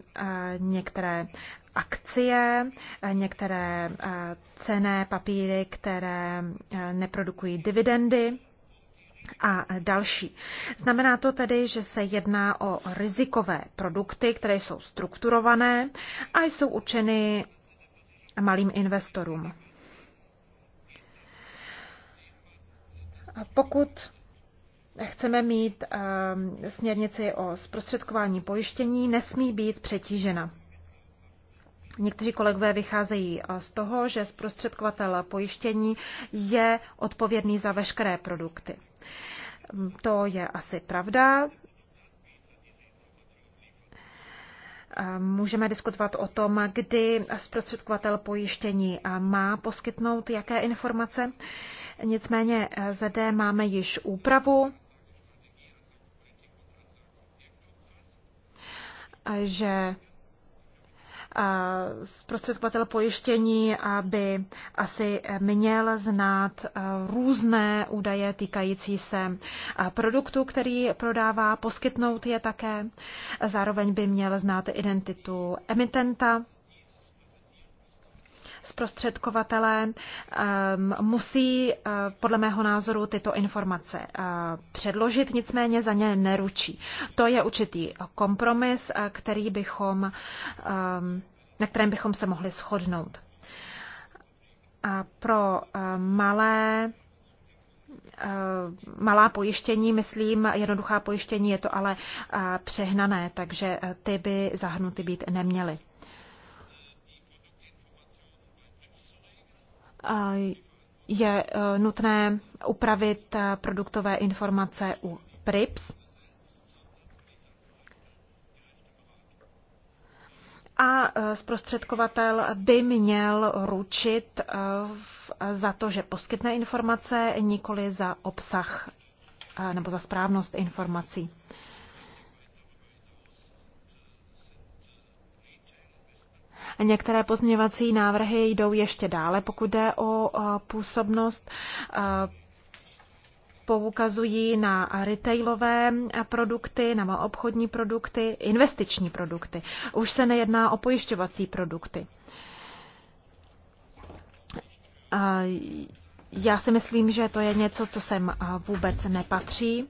některé akcie, některé eh, cené papíry, které eh, neprodukují dividendy a další. Znamená to tedy, že se jedná o rizikové produkty, které jsou strukturované a jsou určeny malým investorům. Pokud chceme mít eh, směrnici o zprostředkování pojištění, nesmí být přetížena. Někteří kolegové vycházejí eh, z toho, že zprostředkovatel pojištění je odpovědný za veškeré produkty. Mm, to je asi pravda. Eh, můžeme diskutovat o tom, kdy zprostředkovatel pojištění eh, má poskytnout jaké informace. Nicméně zde máme již úpravu, že zprostředkovatel pojištění by asi měl znát eh, různé údaje týkající se eh, produktu, který prodává, poskytnout je také. Zároveň by měl znát identitu emitenta zprostředkovatelé ehm, musí eh, podle mého názoru tyto informace eh, předložit, nicméně za ně neručí. To je určitý kompromis, eh, který bychom, ehm, na kterém bychom se mohli shodnout. A pro malé malá pojištění, myslím, jednoduchá pojištění je to ale přehnané, takže ty by zahnuty být neměly. je e, nutné upravit e, produktové informace u PRIPS. A e, zprostředkovatel by měl ručit za to, že poskytne informace, nikoli za obsah nebo za správnost informací. Některé pozměňovací návrhy jdou ještě dále, pokud jde o působnost poukazují na retailové produkty, na obchodní produkty, investiční produkty. Už se nejedná o pojišťovací produkty. Já si myslím, že to je něco, co sem vůbec nepatří.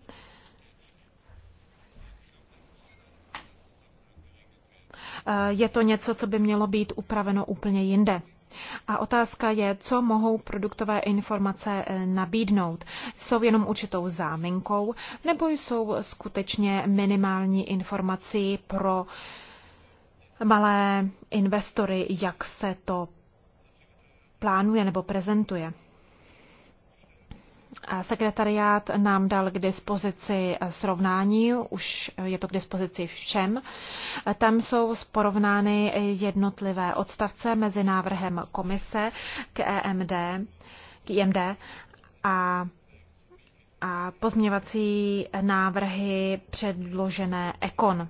Eh, je to něco, co by mělo být upraveno úplně jinde. A otázka je, co mohou produktové informace eh, nabídnout. Jsou jenom určitou záminkou, nebo jsou skutečně minimální informací pro malé investory, jak se to plánuje nebo prezentuje. Sekretariát nám dal k dispozici srovnání, už je to k dispozici všem. Tam jsou porovnány jednotlivé odstavce mezi návrhem komise k EMD, k IMD a a pozměvací návrhy předložené Ekon.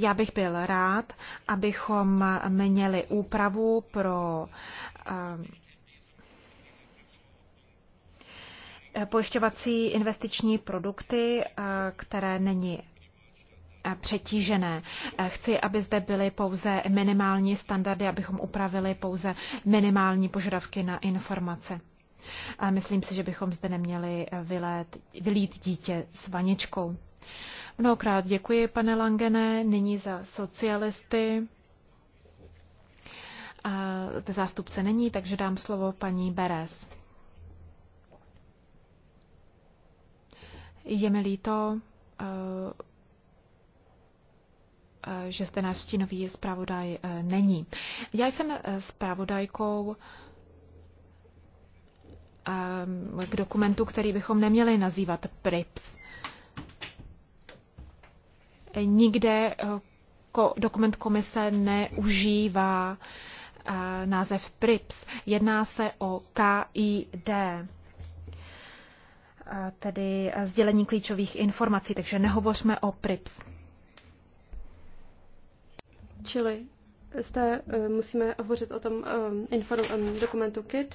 Já bych byl rád, abychom měli úpravu pro ehm, pojišťovací investiční produkty, eh, které není eh, přetížené. Eh, chci, aby zde byly pouze minimální standardy, abychom upravili pouze minimální požadavky na informace. Myslím si, že bychom zde neměli vylét, vylít dítě s vaničkou. Mnohokrát děkuji, pane Langene, nyní za socialisty. A zástupce není, takže dám slovo paní Beres. Je mi líto, eh, že zde náš stínový zpravodaj eh, není. Já jsem eh, zpravodajkou k dokumentu, který bychom neměli nazývat PRIPS nikde eh, dokument komise neužívá eh, název PRIPS. Jedná se o KID, eh, tedy sdělení klíčových informací, takže nehovořme o PRIPS. Čili zde musíme hovořit o tom um, dokumentu KID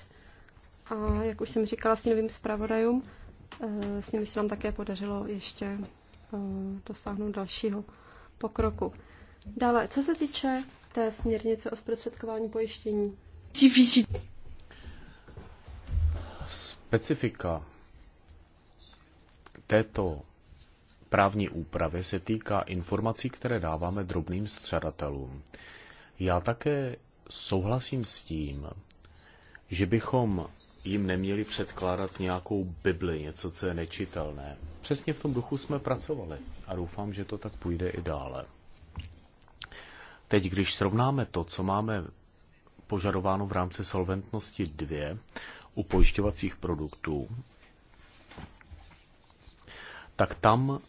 a jak už jsem říkala s novým zpravodajům, s nimi se nám také podařilo ještě Eh, dosáhnout dalšího pokroku. Dále, co se týče té směrnice o zprostředkování pojištění. Specifika této právní úpravy se týká informací, které dáváme drobným střadatelům. Já také souhlasím s tím, že bychom jim neměli předkládat nějakou Bibli, něco, co je nečitelné. Přesně v tom duchu jsme pracovali a doufám, že to tak půjde i dále. Teď, když srovnáme to, co máme požadováno v rámci solventnosti 2 u pojišťovacích produktů, tak tam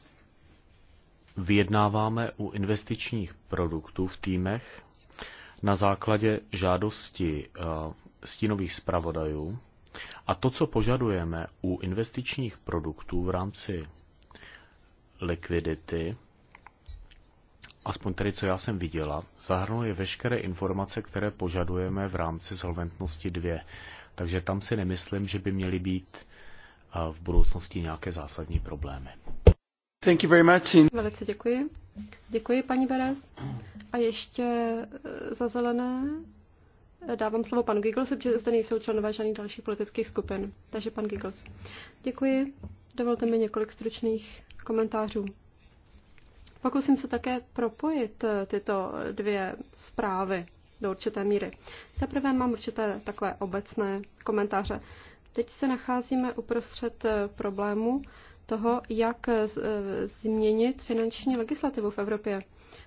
vyjednáváme u investičních produktů v týmech na základě žádosti eh, stínových zpravodajů a to, co požadujeme u investičních produktů v rámci likvidity, aspoň tedy, co já jsem viděla, zahrnuje veškeré informace, které požadujeme v rámci solventnosti 2. Takže tam si nemyslím, že by měly být v budoucnosti nějaké zásadní problémy. Thank you very much. Velice děkuji. Děkuji, paní Beres. A ještě e, za zelené dávám slovo panu Giggles, protože zde nejsou členové žádných dalších politických skupin. Takže pan Giggles. Děkuji. Dovolte mi několik stručných komentářů. Pokusím se také propojit eh, tyto dvě zprávy do určité míry. Za prvé mám určité takové obecné komentáře. Teď se nacházíme uprostřed eh, problému toho, jak eh, změnit finanční legislativu v Evropě.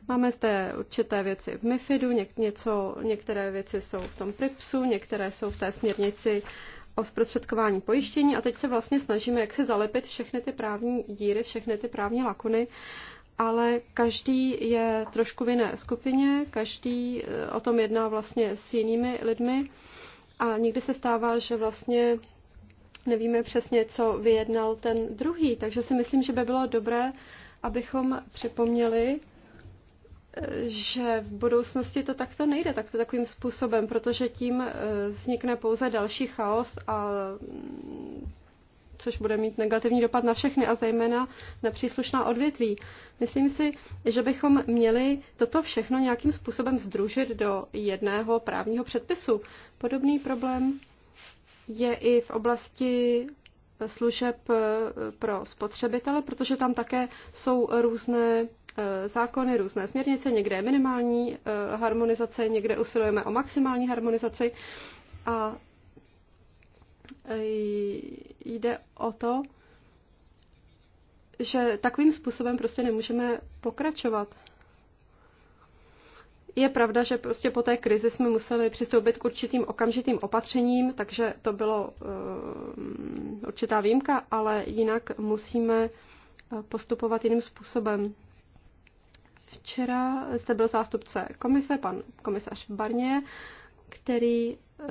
Máme zde určité věci v MIFIDu, něk, něco, některé věci jsou v tom PRIPSu, některé jsou v té směrnici o zprostředkování pojištění a teď se vlastně snažíme, jak se zalepit všechny ty právní díry, všechny ty právní lakuny, ale každý je trošku v jiné skupině, každý eh, o tom jedná vlastně s jinými lidmi a někdy se stává, že vlastně nevíme přesně, co vyjednal ten druhý, takže si myslím, že by bylo dobré, abychom připomněli, že v budoucnosti to takto nejde, takto takovým způsobem, protože tím eh, vznikne pouze další chaos, a, mm, což bude mít negativní dopad na všechny a zejména na příslušná odvětví. Myslím si, že bychom měli toto všechno nějakým způsobem združit do jedného právního předpisu. Podobný problém je i v oblasti služeb eh, pro spotřebitele, protože tam také jsou různé Eh, zákony, různé směrnice, někde je minimální eh, harmonizace, někde usilujeme o maximální harmonizaci a eh, jde o to, že takovým způsobem prostě nemůžeme pokračovat. Je pravda, že prostě po té krizi jsme museli přistoupit k určitým okamžitým opatřením, takže to bylo určitá výjimka, ale jinak musíme postupovat jiným způsobem. Včera zde byl zástupce komise, pan komisař Barně, který eh,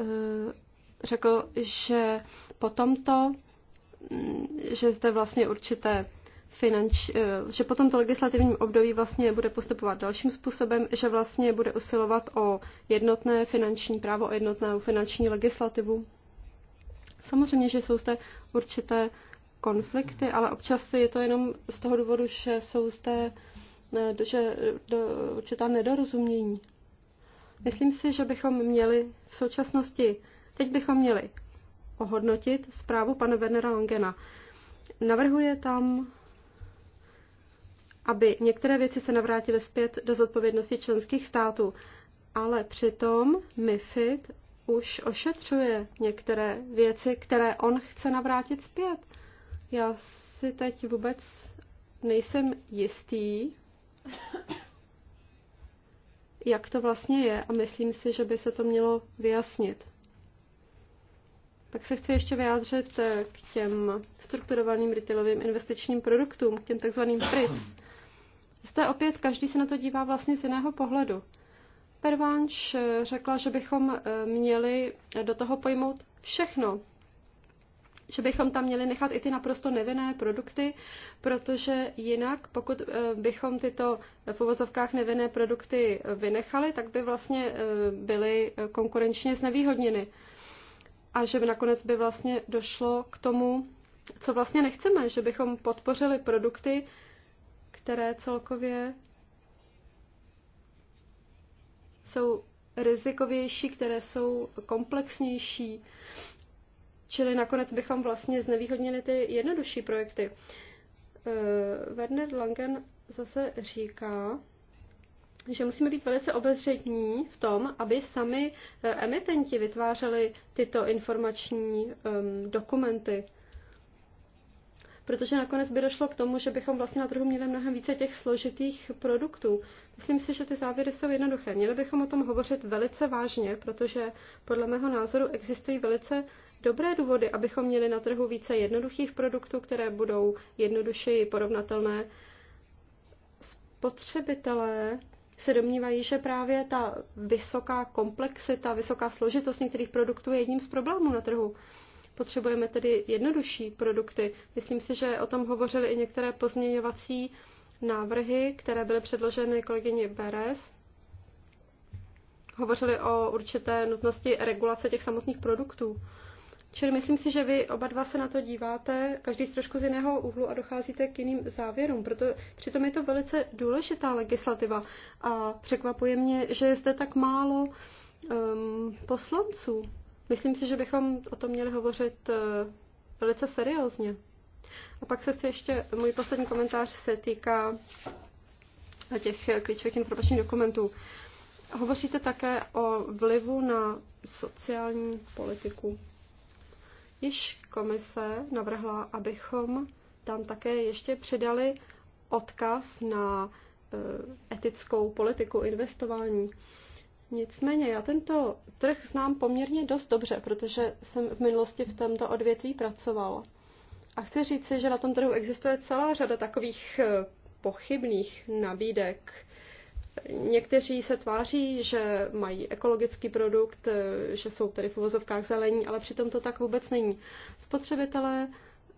řekl, že po tomto, mm, že zde vlastně určité finanč, eh, že po tomto legislativním období vlastně bude postupovat dalším způsobem, že vlastně bude usilovat o jednotné finanční právo, o jednotnou finanční legislativu. Samozřejmě, že jsou zde určité konflikty, ale občas je to jenom z toho důvodu, že jsou zde Eh, že do určitá nedorozumění. Myslím si, že bychom měli v současnosti, teď bychom měli ohodnotit zprávu pana Wernera Langena. Navrhuje tam, aby některé věci se navrátily zpět do zodpovědnosti členských států, ale přitom MIFID už ošetřuje některé věci, které on chce navrátit zpět. Já si teď vůbec nejsem jistý, jak to vlastně je a myslím si, že by se to mělo vyjasnit. Pak se chci ještě vyjádřit eh, k těm strukturovaným retailovým investičním produktům, k těm takzvaným PRIPS. Zde opět každý se na to dívá vlastně z jiného pohledu. Pervánč eh, řekla, že bychom eh, měli do toho pojmout všechno, že bychom tam měli nechat i ty naprosto nevinné produkty, protože jinak, pokud eh, bychom tyto v uvozovkách nevinné produkty vynechali, tak by vlastně eh, byly eh, konkurenčně znevýhodněny. A že by nakonec by vlastně došlo k tomu, co vlastně nechceme, že bychom podpořili produkty, které celkově jsou rizikovější, které jsou komplexnější. Čili nakonec bychom vlastně znevýhodnili ty jednodušší projekty. Eh, Werner Langen zase říká, že musíme být velice obezřetní v tom, aby sami eh, emitenti vytvářeli tyto informační um, dokumenty. Protože nakonec by došlo k tomu, že bychom vlastně na trhu měli mnohem více těch složitých produktů. Myslím si, že ty závěry jsou jednoduché. Měli bychom o tom hovořit velice vážně, protože podle mého názoru existují velice dobré důvody, abychom měli na trhu více jednoduchých produktů, které budou jednodušeji porovnatelné. Spotřebitelé se domnívají, že právě ta vysoká komplexita, vysoká složitost některých produktů je jedním z problémů na trhu. Potřebujeme tedy jednodušší produkty. Myslím si, že o tom hovořily i některé pozměňovací návrhy, které byly předloženy kolegyně Beres. Hovořili o určité nutnosti regulace těch samotných produktů. Čili myslím si, že vy oba dva se na to díváte, každý z trošku z jiného úhlu a docházíte k jiným závěrům. Proto, přitom je to velice důležitá legislativa a překvapuje mě, že je zde tak málo um, poslanců. Myslím si, že bychom o tom měli hovořit uh, velice seriózně. A pak se ještě, můj poslední komentář se týká těch klíčových informačních dokumentů. Hovoříte také o vlivu na sociální politiku. Již komise navrhla, abychom tam také ještě přidali odkaz na e, etickou politiku investování. Nicméně já tento trh znám poměrně dost dobře, protože jsem v minulosti v tomto odvětví pracoval. A chci říct si, že na tom trhu existuje celá řada takových e, pochybných nabídek, Někteří se tváří, že mají ekologický produkt, že jsou tedy v uvozovkách zelení, ale přitom to tak vůbec není. Spotřebitelé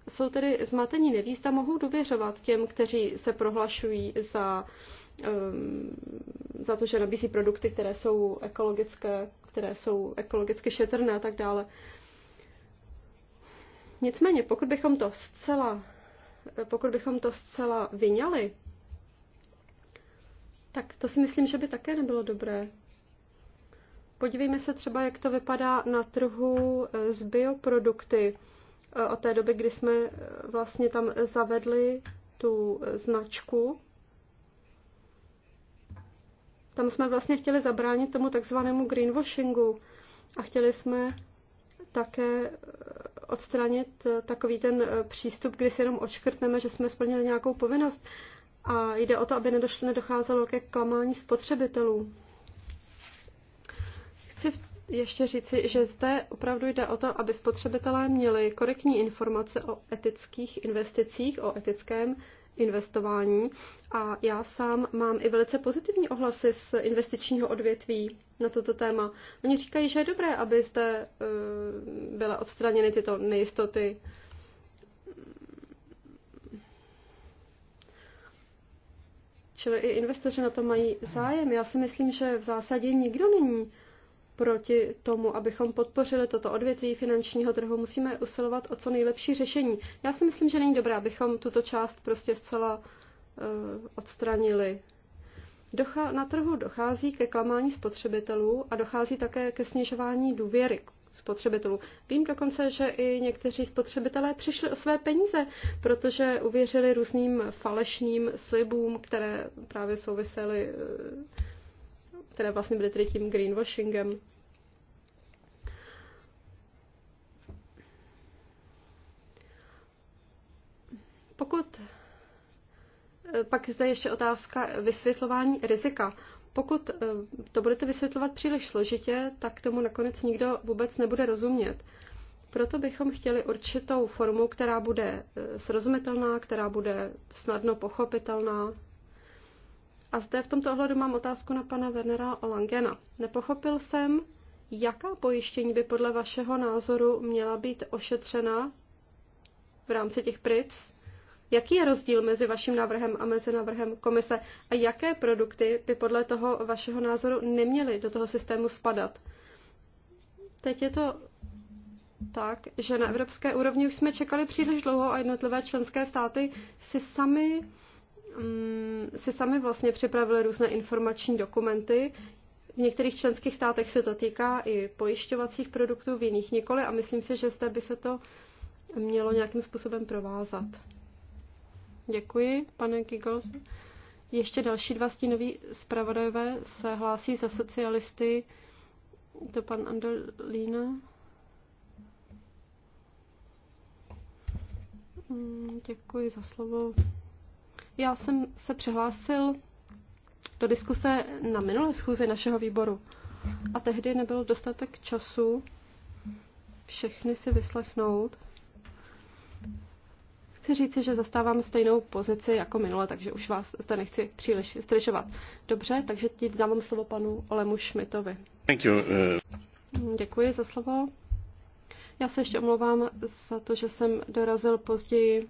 jsou tedy zmatení, neví, zda mohou důvěřovat těm, kteří se prohlašují za, um, za to, že nabízí produkty, které jsou ekologické, které jsou ekologicky šetrné a tak dále. Nicméně, pokud bychom to zcela, pokud bychom to zcela vyňali, tak to si myslím, že by také nebylo dobré. Podívejme se třeba, jak to vypadá na trhu eh, s bioprodukty eh, od té doby, kdy jsme eh, vlastně tam zavedli tu značku. Tam jsme vlastně chtěli zabránit tomu takzvanému greenwashingu a chtěli jsme také odstranit takový ten přístup, kdy si jenom odškrtneme, že jsme splnili nějakou povinnost a jde o to, aby nedošlo, nedocházelo ke klamání spotřebitelů. Chci ještě říci, že zde opravdu jde o to, aby spotřebitelé měli korektní informace o etických investicích, o etickém investování. A já sám mám i velice pozitivní ohlasy z investičního odvětví na toto téma. Oni říkají, že je dobré, aby zde eh, byla odstraněny tyto nejistoty, Čili i investoři na to mají zájem. Já si myslím, že v zásadě nikdo není proti tomu, abychom podpořili toto odvětví finančního trhu, musíme usilovat o co nejlepší řešení. Já si myslím, že není dobré, abychom tuto část prostě zcela uh, odstranili. Docha- na trhu dochází ke klamání spotřebitelů a dochází také ke snižování důvěry spotřebitelů. Vím dokonce, že i někteří spotřebitelé přišli o své peníze, protože uvěřili různým falešným slibům, které právě souvisely, eh, které vlastně byly tedy tím greenwashingem. Pokud eh, pak zde ještě otázka vysvětlování rizika. Pokud eh, to budete vysvětlovat příliš složitě, tak tomu nakonec nikdo vůbec nebude rozumět. Proto bychom chtěli určitou formu, která bude eh, srozumitelná, která bude snadno pochopitelná. A zde v tomto ohledu mám otázku na pana Wernera Langena. Nepochopil jsem, jaká pojištění by podle vašeho názoru měla být ošetřena v rámci těch PRIPS, Jaký je rozdíl mezi vaším návrhem a mezi návrhem komise a jaké produkty by podle toho vašeho názoru neměly do toho systému spadat? Teď je to tak, že na evropské úrovni už jsme čekali příliš dlouho a jednotlivé členské státy si sami um, si sami vlastně připravili různé informační dokumenty. V některých členských státech se to týká i pojišťovacích produktů, v jiných nikoli a myslím si, že zde by se to mělo nějakým způsobem provázat. Děkuji, pane Giggles. Ještě další dva stínoví zpravodajové se hlásí za socialisty. To pan Andolína. Mm, děkuji za slovo. Já jsem se přihlásil do diskuse na minulé schůzi našeho výboru a tehdy nebyl dostatek času všechny si vyslechnout. Chci říci, že zastávám stejnou pozici jako minule, takže už vás to nechci příliš zdržovat. Dobře, takže ti dávám slovo panu Olemu Šmitovi. Thank you. Uh, Děkuji za slovo. Já se ještě omlouvám za to, že jsem dorazil později,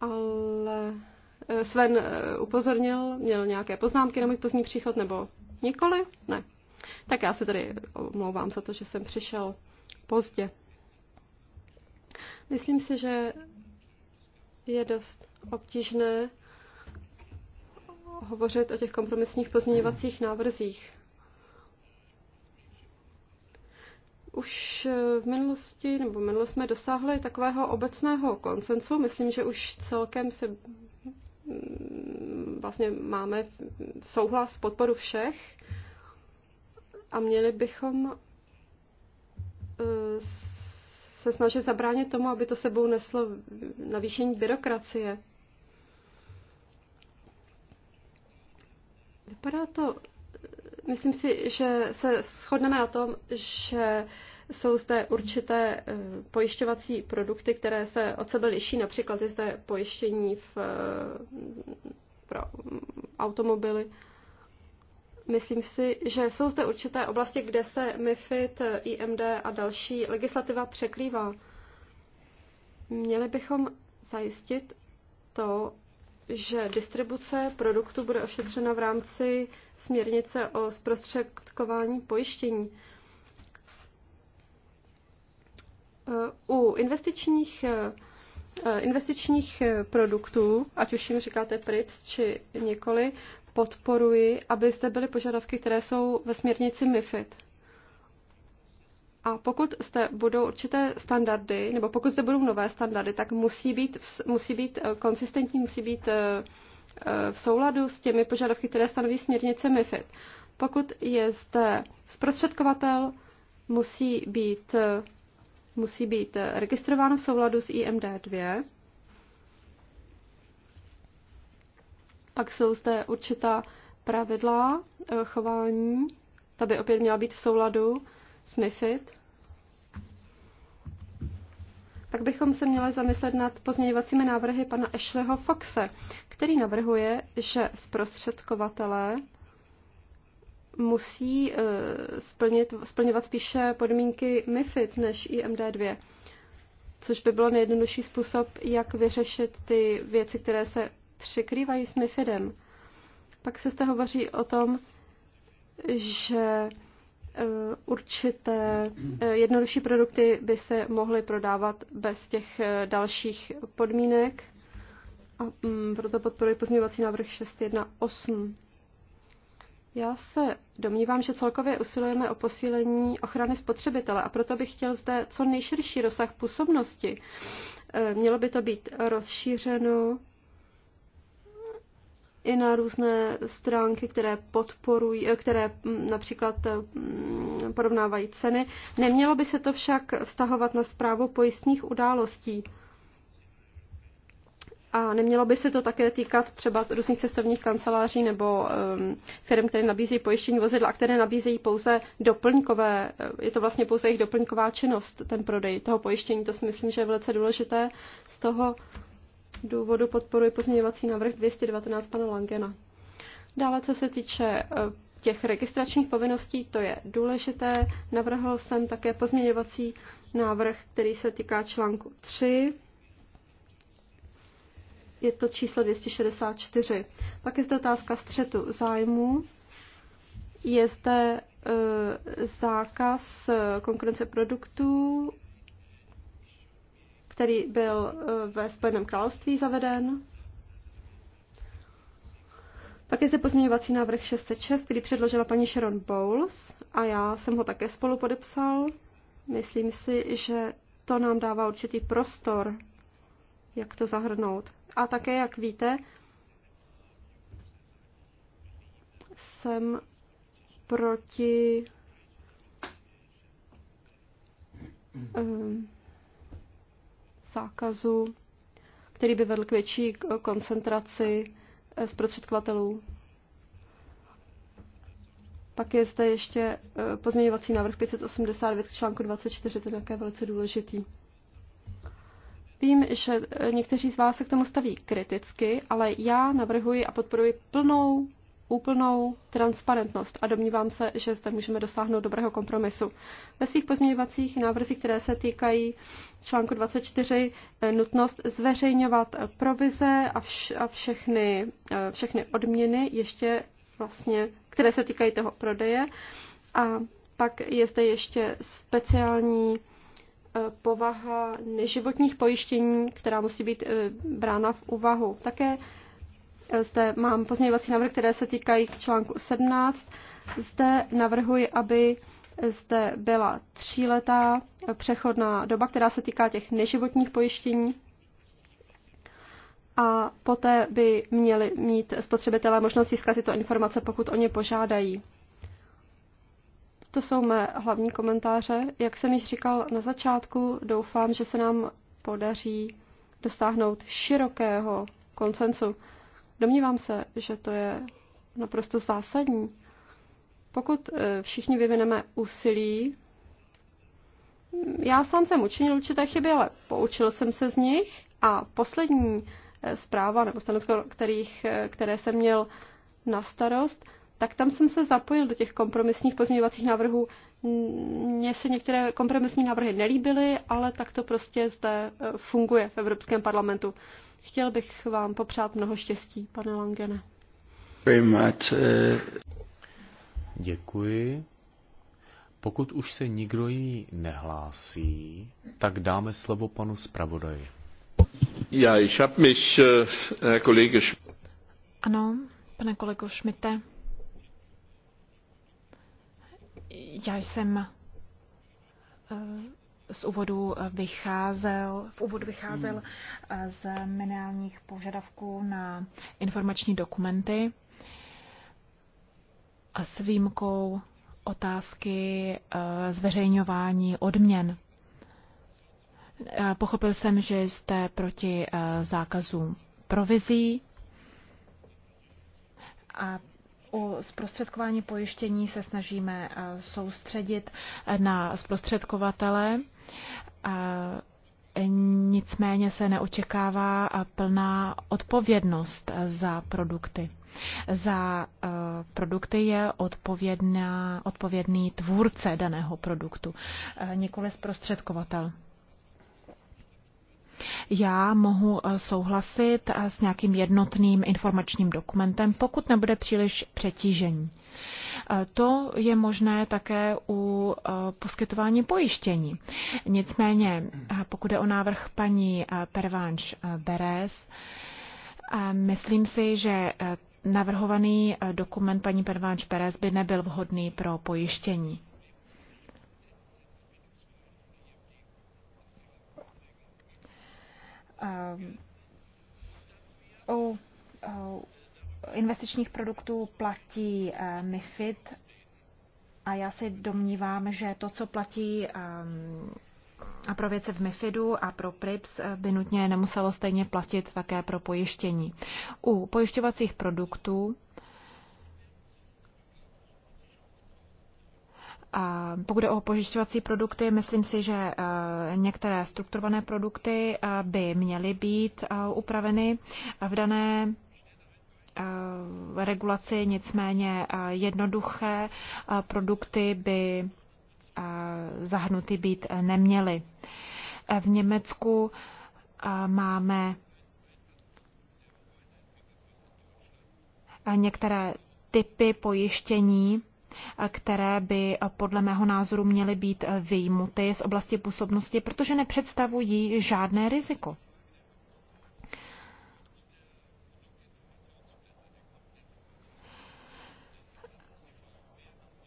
ale eh, Sven eh, upozornil, měl nějaké poznámky na můj pozdní příchod, nebo nikoli? Ne. Tak já se tedy omlouvám za to, že jsem přišel pozdě. Myslím si, že je dost obtížné hovořit o těch kompromisních pozměňovacích návrzích. Už v minulosti, nebo minulo jsme dosáhli takového obecného konsensu. Myslím, že už celkem se mm, vlastně máme souhlas, podporu všech a měli bychom eh, se snažit zabránit tomu, aby to sebou neslo navýšení byrokracie. Vypadá to, myslím si, že se shodneme na tom, že jsou zde určité eh, pojišťovací produkty, které se od sebe liší. Například je zde pojištění v, eh, pro automobily. Myslím si, že jsou zde určité oblasti, kde se MIFID, IMD a další legislativa překrývá. Měli bychom zajistit to, že distribuce produktu bude ošetřena v rámci směrnice o zprostředkování pojištění. U investičních, investičních produktů, ať už jim říkáte PRIPS či nikoli, podporuji, aby zde byly požadavky, které jsou ve směrnici MIFID. A pokud zde budou určité standardy, nebo pokud zde budou nové standardy, tak musí být, musí být eh, konsistentní, musí být eh, eh, v souladu s těmi požadavky, které stanoví směrnice MIFID. Pokud je zde zprostředkovatel, musí být, musí být registrován v souladu s IMD 2 Pak jsou zde určitá pravidla eh, chování, ta by opět měla být v souladu s MIFID. Pak bychom se měli zamyslet nad pozměňovacími návrhy pana Ashleyho Foxe, který navrhuje, že zprostředkovatelé musí eh, splnit, splňovat spíše podmínky MIFID než IMD2, což by bylo nejjednodušší způsob, jak vyřešit ty věci, které se překrývají s MIFIDem. Pak se zde hovoří o tom, že e, určité e, jednodušší produkty by se mohly prodávat bez těch e, dalších podmínek. A mm, proto podporuji pozměňovací návrh 618. Já se domnívám, že celkově usilujeme o posílení ochrany spotřebitele a proto bych chtěl zde co nejširší rozsah působnosti. Mělo by to být rozšířeno i na různé stránky, které podporují, eh, které mm, například eh, mm, porovnávají ceny. Nemělo by se to však vztahovat na zprávu pojistných událostí. A nemělo by se to také týkat třeba různých cestovních kanceláří nebo um, firm, které nabízí pojištění vozidla a které nabízejí pouze doplňkové, eh, je to vlastně pouze jejich doplňková činnost, ten prodej toho pojištění. To si myslím, že je velice důležité z toho důvodu podporuji pozměňovací návrh 219 pana Langena. Dále, co se týče eh, těch registračních povinností, to je důležité. Navrhl jsem také pozměňovací návrh, který se týká článku 3. Je to číslo 264. Pak je zde otázka střetu zájmu Je zde e, zákaz eh, konkurence produktů který byl eh, ve Spojeném království zaveden. Pak je zde pozměňovací návrh 606, který předložila paní Sharon Bowles a já jsem ho také spolu podepsal. Myslím si, že to nám dává určitý prostor, jak to zahrnout. A také, jak víte, jsem proti um, zákazu, který by vedl k větší koncentraci eh, zprostředkovatelů. Pak je zde ještě eh, pozměňovací návrh 589 k článku 24, je také velice důležitý. Vím, že eh, někteří z vás se k tomu staví kriticky, ale já navrhuji a podporuji plnou úplnou transparentnost a domnívám se, že zde můžeme dosáhnout dobrého kompromisu. Ve svých pozměňovacích návrzích, které se týkají článku 24, eh, nutnost zveřejňovat provize a, vš- a všechny, eh, všechny odměny, ještě vlastně, které se týkají toho prodeje. A pak je zde ještě speciální eh, povaha neživotních pojištění, která musí být brána v úvahu. Také zde mám pozměňovací návrh, které se týkají k článku 17. Zde navrhuji, aby zde byla tříletá přechodná doba, která se týká těch neživotních pojištění. A poté by měli mít spotřebitelé možnost získat tyto informace, pokud o ně požádají. To jsou mé hlavní komentáře. Jak jsem již říkal na začátku, doufám, že se nám podaří dosáhnout širokého koncensu. Domnívám se, že to je naprosto zásadní. Pokud eh, všichni vyvineme úsilí, hm, já sám jsem učinil určité chyby, ale poučil jsem se z nich a poslední eh, zpráva nebo stanovisko, kterých, eh, které jsem měl na starost, tak tam jsem se zapojil do těch kompromisních pozměňovacích návrhů. Mně se některé kompromisní návrhy nelíbily, ale tak to prostě zde funguje v Evropském parlamentu. Chtěl bych vám popřát mnoho štěstí, pane Langene. Eh. Děkuji. Pokud už se nikdo jiný nehlásí, tak dáme slovo panu zpravodaji. Já, ich hab mich, eh, Ano, pane kolego Šmite. Já jsem eh, z úvodu eh, vycházel, v úvodu vycházel hmm. eh, z minimálních požadavků na informační dokumenty a s výjimkou otázky eh, zveřejňování odměn. Pochopil jsem, že jste proti zákazům provizí a u zprostředkování pojištění se snažíme eh, soustředit eh, na zprostředkovatele. Eh, nicméně se neočekává plná odpovědnost za produkty. Za produkty je odpovědná, odpovědný tvůrce daného produktu, nikoli zprostředkovatel. Já mohu eh, souhlasit eh, s nějakým jednotným informačním dokumentem, pokud nebude příliš přetížení. Eh, to je možné také u poskytování pojištění. Nicméně, pokud je o návrh paní Pervánš Beres, myslím si, že navrhovaný dokument paní Pervánš Beres by nebyl vhodný pro pojištění. Ehm, u investičních produktů platí ehm, MIFID a já si domnívám, že to, co platí ehm, a pro věce v MIFIDu a pro PRIPS eh, by nutně nemuselo stejně platit také pro pojištění. U pojišťovacích produktů A pokud je o pojišťovací produkty, myslím si, že některé strukturované produkty eh, by měly být eh, upraveny v dané eh, regulaci, nicméně jednoduché produkty by zahrnuty být neměly. V Německu máme některé typy pojištění, které by eh, podle mého názoru měly být eh, vyjmuty z oblasti působnosti, protože nepředstavují žádné riziko.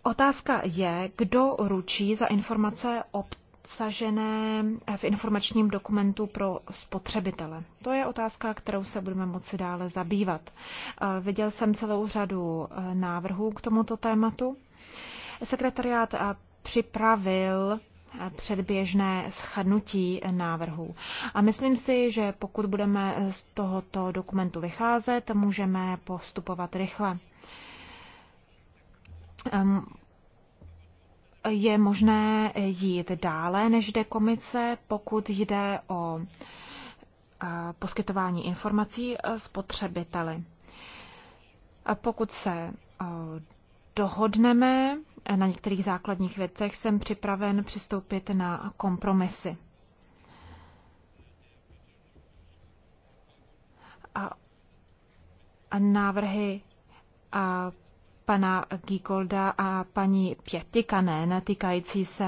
Otázka je, kdo ručí za informace o obsažené v informačním dokumentu pro spotřebitele. To je otázka, kterou se budeme moci dále zabývat. Eh, viděl jsem celou řadu eh, návrhů k tomuto tématu. Sekretariát eh, připravil předběžné schrnutí návrhů. A myslím si, že pokud budeme z tohoto dokumentu vycházet, můžeme postupovat rychle ehm, je možné jít dále, než jde komice, pokud jde o poskytování informací e, spotřebiteli. Pokud se e, dohodneme e, na některých základních věcech, jsem připraven přistoupit na kompromisy. A návrhy a pana Gikolda a paní Pětikanen týkající se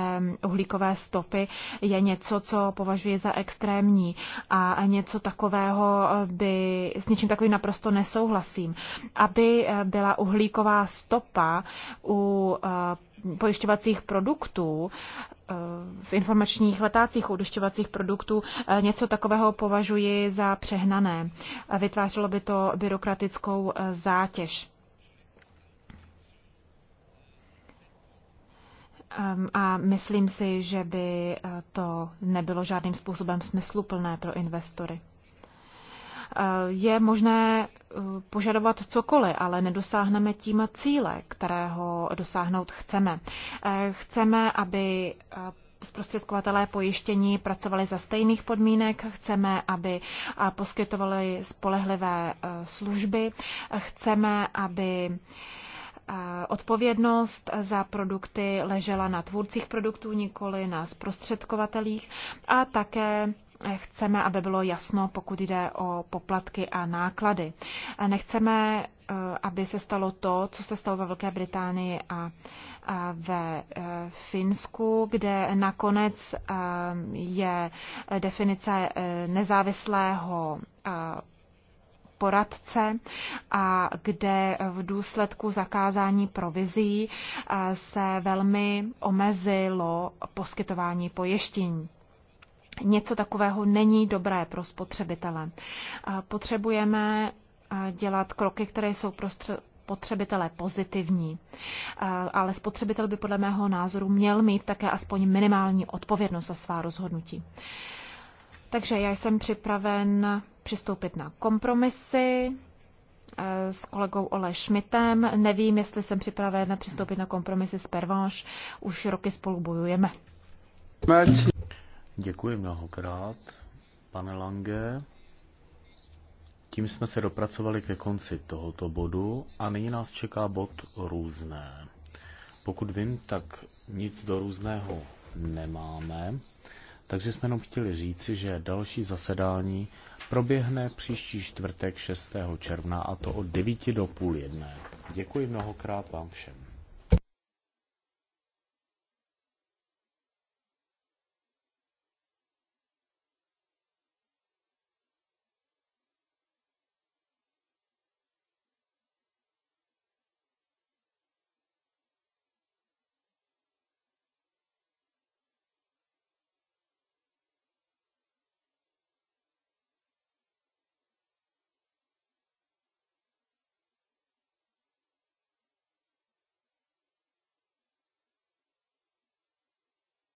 uhlíkové stopy je něco, co považuji za extrémní a něco takového by, s něčím takovým naprosto nesouhlasím. Aby byla uhlíková stopa u eh, pojišťovacích produktů, eh, v informačních letácích udušťovacích produktů eh, něco takového považuji za přehnané. Vytvářelo by to byrokratickou zátěž. A myslím si, že by eh, to nebylo žádným způsobem smysluplné pro investory. Eh, je možné eh, požadovat cokoliv, ale nedosáhneme tím cíle, kterého dosáhnout chceme. Chceme, aby zprostředkovatelé pojištění pracovali za stejných podmínek, chceme, aby poskytovali spolehlivé služby, chceme, aby odpovědnost za produkty ležela na tvůrcích produktů, nikoli na zprostředkovatelích a také chceme, aby bylo jasno, pokud jde o poplatky a náklady. Nechceme, eh, aby se stalo to, co se stalo ve Velké Británii a ve eh, Finsku, kde nakonec eh, je definice nezávislého poradce a kde v důsledku zakázání provizí eh, se velmi omezilo poskytování pojištění. Něco takového není dobré pro spotřebitele. Eh, potřebujeme eh, dělat kroky, které jsou prostře- spotřebitele pozitivní. Ale spotřebitel by podle mého názoru měl mít také aspoň minimální odpovědnost za svá rozhodnutí. Takže já jsem připraven přistoupit na kompromisy eh, s kolegou Ole Schmidtem. Nevím, jestli jsem připraven přistoupit na kompromisy s Pervanš. Už roky spolu bojujeme. Děkuji mnohokrát, pane Lange. Tím jsme se dopracovali ke konci tohoto bodu a nyní nás čeká bod různé. Pokud vím, tak nic do různého nemáme. Takže jsme jenom chtěli říci, že další zasedání proběhne příští čtvrtek 6. června a to od 9 do půl jedné. Děkuji mnohokrát vám všem.